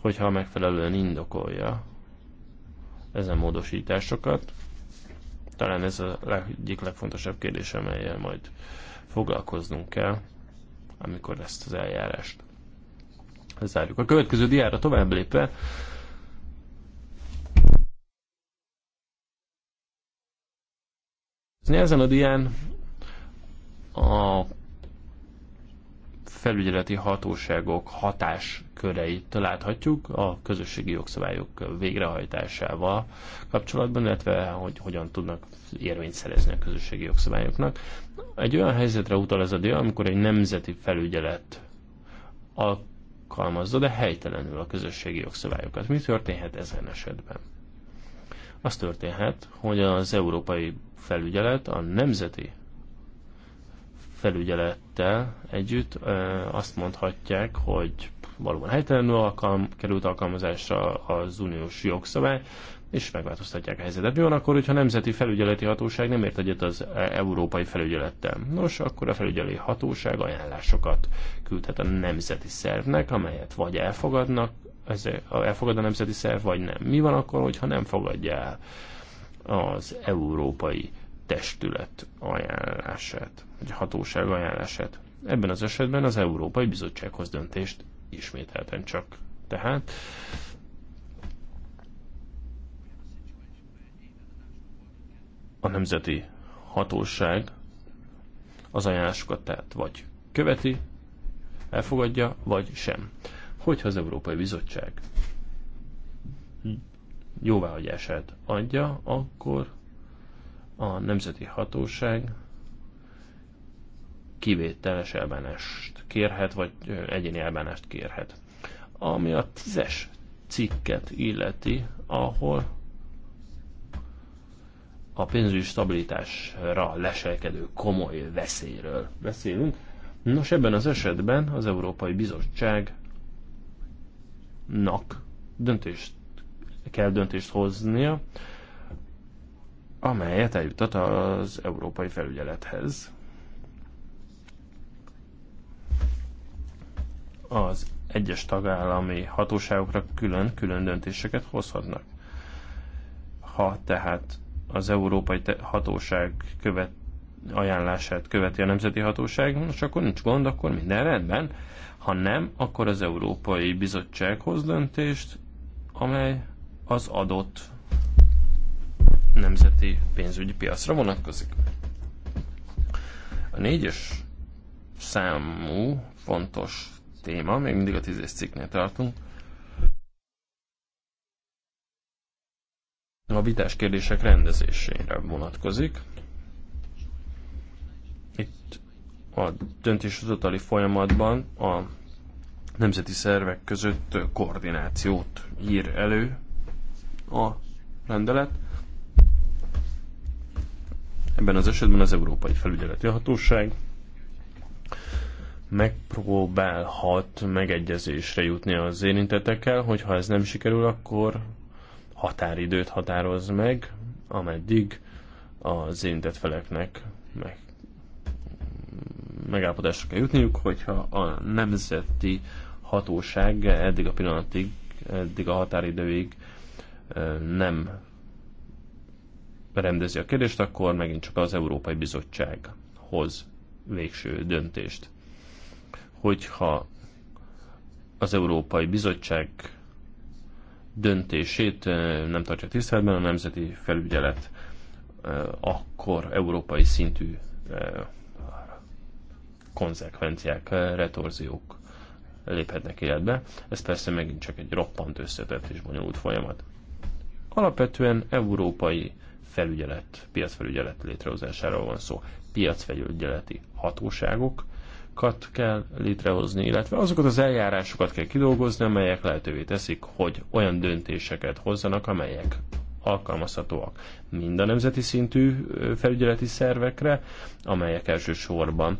hogyha megfelelően indokolja, ezen módosításokat. Talán ez a egyik legfontosabb kérdés, amelyel majd foglalkoznunk kell, amikor ezt az eljárást zárjuk. A következő diára tovább lépve Ezen a dián a felügyeleti hatóságok hatás köreit láthatjuk a közösségi jogszabályok végrehajtásával kapcsolatban, illetve hogy hogyan tudnak érvényt szerezni a közösségi jogszabályoknak. Egy olyan helyzetre utal ez a dél, amikor egy nemzeti felügyelet alkalmazza, de helytelenül a közösségi jogszabályokat. Mi történhet ezen esetben? Az történhet, hogy az európai felügyelet a nemzeti felügyelettel együtt azt mondhatják, hogy valóban helytelenül alkalm, került alkalmazásra az uniós jogszabály, és megváltoztatják a helyzetet. Mi van akkor, hogyha a Nemzeti Felügyeleti Hatóság nem ért egyet az e- európai felügyelettel? Nos, akkor a felügyeleti hatóság ajánlásokat küldhet a nemzeti szervnek, amelyet vagy elfogadnak, ez e- elfogad a nemzeti szerv, vagy nem. Mi van akkor, hogyha nem fogadja el az európai testület ajánlását, vagy hatóság ajánlását? Ebben az esetben az Európai Bizottsághoz döntést ismételten csak. Tehát a nemzeti hatóság az ajánlásokat tehát vagy követi, elfogadja, vagy sem. Hogyha az Európai Bizottság jóváhagyását adja, akkor a nemzeti hatóság kivételes elbánást kérhet, vagy egyéni elbánást kérhet. Ami a tízes cikket illeti, ahol a pénzügyi stabilitásra leselkedő komoly veszélyről beszélünk. Nos, ebben az esetben az Európai Bizottságnak döntést kell döntést hoznia, amelyet eljutat az Európai Felügyelethez. az egyes tagállami hatóságokra külön-külön döntéseket hozhatnak. Ha tehát az európai hatóság követ, ajánlását követi a nemzeti hatóság, most akkor nincs gond, akkor minden rendben. Ha nem, akkor az Európai Bizottság hoz döntést, amely az adott nemzeti pénzügyi piacra vonatkozik. A négyes számú fontos téma, még mindig a tízes cikknél tartunk. A vitás kérdések rendezésére vonatkozik. Itt a döntéshozatali folyamatban a nemzeti szervek között koordinációt ír elő a rendelet. Ebben az esetben az Európai Felügyeleti Hatóság megpróbálhat megegyezésre jutni az érintetekkel, hogyha ez nem sikerül, akkor határidőt határoz meg, ameddig az érintett feleknek meg megállapodásra kell jutniuk, hogyha a nemzeti hatóság eddig a pillanatig, eddig a határidőig nem rendezi a kérdést, akkor megint csak az Európai Bizottsághoz hoz végső döntést hogyha az Európai Bizottság döntését eh, nem tartja tiszteletben a nemzeti felügyelet, eh, akkor európai szintű eh, konzekvenciák, retorziók léphetnek életbe. Ez persze megint csak egy roppant összetett és bonyolult folyamat. Alapvetően európai felügyelet, piacfelügyelet létrehozásáról van szó. Piacfelügyeleti hatóságok szabályokat kell létrehozni, illetve azokat az eljárásokat kell kidolgozni, amelyek lehetővé teszik, hogy olyan döntéseket hozzanak, amelyek alkalmazhatóak mind a nemzeti szintű felügyeleti szervekre, amelyek elsősorban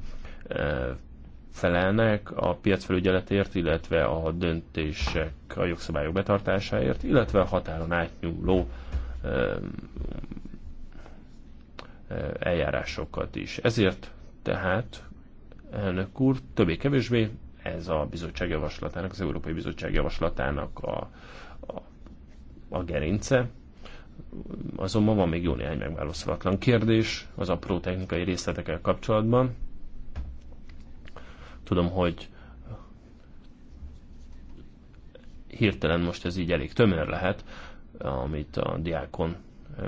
felelnek a piacfelügyeletért, illetve a döntések, a jogszabályok betartásáért, illetve a határon átnyúló eljárásokat is. Ezért tehát elnök úr, többé-kevésbé ez a bizottság javaslatának, az Európai Bizottság javaslatának a, a, a gerince. Azonban van még jó néhány megválaszolatlan kérdés az apró technikai részletekkel kapcsolatban. Tudom, hogy hirtelen most ez így elég tömör lehet, amit a diákon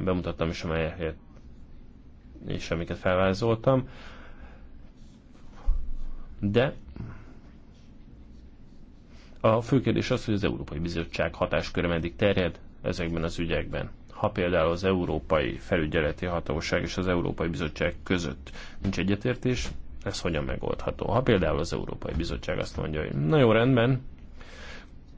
bemutattam, és amelyet és amiket felvázoltam. De a fő kérdés az, hogy az Európai Bizottság hatásköre meddig terjed ezekben az ügyekben. Ha például az Európai Felügyeleti Hatóság és az Európai Bizottság között nincs egyetértés, ez hogyan megoldható? Ha például az Európai Bizottság azt mondja, hogy na jó, rendben,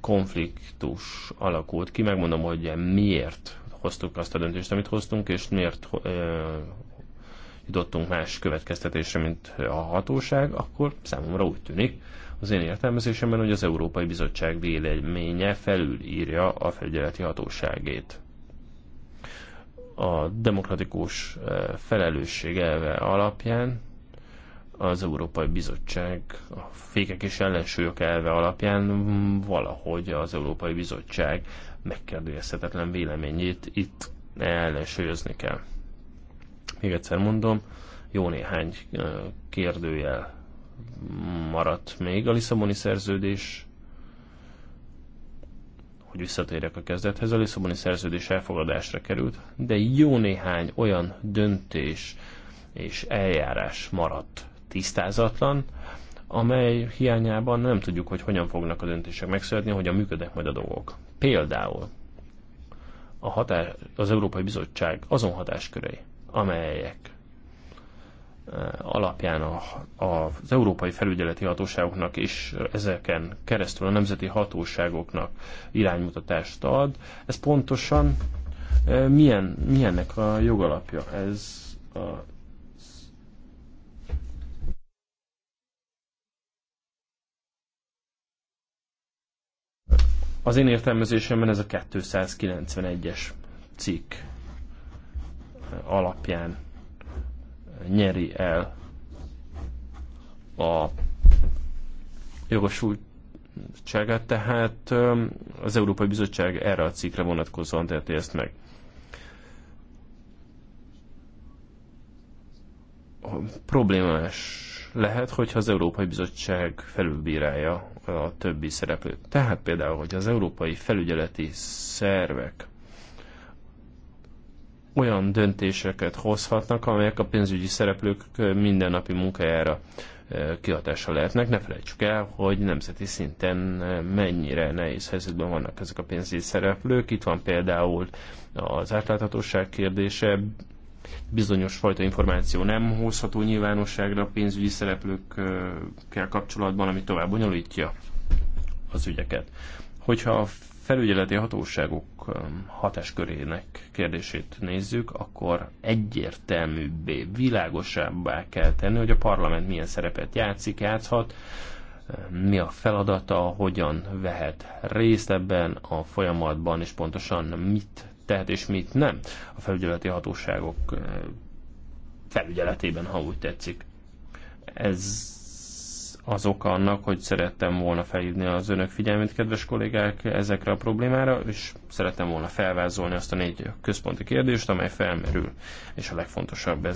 konfliktus alakult ki, megmondom, hogy miért hoztuk azt a döntést, amit hoztunk, és miért jutottunk más következtetésre, mint a hatóság, akkor számomra úgy tűnik, az én értelmezésemben, hogy az Európai Bizottság véleménye felülírja a felügyeleti hatóságét. A demokratikus eh, felelősség elve alapján az Európai Bizottság a fékek és ellensúlyok elve alapján valahogy az Európai Bizottság megkérdőjezhetetlen véleményét itt ellensúlyozni kell. Még egyszer mondom, jó néhány kérdőjel maradt még a Lisszaboni szerződés, hogy visszatérjek a kezdethez, a Lisszaboni szerződés elfogadásra került, de jó néhány olyan döntés és eljárás maradt tisztázatlan, amely hiányában nem tudjuk, hogy hogyan fognak a döntések megszületni, hogyan működnek majd a dolgok. Például a határ az Európai Bizottság azon hatáskörei, amelyek eh, alapján a, az európai felügyeleti hatóságoknak és eh, ezeken keresztül a nemzeti hatóságoknak iránymutatást ad. Ez pontosan eh, milyen, milyennek a jogalapja? Ez a Az én értelmezésemben ez a 291-es cikk alapján nyeri el a jogosultságát, tehát az Európai Bizottság erre a cikkre vonatkozóan teheti ezt meg. A problémás lehet, hogyha az Európai Bizottság felülbírálja a többi szereplőt. Tehát például, hogy az európai felügyeleti szervek olyan döntéseket hozhatnak, amelyek a pénzügyi szereplők mindennapi munkájára kihatással lehetnek. Ne felejtsük el, hogy nemzeti szinten mennyire nehéz helyzetben vannak ezek a pénzügyi szereplők. Itt van például az átláthatóság kérdése, bizonyos fajta információ nem hozható nyilvánosságra pénzügyi szereplőkkel kapcsolatban, ami tovább bonyolítja az ügyeket. Hogyha a felügyeleti hatóságok hatáskörének kérdését nézzük, akkor egyértelműbbé, világosabbá kell tenni, hogy a parlament milyen szerepet játszik, játszhat, mi a feladata, hogyan vehet részt ebben a folyamatban, és pontosan mit tehet és mit nem a felügyeleti hatóságok felügyeletében, ha úgy tetszik. Ez az oka annak, hogy szerettem volna felhívni az önök figyelmét, kedves kollégák, ezekre a problémára, és szerettem volna felvázolni azt a négy központi kérdést, amely felmerül, és a legfontosabb a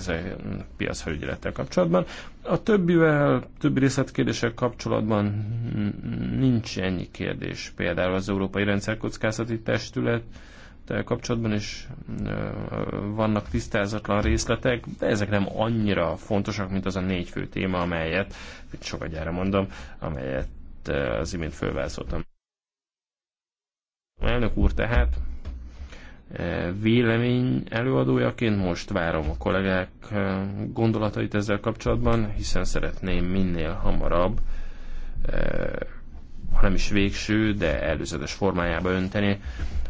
piacfelügyelettel kapcsolatban. A többivel, többi részletkérdések kapcsolatban nincs ennyi kérdés. Például az Európai Rendszerkockázati Testület, kapcsolatban is vannak tisztázatlan részletek, de ezek nem annyira fontosak, mint az a négy fő téma, amelyet, sokat gyára mondom, amelyet az imént fölvázoltam. Elnök úr tehát vélemény előadójaként most várom a kollégák gondolatait ezzel kapcsolatban, hiszen szeretném minél hamarabb ha nem is végső, de előzetes formájába önteni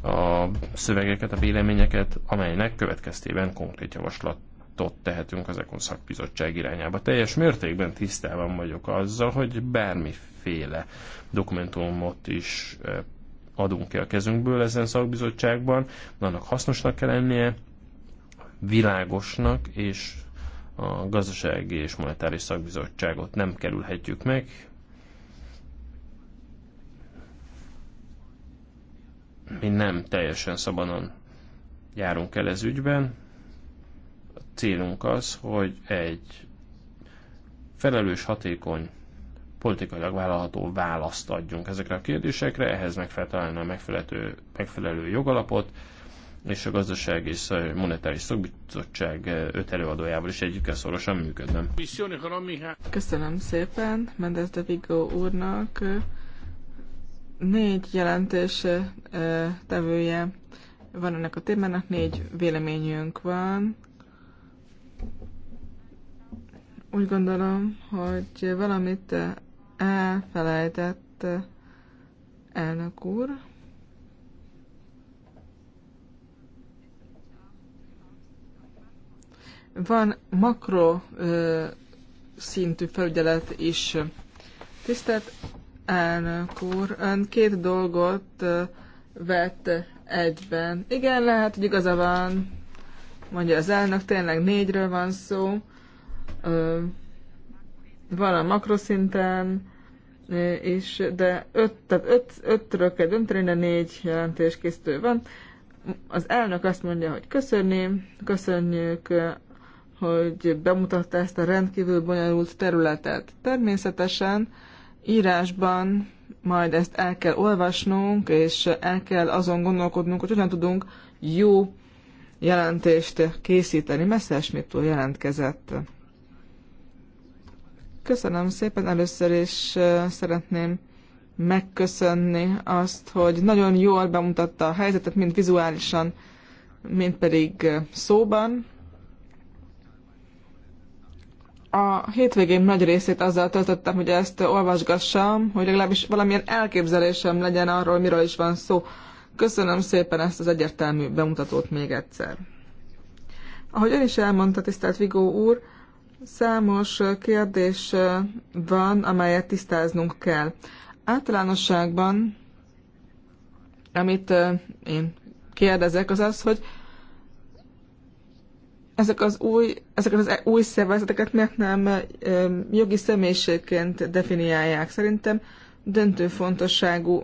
a szövegeket, a véleményeket, amelynek következtében konkrét javaslatot tehetünk az ECON szakbizottság irányába. Teljes mértékben tisztában vagyok azzal, hogy bármiféle dokumentumot is adunk ki a kezünkből ezen szakbizottságban, de annak hasznosnak kell lennie, világosnak, és a gazdasági és monetáris szakbizottságot nem kerülhetjük meg, mi nem teljesen szabadon járunk el ez ügyben. A célunk az, hogy egy felelős, hatékony, politikailag vállalható választ adjunk ezekre a kérdésekre, ehhez megfelelően a megfelelő, megfelelő jogalapot, és a gazdaság és a monetáris szakbizottság eh, öt előadójával is együtt kell szorosan működnöm. Köszönöm szépen Mendez de Vigo úrnak. Eh, Négy jelentés tevője van ennek a témának, négy véleményünk van. Úgy gondolom, hogy valamit elfelejtett elnök úr. Van makro ö, szintű felügyelet is. Tisztelt Elnök úr, ön két dolgot vett egyben. Igen, lehet, hogy igaza van, mondja az elnök, tényleg négyről van szó. Van a makroszinten, és de öt, tehát öt, ötről kell dönteni, de négy jelentéskészítő van. Az elnök azt mondja, hogy köszönni, köszönjük, hogy bemutatta ezt a rendkívül bonyolult területet. Természetesen írásban majd ezt el kell olvasnunk, és el kell azon gondolkodnunk, hogy hogyan tudunk jó jelentést készíteni. Messerschmittől jelentkezett. Köszönöm szépen, először is szeretném megköszönni azt, hogy nagyon jól bemutatta a helyzetet, mind vizuálisan, mind pedig szóban a hétvégén nagy részét azzal töltöttem, hogy ezt olvasgassam, hogy legalábbis valamilyen elképzelésem legyen arról, miről is van szó. Köszönöm szépen ezt az egyértelmű bemutatót még egyszer. Ahogy ön is elmondta, tisztelt Vigó úr, számos kérdés van, amelyet tisztáznunk kell. Általánosságban, amit én kérdezek, az az, hogy ezek az új, ezeket az új szervezeteket miért nem jogi személyiségként definiálják? Szerintem döntő fontosságú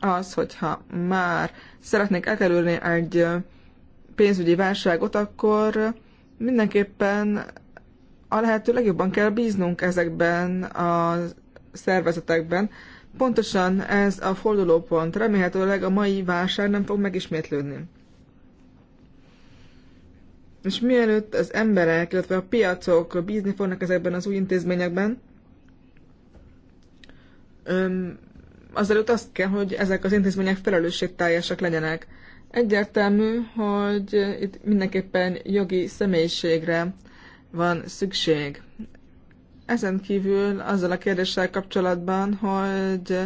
az, hogyha már szeretnék elkerülni egy pénzügyi válságot, akkor mindenképpen a lehető legjobban kell bíznunk ezekben a szervezetekben. Pontosan ez a fordulópont. Remélhetőleg a mai válság nem fog megismétlődni. És mielőtt az emberek, illetve a piacok bízni fognak ezekben az új intézményekben, öm, azelőtt azt kell, hogy ezek az intézmények felelősségteljesek legyenek. Egyértelmű, hogy itt mindenképpen jogi személyiségre van szükség. Ezen kívül azzal a kérdéssel kapcsolatban, hogy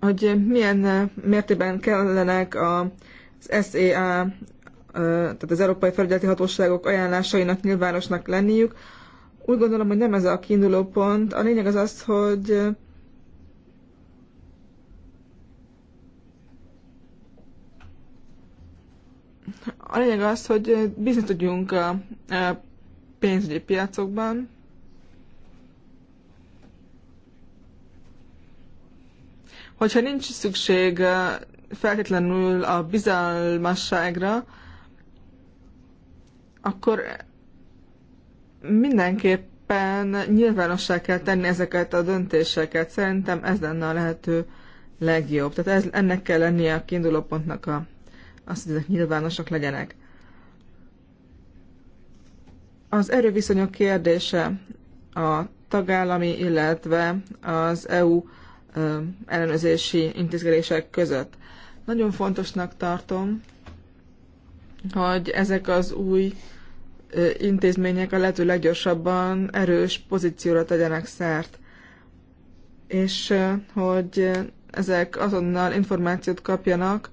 hogy milyen mértékben kellenek az SEA, tehát az Európai Felügyeleti Hatóságok ajánlásainak nyilvánosnak lenniük. Úgy gondolom, hogy nem ez a kiinduló pont. A lényeg az az, hogy a lényeg az, hogy bizony tudjunk a pénzügyi piacokban, Hogyha nincs szükség feltétlenül a bizalmasságra, akkor mindenképpen nyilvánossá kell tenni ezeket a döntéseket. Szerintem ez lenne a lehető legjobb. Tehát ez, ennek kell lennie a kiinduló pontnak a, az, hogy ezek nyilvánosak legyenek. Az erőviszonyok kérdése a tagállami, illetve az EU ellenőrzési intézkedések között. Nagyon fontosnak tartom, hogy ezek az új intézmények a lehető leggyorsabban erős pozícióra tegyenek szert, és hogy ezek azonnal információt kapjanak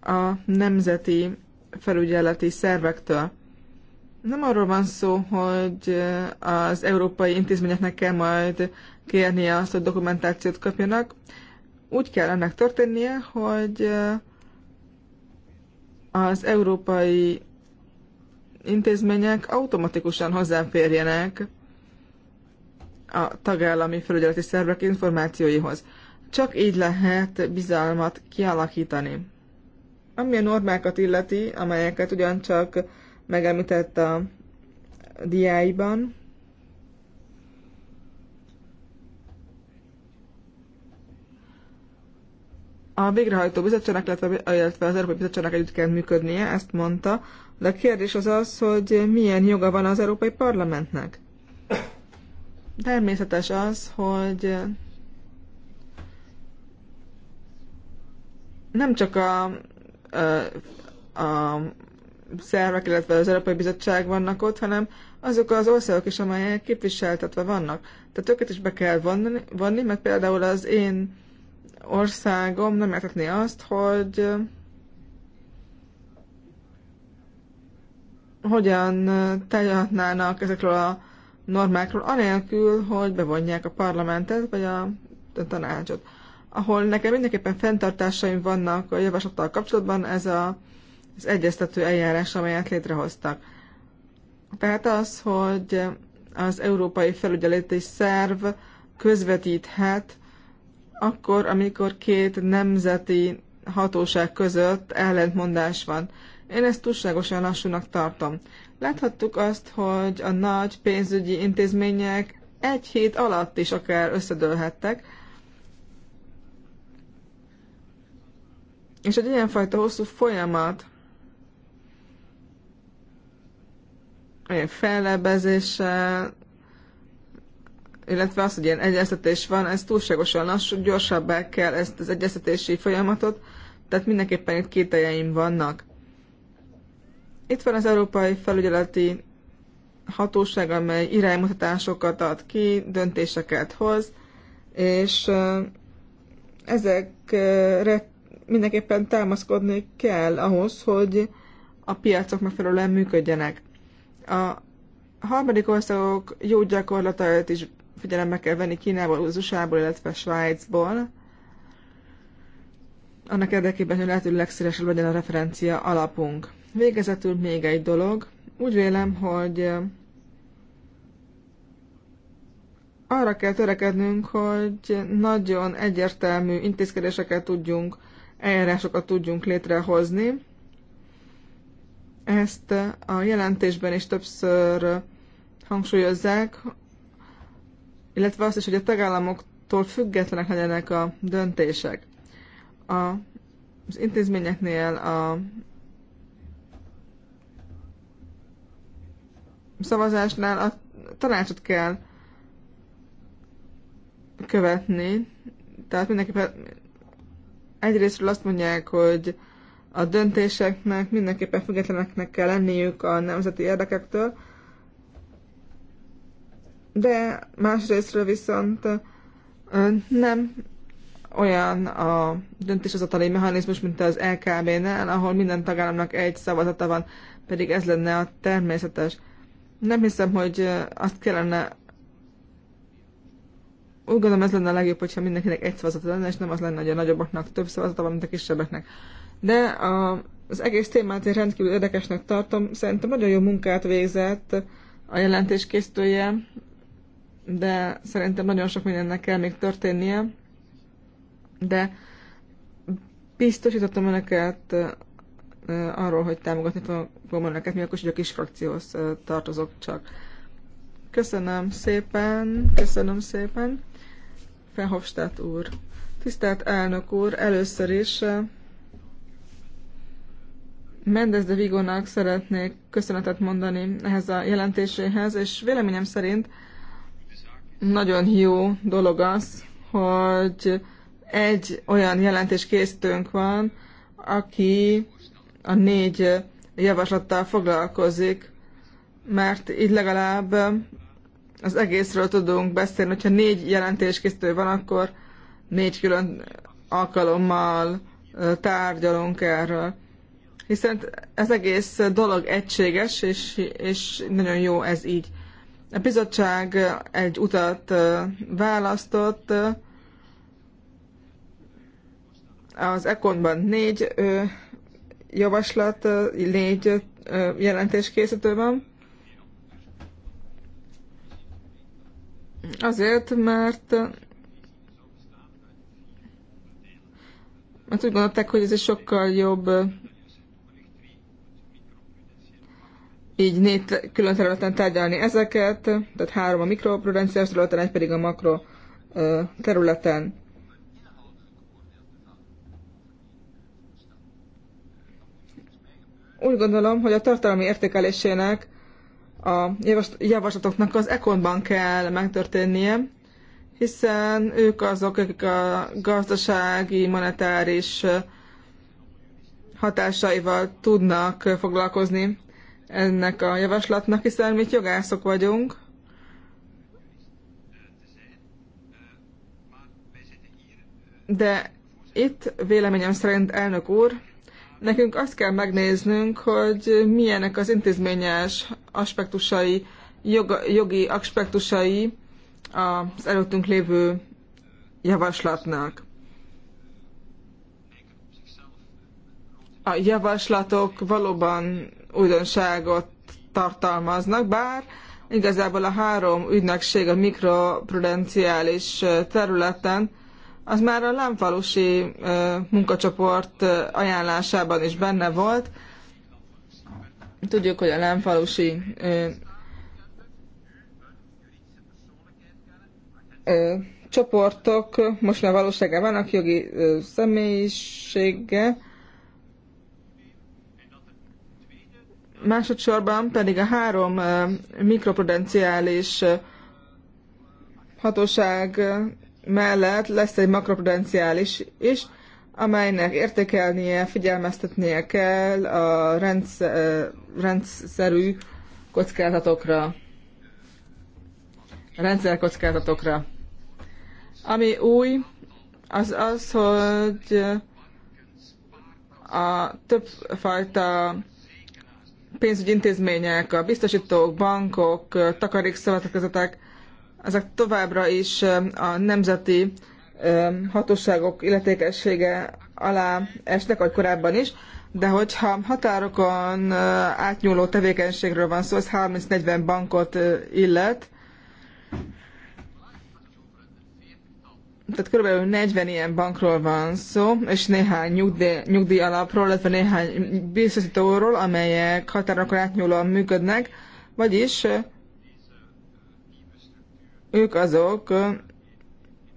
a nemzeti felügyeleti szervektől. Nem arról van szó, hogy az európai intézményeknek kell majd kérnie azt, hogy dokumentációt kapjanak. Úgy kell ennek történnie, hogy eh, az európai intézmények automatikusan hozzáférjenek a tagállami felügyeleti szervek információihoz. Csak így lehet bizalmat kialakítani. Ami a normákat illeti, amelyeket ugyancsak megemlített a diáiban, a végrehajtó bizottságnak, illetve, az Európai Bizottságnak együtt kell működnie, ezt mondta, de a kérdés az az, hogy milyen joga van az Európai Parlamentnek. Természetes az, hogy nem csak a, a, a szervek, illetve az Európai Bizottság vannak ott, hanem azok az országok is, amelyek képviseltetve vannak. Tehát őket is be kell vonni, vonni mert például az én országom nem értetné azt, hogy eh, hogyan eh, tárgyalhatnának ezekről a normákról, anélkül, hogy bevonják a parlamentet vagy a tanácsot. Ahol nekem mindenképpen fenntartásaim vannak a javaslattal kapcsolatban, ez a, az egyeztető eljárás, amelyet létrehoztak. Tehát az, hogy az Európai Felügyeleti Szerv közvetíthet akkor, amikor két nemzeti hatóság között ellentmondás van. Én ezt túlságosan lassúnak tartom. Láthattuk azt, hogy a nagy pénzügyi intézmények egy hét alatt is akár összedőlhettek, és egy ilyenfajta hosszú folyamat, olyan fellebezéssel, illetve az, hogy ilyen egyeztetés van, ez túlságosan lassú, gyorsabbá kell ezt az egyeztetési folyamatot, tehát mindenképpen itt kételjeim vannak. Itt van az Európai Felügyeleti Hatóság, amely iránymutatásokat ad ki, döntéseket hoz, és ezekre mindenképpen támaszkodni kell ahhoz, hogy a piacok megfelelően működjenek. A harmadik országok jó gyakorlatait is figyelembe kell venni Kínából, USA-ból, illetve Svájcból, annak érdekében, hogy lehető legszélesebb legyen a referencia alapunk. Végezetül még egy dolog. Úgy vélem, hogy eh, arra kell törekednünk, hogy nagyon egyértelmű intézkedéseket tudjunk, eljárásokat tudjunk létrehozni. Ezt a jelentésben is többször hangsúlyozzák, illetve azt is, hogy a tagállamoktól függetlenek legyenek a döntések. A, az intézményeknél a szavazásnál a tanácsot kell követni. Tehát mindenképpen egyrésztről azt mondják, hogy a döntéseknek mindenképpen függetleneknek kell lenniük a nemzeti érdekektől, de másrésztről viszont nem olyan a döntéshozatali mechanizmus, mint az LKB-nál, ahol minden tagállamnak egy szavazata van, pedig ez lenne a természetes. Nem hiszem, hogy azt kellene úgy gondolom ez lenne a legjobb, hogyha mindenkinek egy szavazata lenne, és nem az lenne, hogy a nagyobbaknak több szavazata van, mint a kisebbeknek. De a, az egész témát én rendkívül érdekesnek tartom. Szerintem nagyon jó munkát végzett a jelentés készítője, de szerintem nagyon sok mindennek kell még történnie. De biztosítottam önöket arról, hogy támogatni fogom önöket, mi akkor is, hogy a kis frakcióhoz tartozok csak. Köszönöm szépen, köszönöm szépen. Felhofstadt úr. Tisztelt elnök úr, először is Mendez de Vigónak szeretnék köszönetet mondani ehhez a jelentéséhez, és véleményem szerint nagyon jó dolog az, hogy egy olyan jelentés készítőnk van, aki a négy javaslattal foglalkozik, mert így legalább az egészről tudunk beszélni. Hogyha négy jelentéskészítő van, akkor négy külön alkalommal tárgyalunk erről. Hiszen ez egész dolog egységes, és, és nagyon jó ez így. A bizottság egy utat választott, az Econban négy javaslat, négy jelentés készítő van. Azért, mert mert úgy gondolták, hogy ez egy sokkal jobb így négy külön területen tárgyalni ezeket, tehát három a mikroprudenciás területen, egy pedig a makro területen. Úgy gondolom, hogy a tartalmi értékelésének a javaslatoknak az ekonban kell megtörténnie, hiszen ők azok, akik a gazdasági, monetáris hatásaival tudnak foglalkozni ennek a javaslatnak, hiszen mi jogászok vagyunk. De itt véleményem szerint, elnök úr, nekünk azt kell megnéznünk, hogy milyenek az intézményes aspektusai, jogi aspektusai az előttünk lévő javaslatnak. A javaslatok valóban újdonságot tartalmaznak, bár igazából a három ügynökség a mikroprudenciális területen az már a lámfalusi munkacsoport ajánlásában is benne volt. Tudjuk, hogy a lámfalusi csoportok most már valóságában vannak jogi személyisége, Másodszorban pedig a három mikroprudenciális hatóság mellett lesz egy makroprudenciális is, amelynek értékelnie, figyelmeztetnie kell a rendszer, rendszerű kockázatokra, rendszerkockázatokra. Ami új, az az, hogy a többfajta pénzügyi intézmények, a biztosítók, bankok, takarékszövetkezetek, ezek továbbra is a nemzeti hatóságok illetékessége alá esnek, ahogy korábban is, de hogyha határokon átnyúló tevékenységről van szó, ez 30-40 bankot illet, tehát körülbelül 40 ilyen bankról van szó, és néhány nyugdíj, nyugdíj alapról, illetve néhány biztosítóról, amelyek határokon átnyúlóan működnek, vagyis eh, ők azok, eh,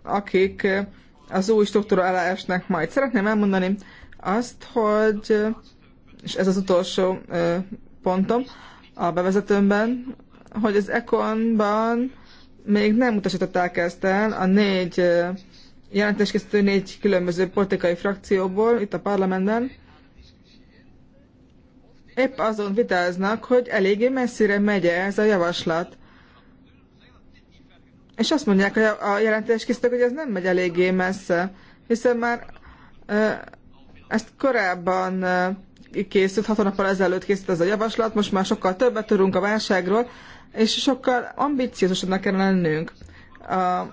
akik eh, az új struktúra alá esnek majd. Szeretném elmondani azt, hogy, és ez az utolsó pontom a bevezetőmben, hogy az Econban még nem utasították ezt el, a négy jelentéskészítő négy különböző politikai frakcióból itt a parlamentben épp azon vitáznak, hogy eléggé messzire megy -e ez a javaslat. És azt mondják hogy a jelentéskészítők, hogy ez nem megy eléggé messze, hiszen már ezt korábban készült, hat hónappal ezelőtt készült ez a javaslat, most már sokkal többet tudunk a válságról, és sokkal ambiciózusabbnak kellene lennünk. A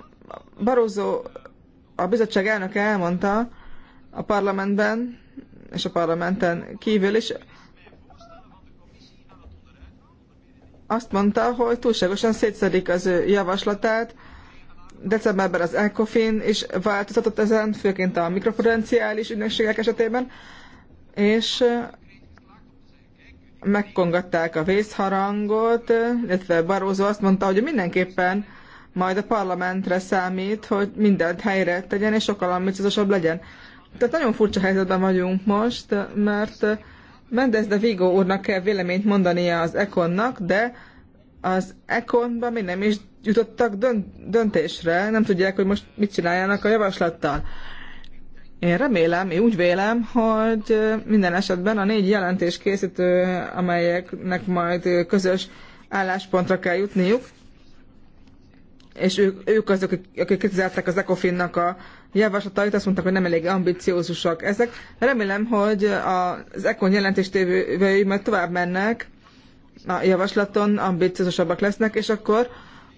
Barózó, a bizottság elnöke elmondta a parlamentben, és a parlamenten kívül is, azt mondta, hogy túlságosan szétszedik az ő javaslatát. Decemberben az ECOFIN is változtatott ezen, főként a mikroprudenciális ügynökségek esetében, és megkongatták a vészharangot, illetve Barózó azt mondta, hogy mindenképpen majd a parlamentre számít, hogy mindent helyre tegyen, és sokkal ambiciózusabb legyen. Tehát nagyon furcsa helyzetben vagyunk most, mert Mendez de Vigo úrnak kell véleményt mondania az Econnak, de az Econban még nem is jutottak döntésre, nem tudják, hogy most mit csináljanak a javaslattal. Én remélem, én úgy vélem, hogy minden esetben a négy jelentés készítő, amelyeknek majd közös álláspontra kell jutniuk, és ők, ők azok, akik kritizálták az ECOFIN-nak a javaslatait, azt mondták, hogy nem elég ambiciózusak ezek. Remélem, hogy az ECON jelentéstévői majd tovább mennek a javaslaton, ambiciózusabbak lesznek, és akkor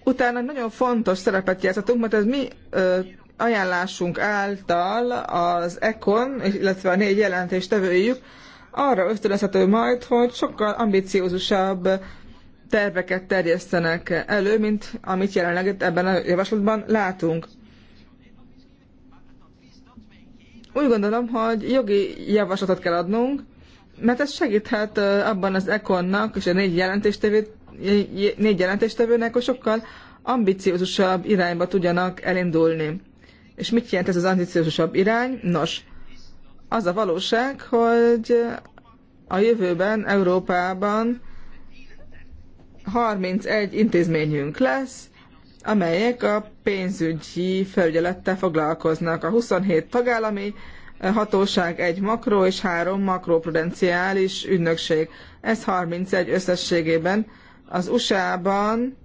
utána nagyon fontos szerepet játszhatunk, mert ez mi ö, ajánlásunk által az ECON, illetve a négy jelentéstevőjük arra ösztönözhető majd, hogy sokkal ambiciózusabb terveket terjesztenek elő, mint amit jelenleg ebben a javaslatban látunk. Úgy gondolom, hogy jogi javaslatot kell adnunk, mert ez segíthet abban az ekonnak és a négy, jelentéstevő, négy jelentéstevőnek, hogy sokkal ambiciózusabb irányba tudjanak elindulni. És mit jelent ez az ambiciózusabb irány? Nos, az a valóság, hogy a jövőben Európában 31 intézményünk lesz, amelyek a pénzügyi felügyelettel foglalkoznak. A 27 tagállami hatóság, egy makro és három makroprudenciális ügynökség. Ez 31 összességében. Az USA-ban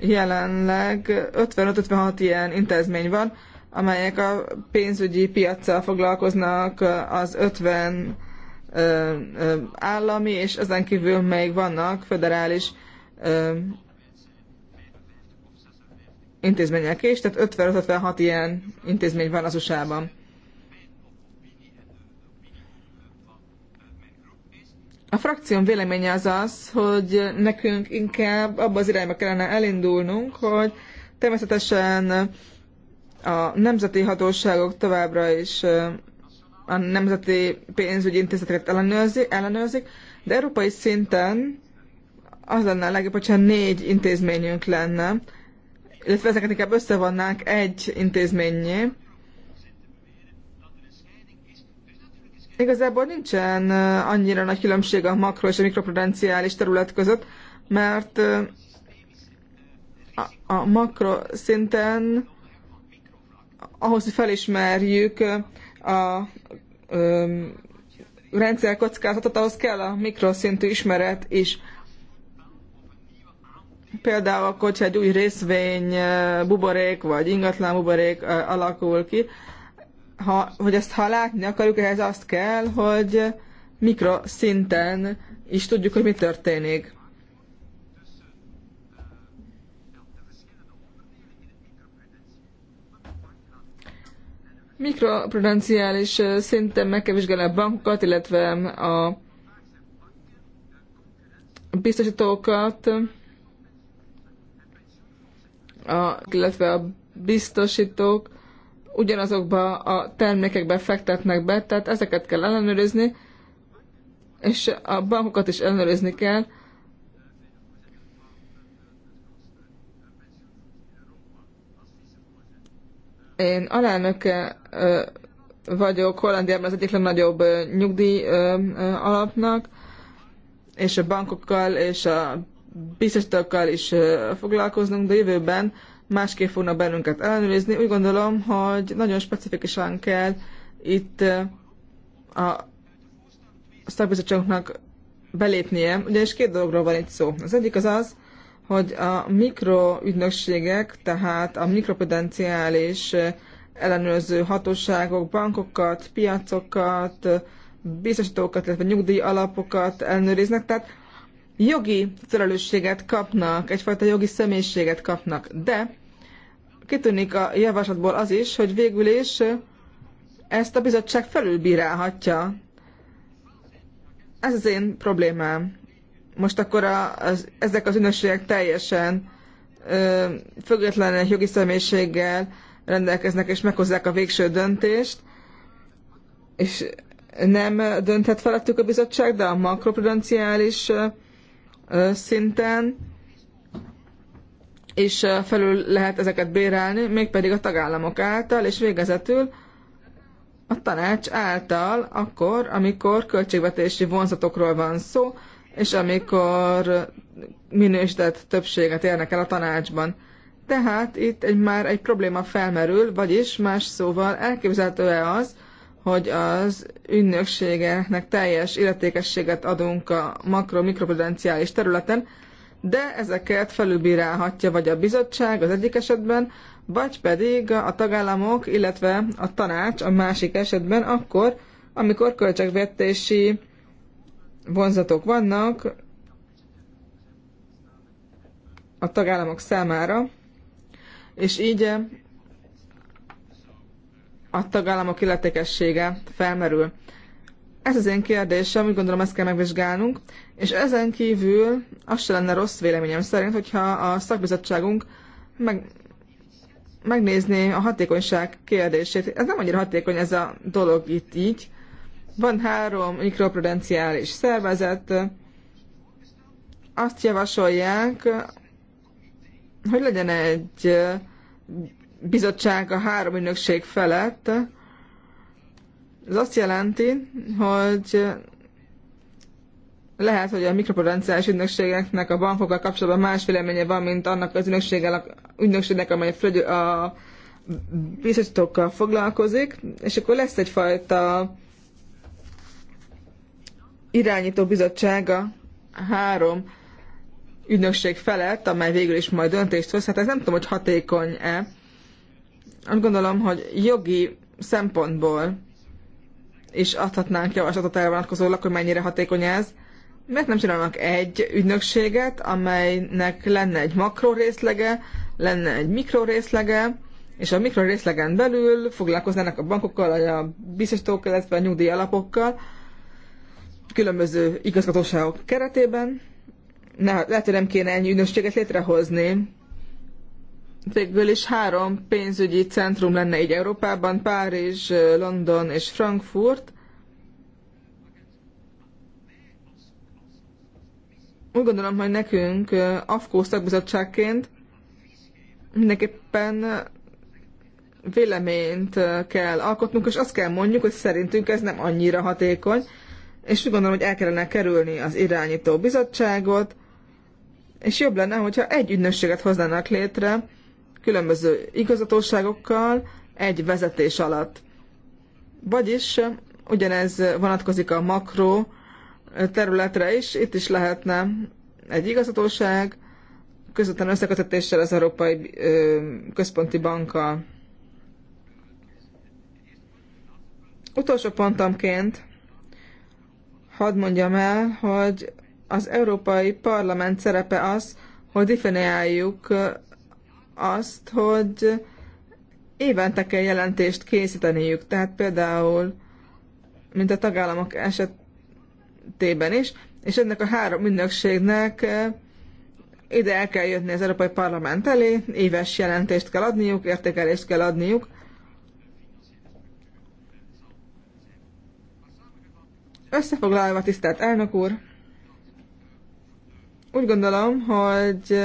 jelenleg 55-56 ilyen intézmény van, amelyek a pénzügyi piaccal foglalkoznak, az 50 állami, és ezen kívül még vannak federális intézmények is, tehát 56 ilyen intézmény van az USA-ban. A frakcióm véleménye az az, hogy nekünk inkább abba az irányba kellene elindulnunk, hogy természetesen a nemzeti hatóságok továbbra is a nemzeti pénzügyi intézeteket ellenőrzik, ellenőrzik de európai szinten az lenne a legjobb, hogyha négy intézményünk lenne, illetve ezeket inkább összevannák egy intézményé. Igazából nincsen annyira nagy különbség a makro és a mikroprudenciális terület között, mert a, a makro szinten ahhoz, hogy felismerjük a rendszer kockázatot, ahhoz kell a mikroszintű ismeret is. Például, akkor, hogyha egy új részvény buborék vagy ingatlan buborék alakul ki, ha, hogy ezt ha látni akarjuk, ehhez azt kell, hogy mikroszinten is tudjuk, hogy mi történik. mikroprudenciális szinten meg kell vizsgálni a bankokat, illetve a biztosítókat, a, illetve a biztosítók ugyanazokba a termékekbe fektetnek be, tehát ezeket kell ellenőrizni, és a bankokat is ellenőrizni kell, Én alelnöke vagyok Hollandiában az egyik legnagyobb nyugdíj alapnak, és a bankokkal és a biztosítókkal is foglalkoznunk, de jövőben másképp fognak bennünket ellenőrizni. Úgy gondolom, hogy nagyon specifikusan kell itt a szakbizottságunknak belépnie, ugyanis két dologról van itt szó. Az egyik az az, hogy a mikroügynökségek, tehát a mikropotenciális ellenőrző hatóságok, bankokat, piacokat, biztosítókat, illetve nyugdíj alapokat ellenőriznek, tehát jogi felelősséget kapnak, egyfajta jogi személyiséget kapnak, de kitűnik a javaslatból az is, hogy végül is ezt a bizottság felülbírálhatja. Ez az én problémám most akkor a, az, ezek az ünösségek teljesen ö, egy jogi személyiséggel rendelkeznek, és meghozzák a végső döntést, és nem dönthet felettük a bizottság, de a makroprudenciális szinten és felül lehet ezeket bérelni, mégpedig a tagállamok által, és végezetül a tanács által, akkor, amikor költségvetési vonzatokról van szó, és amikor minősített többséget érnek el a tanácsban. Tehát itt egy, már egy probléma felmerül, vagyis más szóval elképzelhető-e az, hogy az ünnökségeknek teljes illetékességet adunk a makro-mikroprudenciális területen, de ezeket felülbírálhatja vagy a bizottság az egyik esetben, vagy pedig a tagállamok, illetve a tanács a másik esetben akkor, amikor költségvetési vonzatok vannak a tagállamok számára, és így a tagállamok illetékessége felmerül. Ez az én kérdésem, úgy gondolom ezt kell megvizsgálnunk, és ezen kívül az se lenne rossz véleményem szerint, hogyha a szakbizottságunk meg, megnézné a hatékonyság kérdését. Ez nem annyira hatékony ez a dolog itt így, van három mikroprudenciális szervezet, azt javasolják, hogy legyen egy bizottság a három ügynökség felett. Ez azt jelenti, hogy lehet, hogy a mikroprudenciális ügynökségeknek a bankokkal kapcsolatban más véleménye van, mint annak az ügynökségnek, amely a biztosítókkal foglalkozik, és akkor lesz egyfajta irányító bizottsága három ügynökség felett, amely végül is majd döntést hoz. Hát ez nem tudom, hogy hatékony-e. Azt gondolom, hogy jogi szempontból és adhatnánk javaslatot erre vonatkozólag, hogy mennyire hatékony ez. Miért nem csinálnak egy ügynökséget, amelynek lenne egy makró részlege, lenne egy mikro részlege, és a mikro részlegen belül foglalkoznának a bankokkal, a biztosítók, illetve a nyugdíj alapokkal, különböző igazgatóságok keretében. Ne, lehet, hogy nem kéne ennyi ügynökséget létrehozni. Végül is három pénzügyi centrum lenne így Európában, Párizs, London és Frankfurt. Úgy gondolom, hogy nekünk AFKÓ szakbizottságként mindenképpen véleményt kell alkotnunk, és azt kell mondjuk, hogy szerintünk ez nem annyira hatékony, és úgy gondolom, hogy el kellene kerülni az irányító bizottságot, és jobb lenne, hogyha egy ügynösséget hoznának létre különböző igazatóságokkal, egy vezetés alatt. Vagyis ugyanez vonatkozik a makro területre is, itt is lehetne egy igazatóság, közvetlen összekötetéssel az Európai Központi Bankkal. Utolsó pontomként hadd mondjam el, hogy az Európai Parlament szerepe az, hogy definiáljuk azt, hogy évente kell jelentést készíteniük. Tehát például, mint a tagállamok esetében is, és ennek a három ügynökségnek ide el kell jönni az Európai Parlament elé, éves jelentést kell adniuk, értékelést kell adniuk Összefoglalva, tisztelt elnök úr, úgy gondolom, hogy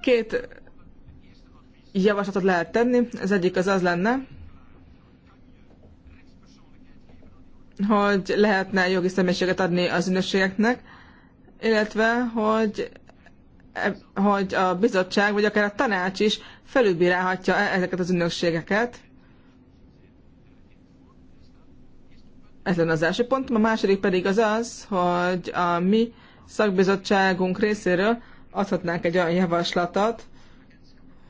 két javaslatot lehet tenni. Az egyik az az lenne, hogy lehetne jogi személyiséget adni az ünnepségeknek, illetve hogy, e, hogy a bizottság, vagy akár a tanács is felülbírálhatja ezeket az ünnökségeket. Ez lenne az első pont. A második pedig az az, hogy a mi szakbizottságunk részéről adhatnánk egy olyan javaslatot,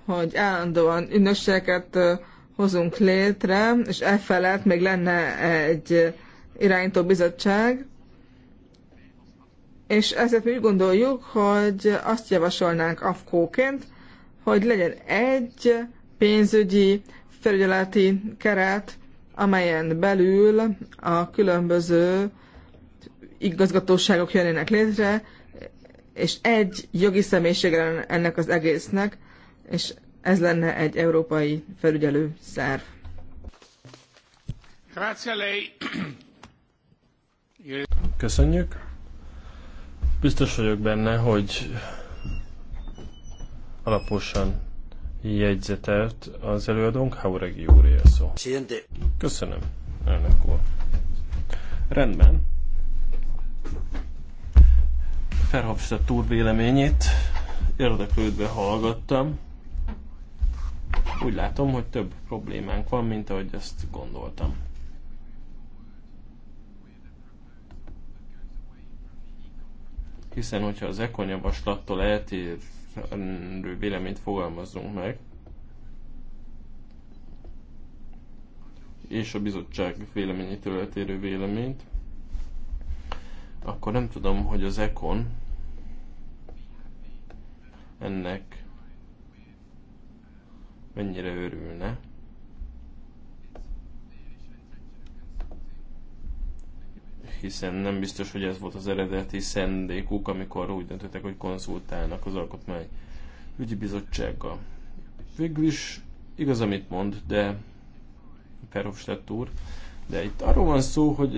hogy állandóan ünnösségeket hozunk létre, és e felett még lenne egy irányító bizottság, és ezért mi úgy gondoljuk, hogy azt javasolnánk afkóként, hogy legyen egy pénzügyi felügyeleti keret, amelyen belül a különböző igazgatóságok jönnének létre, és egy jogi személyiség ennek az egésznek, és ez lenne egy európai felügyelő szerv. Köszönjük. Biztos vagyok benne, hogy alaposan jegyzetelt az előadónk, Hauregi úr szó. Köszönöm, elnök úr. Rendben. Ferhofstadt úr véleményét érdeklődve hallgattam. Úgy látom, hogy több problémánk van, mint ahogy ezt gondoltam. Hiszen, hogyha az ekonyavaslattól eltér véleményt fogalmazzunk meg. és a bizottság véleményétől eltérő véleményt, akkor nem tudom, hogy az ECON ennek mennyire örülne. hiszen nem biztos, hogy ez volt az eredeti szendékuk, amikor úgy döntöttek, hogy konzultálnak az alkotmány ügyi bizottsággal. Végül is igaz, amit mond, de Perhofstadt úr, de itt arról van szó, hogy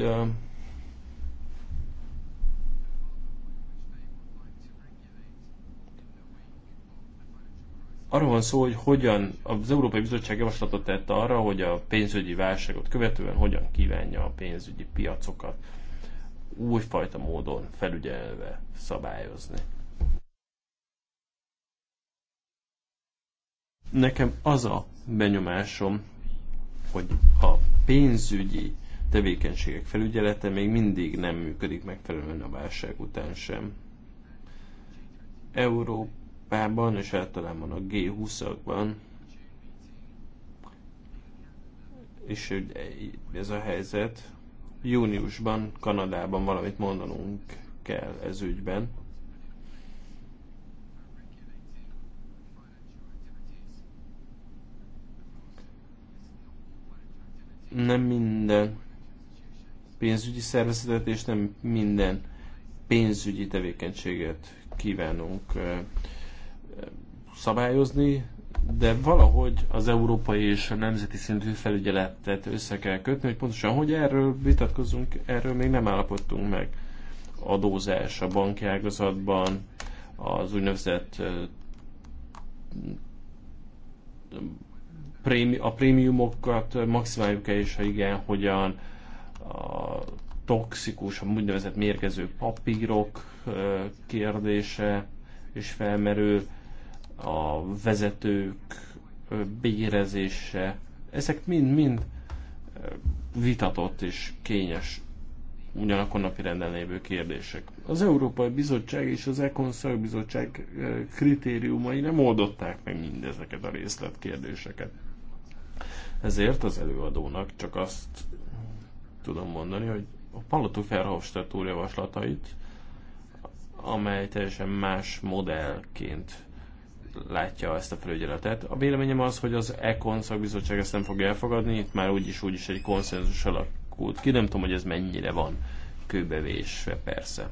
arról van szó, hogy hogyan az Európai Bizottság javaslatot tette arra, hogy a pénzügyi válságot követően hogyan kívánja a pénzügyi piacokat újfajta módon felügyelve szabályozni. Nekem az a benyomásom, hogy a pénzügyi tevékenységek felügyelete még mindig nem működik megfelelően a válság után sem. Európában és általában a G20-akban és ez a helyzet júniusban Kanadában valamit mondanunk kell ez ügyben. Nem minden pénzügyi szervezetet és nem minden pénzügyi tevékenységet kívánunk szabályozni, de valahogy az európai és a nemzeti szintű felügyeletet össze kell kötni, hogy pontosan hogy erről vitatkozunk, erről még nem állapodtunk meg. Adózás a banki ágazatban, az úgynevezett a prémiumokat maximáljuk-e, és ha igen, hogyan a toxikus, a úgynevezett mérgező papírok kérdése is felmerül, a vezetők bérezése, ezek mind-mind vitatott és kényes ugyanakkor napi renden lévő kérdések. Az Európai Bizottság és az Econ bizottság kritériumai nem oldották meg mindezeket a részletkérdéseket. Ezért az előadónak csak azt tudom mondani, hogy a Palatu Ferhofstadt úr javaslatait, amely teljesen más modellként látja ezt a felügyeletet. A véleményem az, hogy az ECON szakbizottság ezt nem fogja elfogadni, itt már úgyis úgyis egy konszenzus alakult ki, nem tudom, hogy ez mennyire van kőbevésve persze.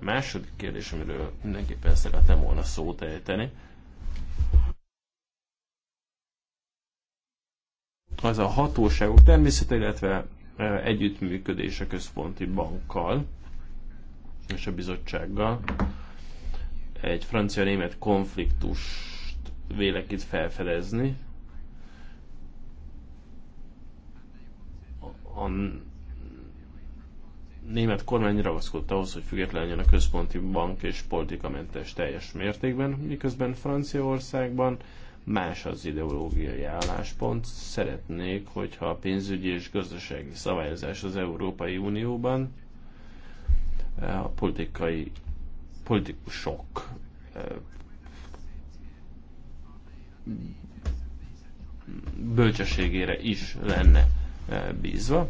A második kérdés, amiről mindenképpen szeretem volna szót ejteni, az a hatóságok természet, illetve e, együttműködés a központi bankkal és a bizottsággal egy francia-német konfliktust vélek itt felfedezni. A német kormány ragaszkodta ahhoz, hogy független a központi bank és politikamentes teljes mértékben, miközben Franciaországban más az ideológiai álláspont. Szeretnék, hogyha a pénzügyi és gazdasági szabályozás az Európai Unióban eh, a politikai politikusok bölcsességére is lenne bízva.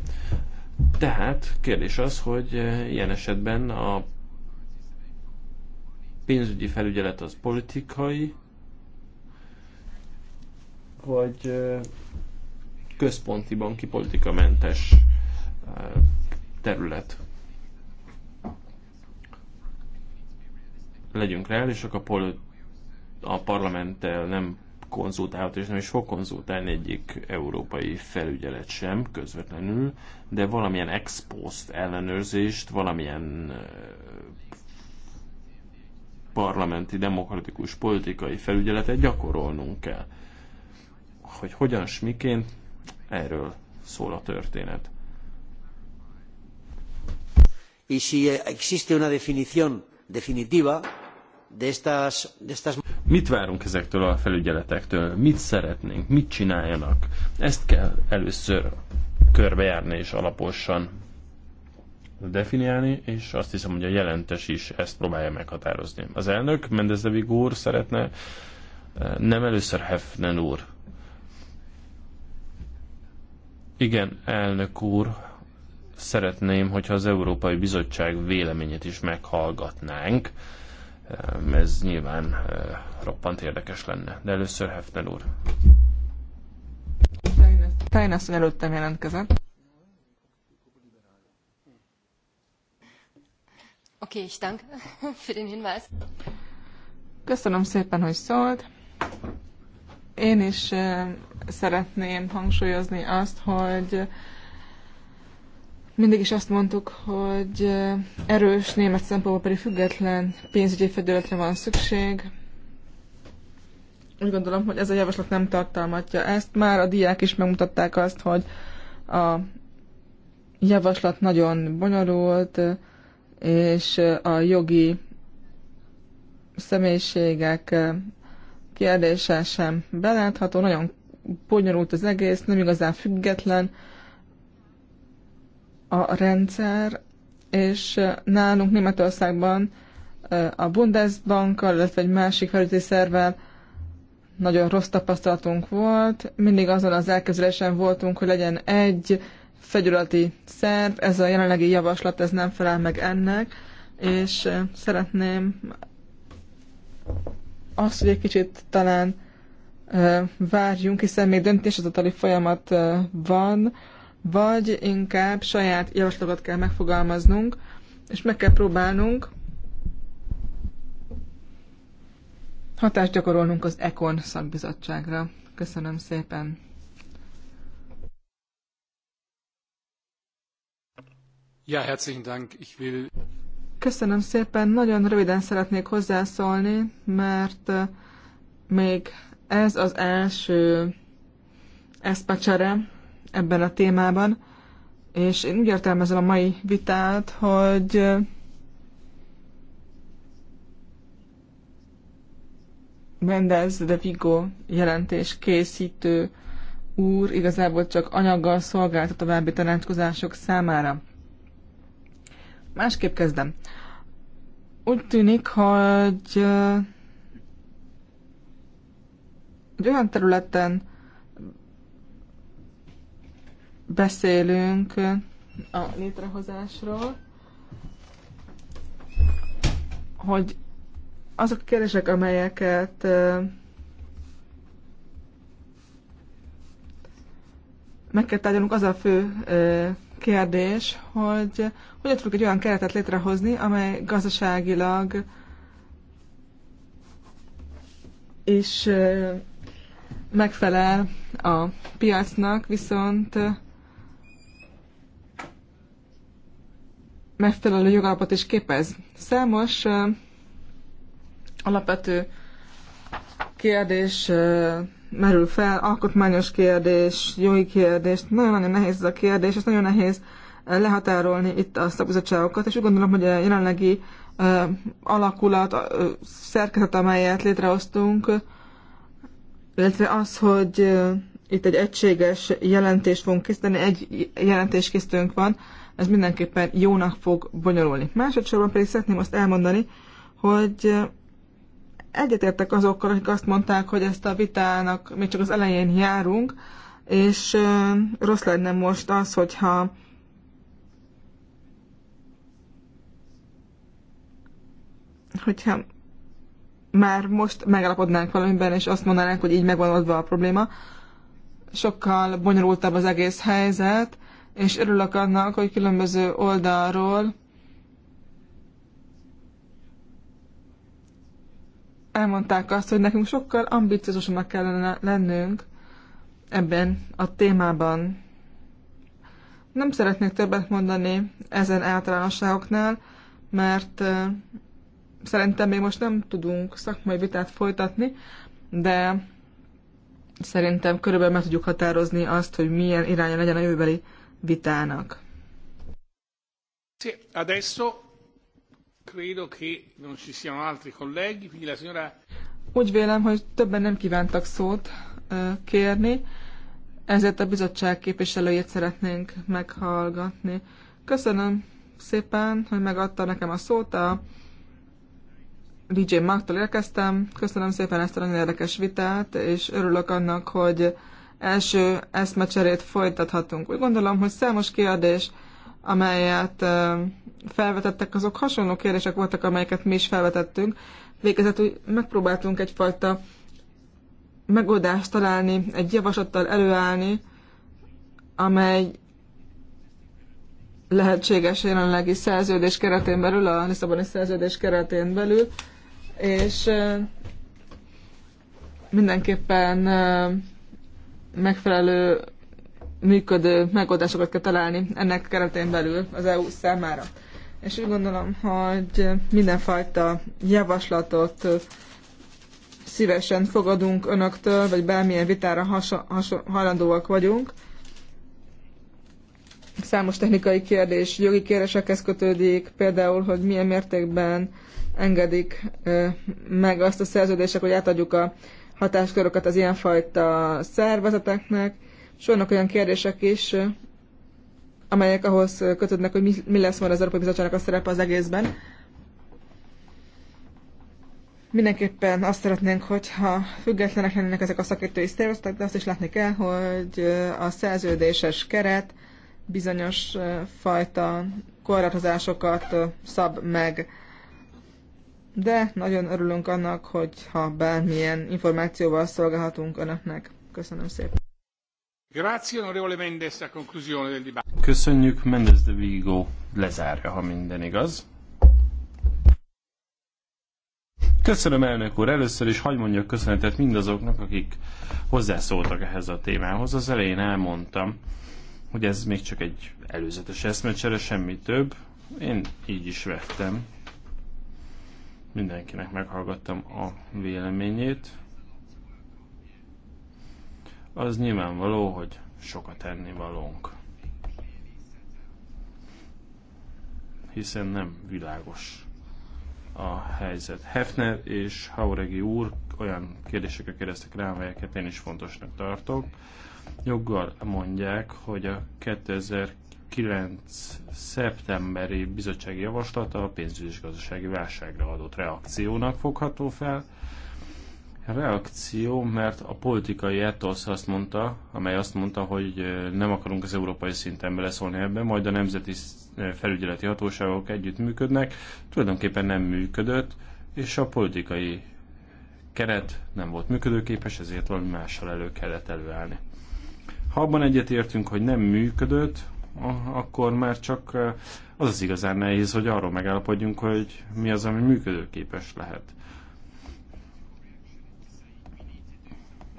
Tehát kérdés az, hogy ilyen esetben a pénzügyi felügyelet az politikai, vagy központi banki politikamentes terület. legyünk reálisak, a, pol- a parlamenttel nem konzultálhat, és nem is fog konzultálni egyik európai felügyelet sem közvetlenül, de valamilyen ex post ellenőrzést, valamilyen parlamenti, demokratikus, politikai felügyeletet gyakorolnunk kell. Hogy hogyan, s miként, erről szól a történet. És si existe una definición definitiva Mit várunk ezektől a felügyeletektől? Mit szeretnénk? Mit csináljanak? Ezt kell először körbejárni és alaposan definiálni, és azt hiszem, hogy a jelentes is ezt próbálja meghatározni. Az elnök, Mendez de úr szeretne, eh, nem először Hefnen úr. Igen, elnök úr, szeretném, hogyha az Európai Bizottság véleményét is meghallgatnánk ez nyilván eh, roppant érdekes lenne. De először Hefner úr. Tájn előttem jelentkezett. Oké, okay, ich danke für den Hinweis. Köszönöm szépen, hogy szólt. Én is eh, szeretném hangsúlyozni azt, hogy mindig is azt mondtuk, hogy erős német szempontból pedig független pénzügyi fedőletre van szükség. Úgy gondolom, hogy ez a javaslat nem tartalmatja ezt. Már a diák is megmutatták azt, hogy a javaslat nagyon bonyolult, és a jogi személyiségek kérdése sem belátható, nagyon bonyolult az egész, nem igazán független, a rendszer, és nálunk Németországban a Bundesbankkal, illetve egy másik felületi szervvel nagyon rossz tapasztalatunk volt. Mindig azon az elképzelésen voltunk, hogy legyen egy fegyületi szerv. Ez a jelenlegi javaslat, ez nem felel meg ennek, és szeretném azt, hogy egy kicsit talán várjunk, hiszen még döntéshozatali folyamat van, vagy inkább saját javaslatokat kell megfogalmaznunk, és meg kell próbálnunk hatást gyakorolnunk az ECON szakbizottságra. Köszönöm szépen! Ja, herzlichen Dank. Ich will... Köszönöm szépen. Nagyon röviden szeretnék hozzászólni, mert eh, még ez az első eszpecsere ebben a témában, és én úgy értelmezem a mai vitát, hogy eh, Mendez de Vigo jelentés készítő úr igazából csak anyaggal szolgált a további tanácskozások számára. Másképp kezdem. Úgy tűnik, hogy eh, egy olyan területen beszélünk a létrehozásról, hogy azok a kérdések, amelyeket meg kell tárgyalnunk, az a fő kérdés, hogy hogyan tudjuk egy olyan keretet létrehozni, amely gazdaságilag és megfelel a piacnak, viszont megfelelő jogalapot is képez. Számos alapvető kérdés merül fel, alkotmányos kérdés, jogi kérdés, nagyon-nagyon nehéz ez a kérdés, és nagyon nehéz lehatárolni itt a szakbizottságokat, és úgy gondolom, hogy a jelenlegi alakulat, a szerkezet, amelyet létrehoztunk, illetve az, hogy itt egy egységes jelentést fogunk készíteni, egy jelentés készítőnk van, ez mindenképpen jónak fog bonyolulni. Másodszorban pedig szeretném azt elmondani, hogy egyetértek azokkal, akik azt mondták, hogy ezt a vitának még csak az elején járunk, és rossz lenne most az, hogyha hogyha már most megállapodnánk valamiben, és azt mondanánk, hogy így megvan oldva a probléma. Sokkal bonyolultabb az egész helyzet, és örülök annak, hogy különböző oldalról elmondták azt, hogy nekünk sokkal ambiciózusabbnak kellene lennünk ebben a témában. Nem szeretnék többet mondani ezen általánosságoknál, mert szerintem még most nem tudunk szakmai vitát folytatni, de szerintem körülbelül meg tudjuk határozni azt, hogy milyen irányra legyen a jövőbeli vitának. Úgy vélem, hogy többen nem kívántak szót kérni, ezért a bizottság képviselőjét szeretnénk meghallgatni. Köszönöm szépen, hogy megadta nekem a szót. A DJ Magtól érkeztem. Köszönöm szépen ezt a nagyon érdekes vitát, és örülök annak, hogy első eszmecserét folytathatunk. Úgy gondolom, hogy számos kérdés, amelyet felvetettek, azok hasonló kérdések voltak, amelyeket mi is felvetettünk. Végezetül megpróbáltunk egyfajta megoldást találni, egy javaslattal előállni, amely lehetséges jelenlegi szerződés keretén belül, a Lisszaboni szerződés keretén belül, és mindenképpen megfelelő működő megoldásokat kell találni ennek keretén belül az EU számára. És úgy gondolom, hogy mindenfajta javaslatot szívesen fogadunk önöktől, vagy bármilyen vitára hajlandóak vagyunk. Számos technikai kérdés jogi kérdésekhez kötődik, például, hogy milyen mértékben engedik meg azt a szerződések, hogy átadjuk a hatásköröket az ilyenfajta szervezeteknek, és vannak olyan kérdések is, amelyek ahhoz kötődnek, hogy mi, mi lesz majd az Európai Bizottságnak a szerepe az egészben. Mindenképpen azt szeretnénk, hogyha függetlenek lennének ezek a szakértői szervezetek, de azt is látni kell, hogy a szerződéses keret bizonyos fajta korlátozásokat szab meg de nagyon örülünk annak, hogyha bármilyen információval szolgálhatunk Önöknek. Köszönöm szépen. del Köszönjük, Mendes de Vigo lezárja, ha minden igaz. Köszönöm, elnök úr! Először is hagyd mondjak köszönetet mindazoknak, akik hozzászóltak ehhez a témához. Az elején elmondtam, hogy ez még csak egy előzetes eszmecsere, semmi több. Én így is vettem. Mindenkinek meghallgattam a véleményét. Az nyilvánvaló, hogy sokat tenni valónk. Hiszen nem világos a helyzet. Hefner és Hauregi úr olyan kérdésekre kérdeztek rá, amelyeket én is fontosnak tartok. Joggal mondják, hogy a 2000 2009. szeptemberi bizottsági javaslata a pénzügyi és gazdasági válságra adott reakciónak fogható fel. Reakció, mert a politikai etosz azt mondta, amely azt mondta, hogy nem akarunk az európai szinten beleszólni ebbe, majd a nemzeti felügyeleti hatóságok együttműködnek, tulajdonképpen nem működött, és a politikai keret nem volt működőképes, ezért valami mással elő kellett előállni. Ha abban egyetértünk, hogy nem működött, akkor már csak az az igazán nehéz, hogy arról megállapodjunk, hogy mi az, ami működőképes lehet.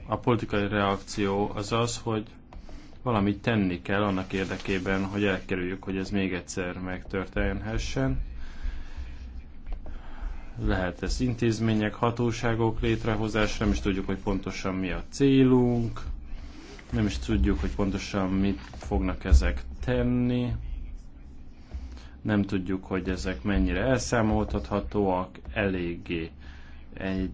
A politikai reakció az az, hogy valamit tenni kell annak érdekében, hogy elkerüljük, hogy ez még egyszer megtörténhessen. Lehet ez intézmények, hatóságok létrehozása, nem is tudjuk, hogy pontosan mi a célunk, nem is tudjuk, hogy pontosan mit fognak ezek tenni. Nem tudjuk, hogy ezek mennyire elszámoltathatóak, eléggé egy...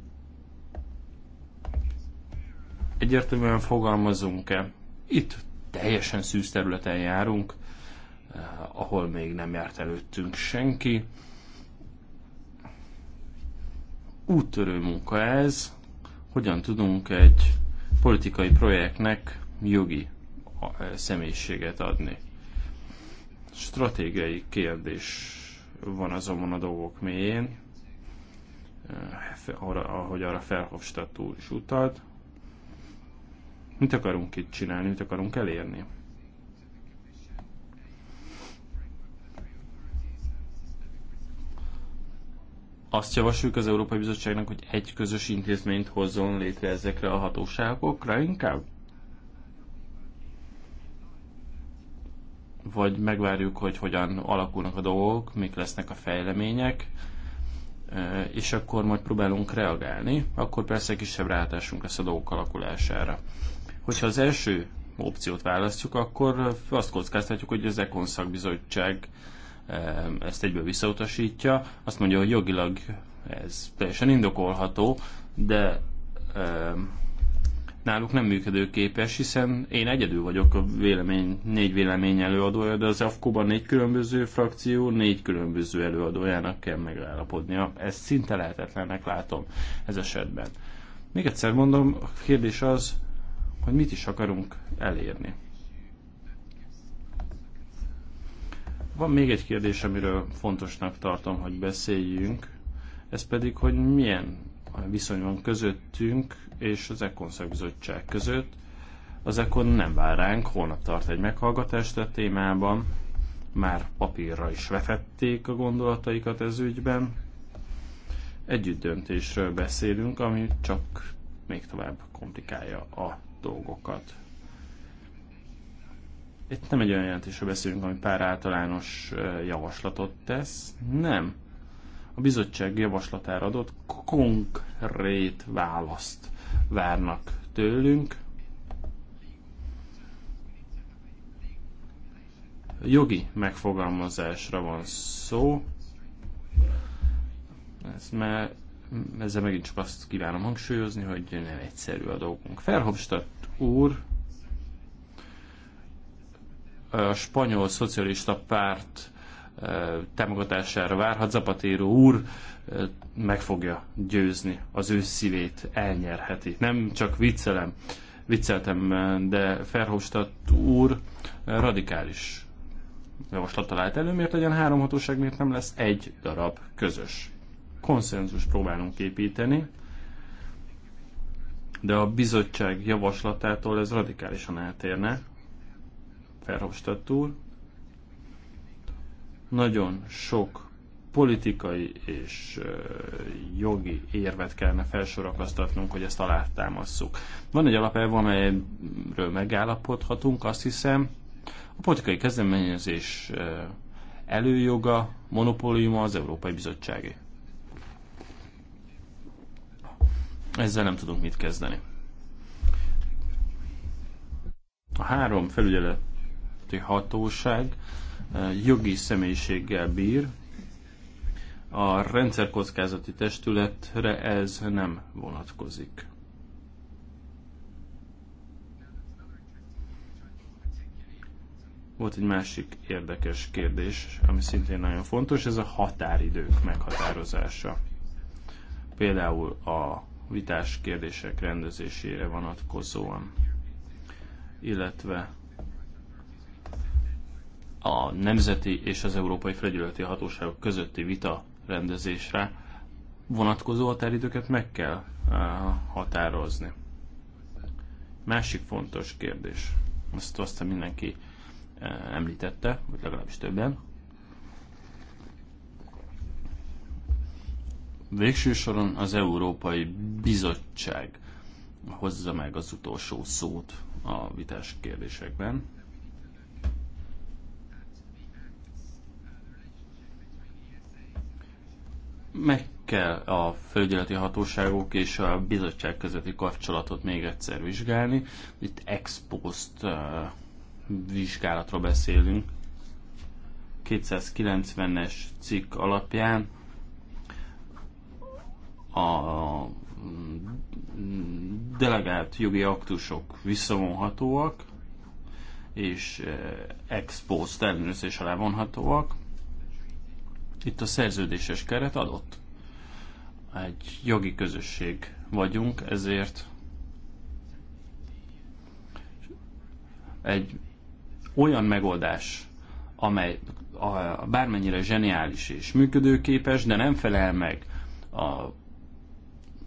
egyértelműen fogalmazunk-e. Itt teljesen szűz területen járunk, eh, ahol még nem járt előttünk senki. Úttörő munka ez, hogyan tudunk egy politikai projektnek jogi eh, személyiséget adni. Stratégiai kérdés van azonban a dolgok mélyén, eh, ahogy arra Felhofstadt úr is utalt. Mit akarunk itt csinálni, mit akarunk elérni? azt javasoljuk az Európai Bizottságnak, hogy egy közös intézményt hozzon létre ezekre a hatóságokra inkább? vagy megvárjuk, hogy hogyan alakulnak a dolgok, mik lesznek a fejlemények, és akkor majd próbálunk reagálni, akkor persze kisebb rátásunk lesz a dolgok alakulására. Hogyha az első opciót választjuk, akkor azt kockáztatjuk, hogy az Econ szakbizottság ezt egyből visszautasítja. Azt mondja, hogy jogilag ez teljesen indokolható, de náluk nem működőképes, hiszen én egyedül vagyok a vélemény, négy vélemény előadója, de az afko négy különböző frakció négy különböző előadójának kell megállapodnia. Ezt szinte lehetetlennek látom ez esetben. Még egyszer mondom, a kérdés az, hogy mit is akarunk elérni. Van még egy kérdés, amiről fontosnak tartom, hogy beszéljünk, ez pedig, hogy milyen viszony van közöttünk és az ECON szakbizottság között. Az ECON nem vár ránk, holnap tart egy meghallgatást a témában, már papírra is vetették a gondolataikat ez ügyben. Együtt döntésről beszélünk, ami csak még tovább komplikálja a dolgokat. Itt nem egy olyan jelentésről beszélünk, ami pár általános eh, javaslatot tesz, nem a bizottság javaslatára adott konkrét választ várnak tőlünk. Jogi megfogalmazásra van szó. Ez már, ezzel megint csak azt kívánom hangsúlyozni, hogy nem egyszerű a dolgunk. Ferhofstadt úr a spanyol szocialista párt támogatására várhat. Zapatero úr meg fogja győzni, az ő szívét elnyerheti. Nem csak viccelem, vicceltem, de Ferhofstadt úr radikális javaslat talált elő, miért legyen három hatóság, miért nem lesz egy darab közös. Konszenzus próbálunk építeni, de a bizottság javaslatától ez radikálisan eltérne. Ferhofstadt úr, nagyon sok politikai és jogi érvet kellene felsorakoztatnunk, hogy ezt alátámasszuk. Van egy alapelv, amelyről megállapodhatunk, azt hiszem, a politikai kezdeményezés előjoga, monopóliuma az Európai Bizottságé. Ezzel nem tudunk mit kezdeni. A három felügyeleti hatóság jogi személyiséggel bír. A rendszerkockázati testületre ez nem vonatkozik. Volt egy másik érdekes kérdés, ami szintén nagyon fontos, ez a határidők meghatározása. Például a vitás kérdések rendezésére vonatkozóan, illetve a nemzeti és az európai felügyeleti hatóságok közötti vita rendezésre vonatkozó határidőket meg kell eh, határozni. Másik fontos kérdés, azt aztán mindenki eh, említette, vagy legalábbis többen. Végső soron az Európai Bizottság hozza meg az utolsó szót a vitás kérdésekben Meg kell a felügyeleti hatóságok és a bizottság közötti kapcsolatot még egyszer vizsgálni. Itt ex post vizsgálatra beszélünk. 290-es cikk alapján a mm, delegált jogi aktusok visszavonhatóak, és ex post ellenőrzés alá vonhatóak. Itt a szerződéses keret adott. Egy jogi közösség vagyunk, ezért egy olyan megoldás, amely a, bármennyire zseniális és működőképes, de nem felel meg a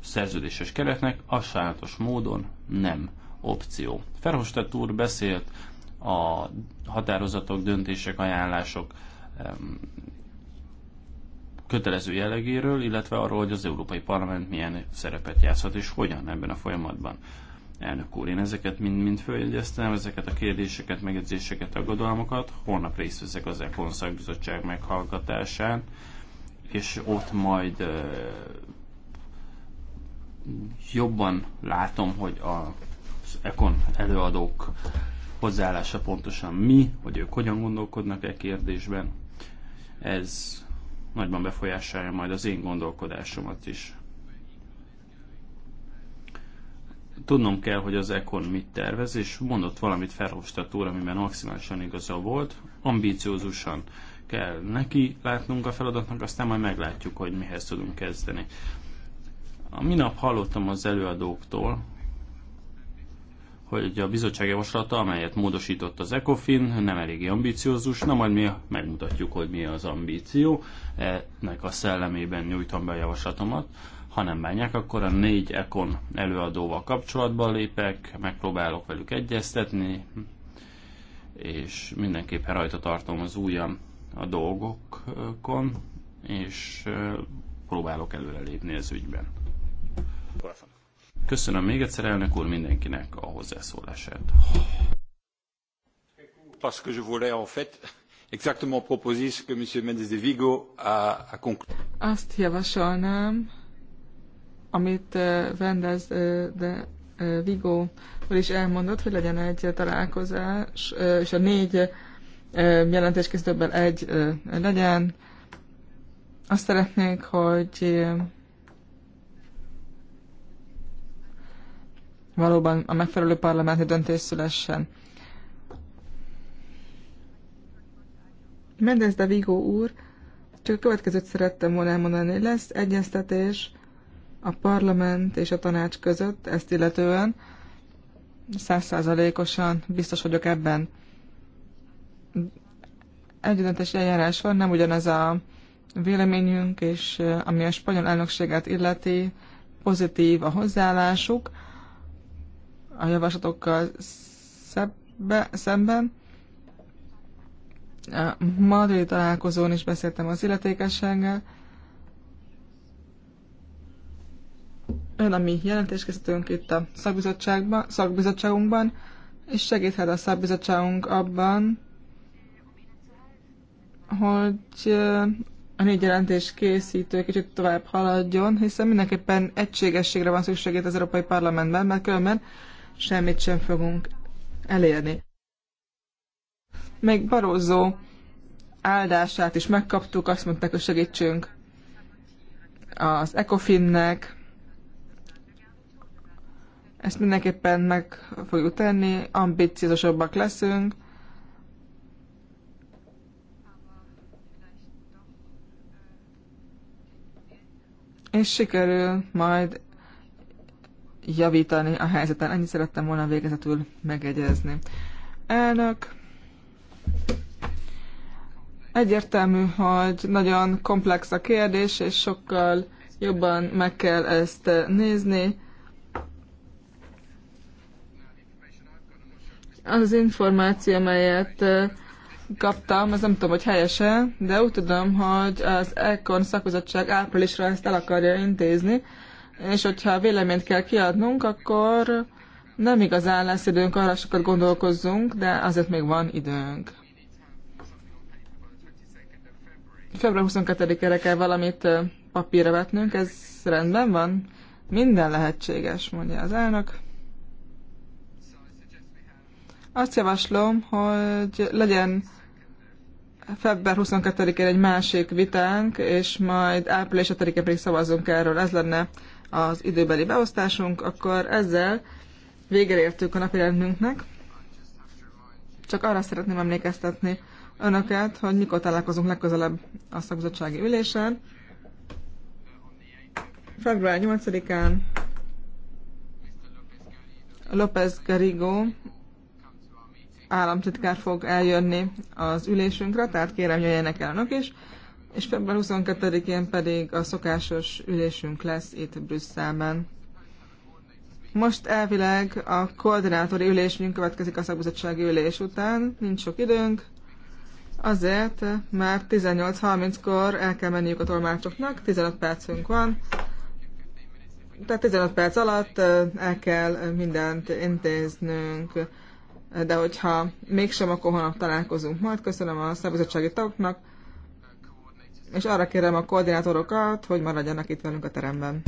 szerződéses keretnek, az sajátos módon nem opció. Ferhostett úr beszélt a határozatok, döntések, ajánlások kötelező jellegéről, illetve arról, hogy az Európai Parlament milyen szerepet játszhat és hogyan ebben a folyamatban. Elnök úr, én ezeket mind-mind följegyeztem, ezeket a kérdéseket, megjegyzéseket, aggodalmakat. Holnap részt veszek az Ekon szakbizottság meghallgatásán, és ott majd uh, jobban látom, hogy az Ekon előadók hozzáállása pontosan mi, hogy ők hogyan gondolkodnak e kérdésben. Ez nagyban befolyásolja majd az én gondolkodásomat is. Tudnom kell, hogy az Econ mit tervez, és mondott valamit Ferhofstadt úr, amiben maximálisan igaza volt, ambíciózusan kell neki látnunk a feladatnak, aztán majd meglátjuk, hogy mihez tudunk kezdeni. A minap hallottam az előadóktól, hogy a bizottság javaslata, amelyet módosított az ECOFIN, nem eléggé ambiciózus, na majd mi megmutatjuk, hogy mi az ambíció, ennek a szellemében nyújtom be a javaslatomat. Ha nem bánják, akkor a négy ECON előadóval kapcsolatban lépek, megpróbálok velük egyeztetni, és mindenképpen rajta tartom az ujjam a dolgokon, és próbálok előrelépni az ügyben. Köszönöm. Köszönöm még egyszer elnök úr mindenkinek a hozzászólását. Parce que je voulais en fait exactement proposer ce que M. Mendes de Vigo a, a conclu. Azt javasolnám, amit uh, eh, Vendez uh, eh, de uh, eh, Vigo is elmondott, hogy legyen egy találkozás, uh, és a négy uh, jelentéskészítőből egy uh, legyen. Azt szeretnénk, hogy uh, valóban a megfelelő parlamenti döntés szülessen. Mendez de Vigo úr, csak a következőt szerettem volna elmondani. Lesz egyeztetés a parlament és a tanács között, ezt illetően százszázalékosan biztos vagyok ebben. Egyedetes eljárás van, nem ugyanaz a véleményünk, és eh, ami a spanyol elnökséget illeti, pozitív a hozzáállásuk, a javaslatokkal szebbe, szemben. A madridi találkozón is beszéltem az illetékességgel. Ön a mi jelentéskészítőnk itt a szakbizottságban, szakbizottságunkban, és segíthet a szakbizottságunk abban, hogy a négy jelentés készítő kicsit tovább haladjon, hiszen mindenképpen egységességre van szükség itt az Európai Parlamentben, mert különben semmit sem fogunk elérni. Még Barózó áldását is megkaptuk, azt mondták, hogy segítsünk az Ecofinnek. Ezt mindenképpen meg fogjuk tenni, ambiciózusabbak leszünk. És sikerül majd javítani a helyzeten. Ennyit szerettem volna végezetül megegyezni. Elnök, egyértelmű, hogy nagyon komplex a kérdés, és sokkal jobban meg kell ezt nézni. Az információ, amelyet kaptam, az nem tudom, hogy helyese, de úgy tudom, hogy az Econ szakozottság áprilisra ezt el akarja intézni, és hogyha véleményt kell kiadnunk, akkor nem igazán lesz időnk, arra sokat gondolkozzunk, de azért még van időnk. Február 22-ére kell valamit papírra vetnünk, ez rendben van? Minden lehetséges, mondja az elnök. Azt javaslom, hogy legyen február 22-én egy másik vitánk, és majd április 5-én pedig szavazunk erről. Ez lenne az időbeli beosztásunk, akkor ezzel végre értük a napirendünknek. Csak arra szeretném emlékeztetni önöket, hogy mikor találkozunk legközelebb a szakbizottsági ülésen. Február 8-án López Garrigo államtitkár fog eljönni az ülésünkre, tehát kérem jöjjenek el önök is és február 22-én pedig a szokásos ülésünk lesz itt Brüsszelben. Most elvileg a koordinátori ülésünk következik a szakbizottsági ülés után, nincs sok időnk, azért, már 18.30-kor el kell menniük a tolmácsoknak, 15 percünk van, tehát 15 perc alatt el kell mindent intéznünk, de hogyha mégsem, akkor holnap találkozunk majd. Köszönöm a szakbizottsági tagoknak, és arra kérem a koordinátorokat, hogy maradjanak itt velünk a teremben.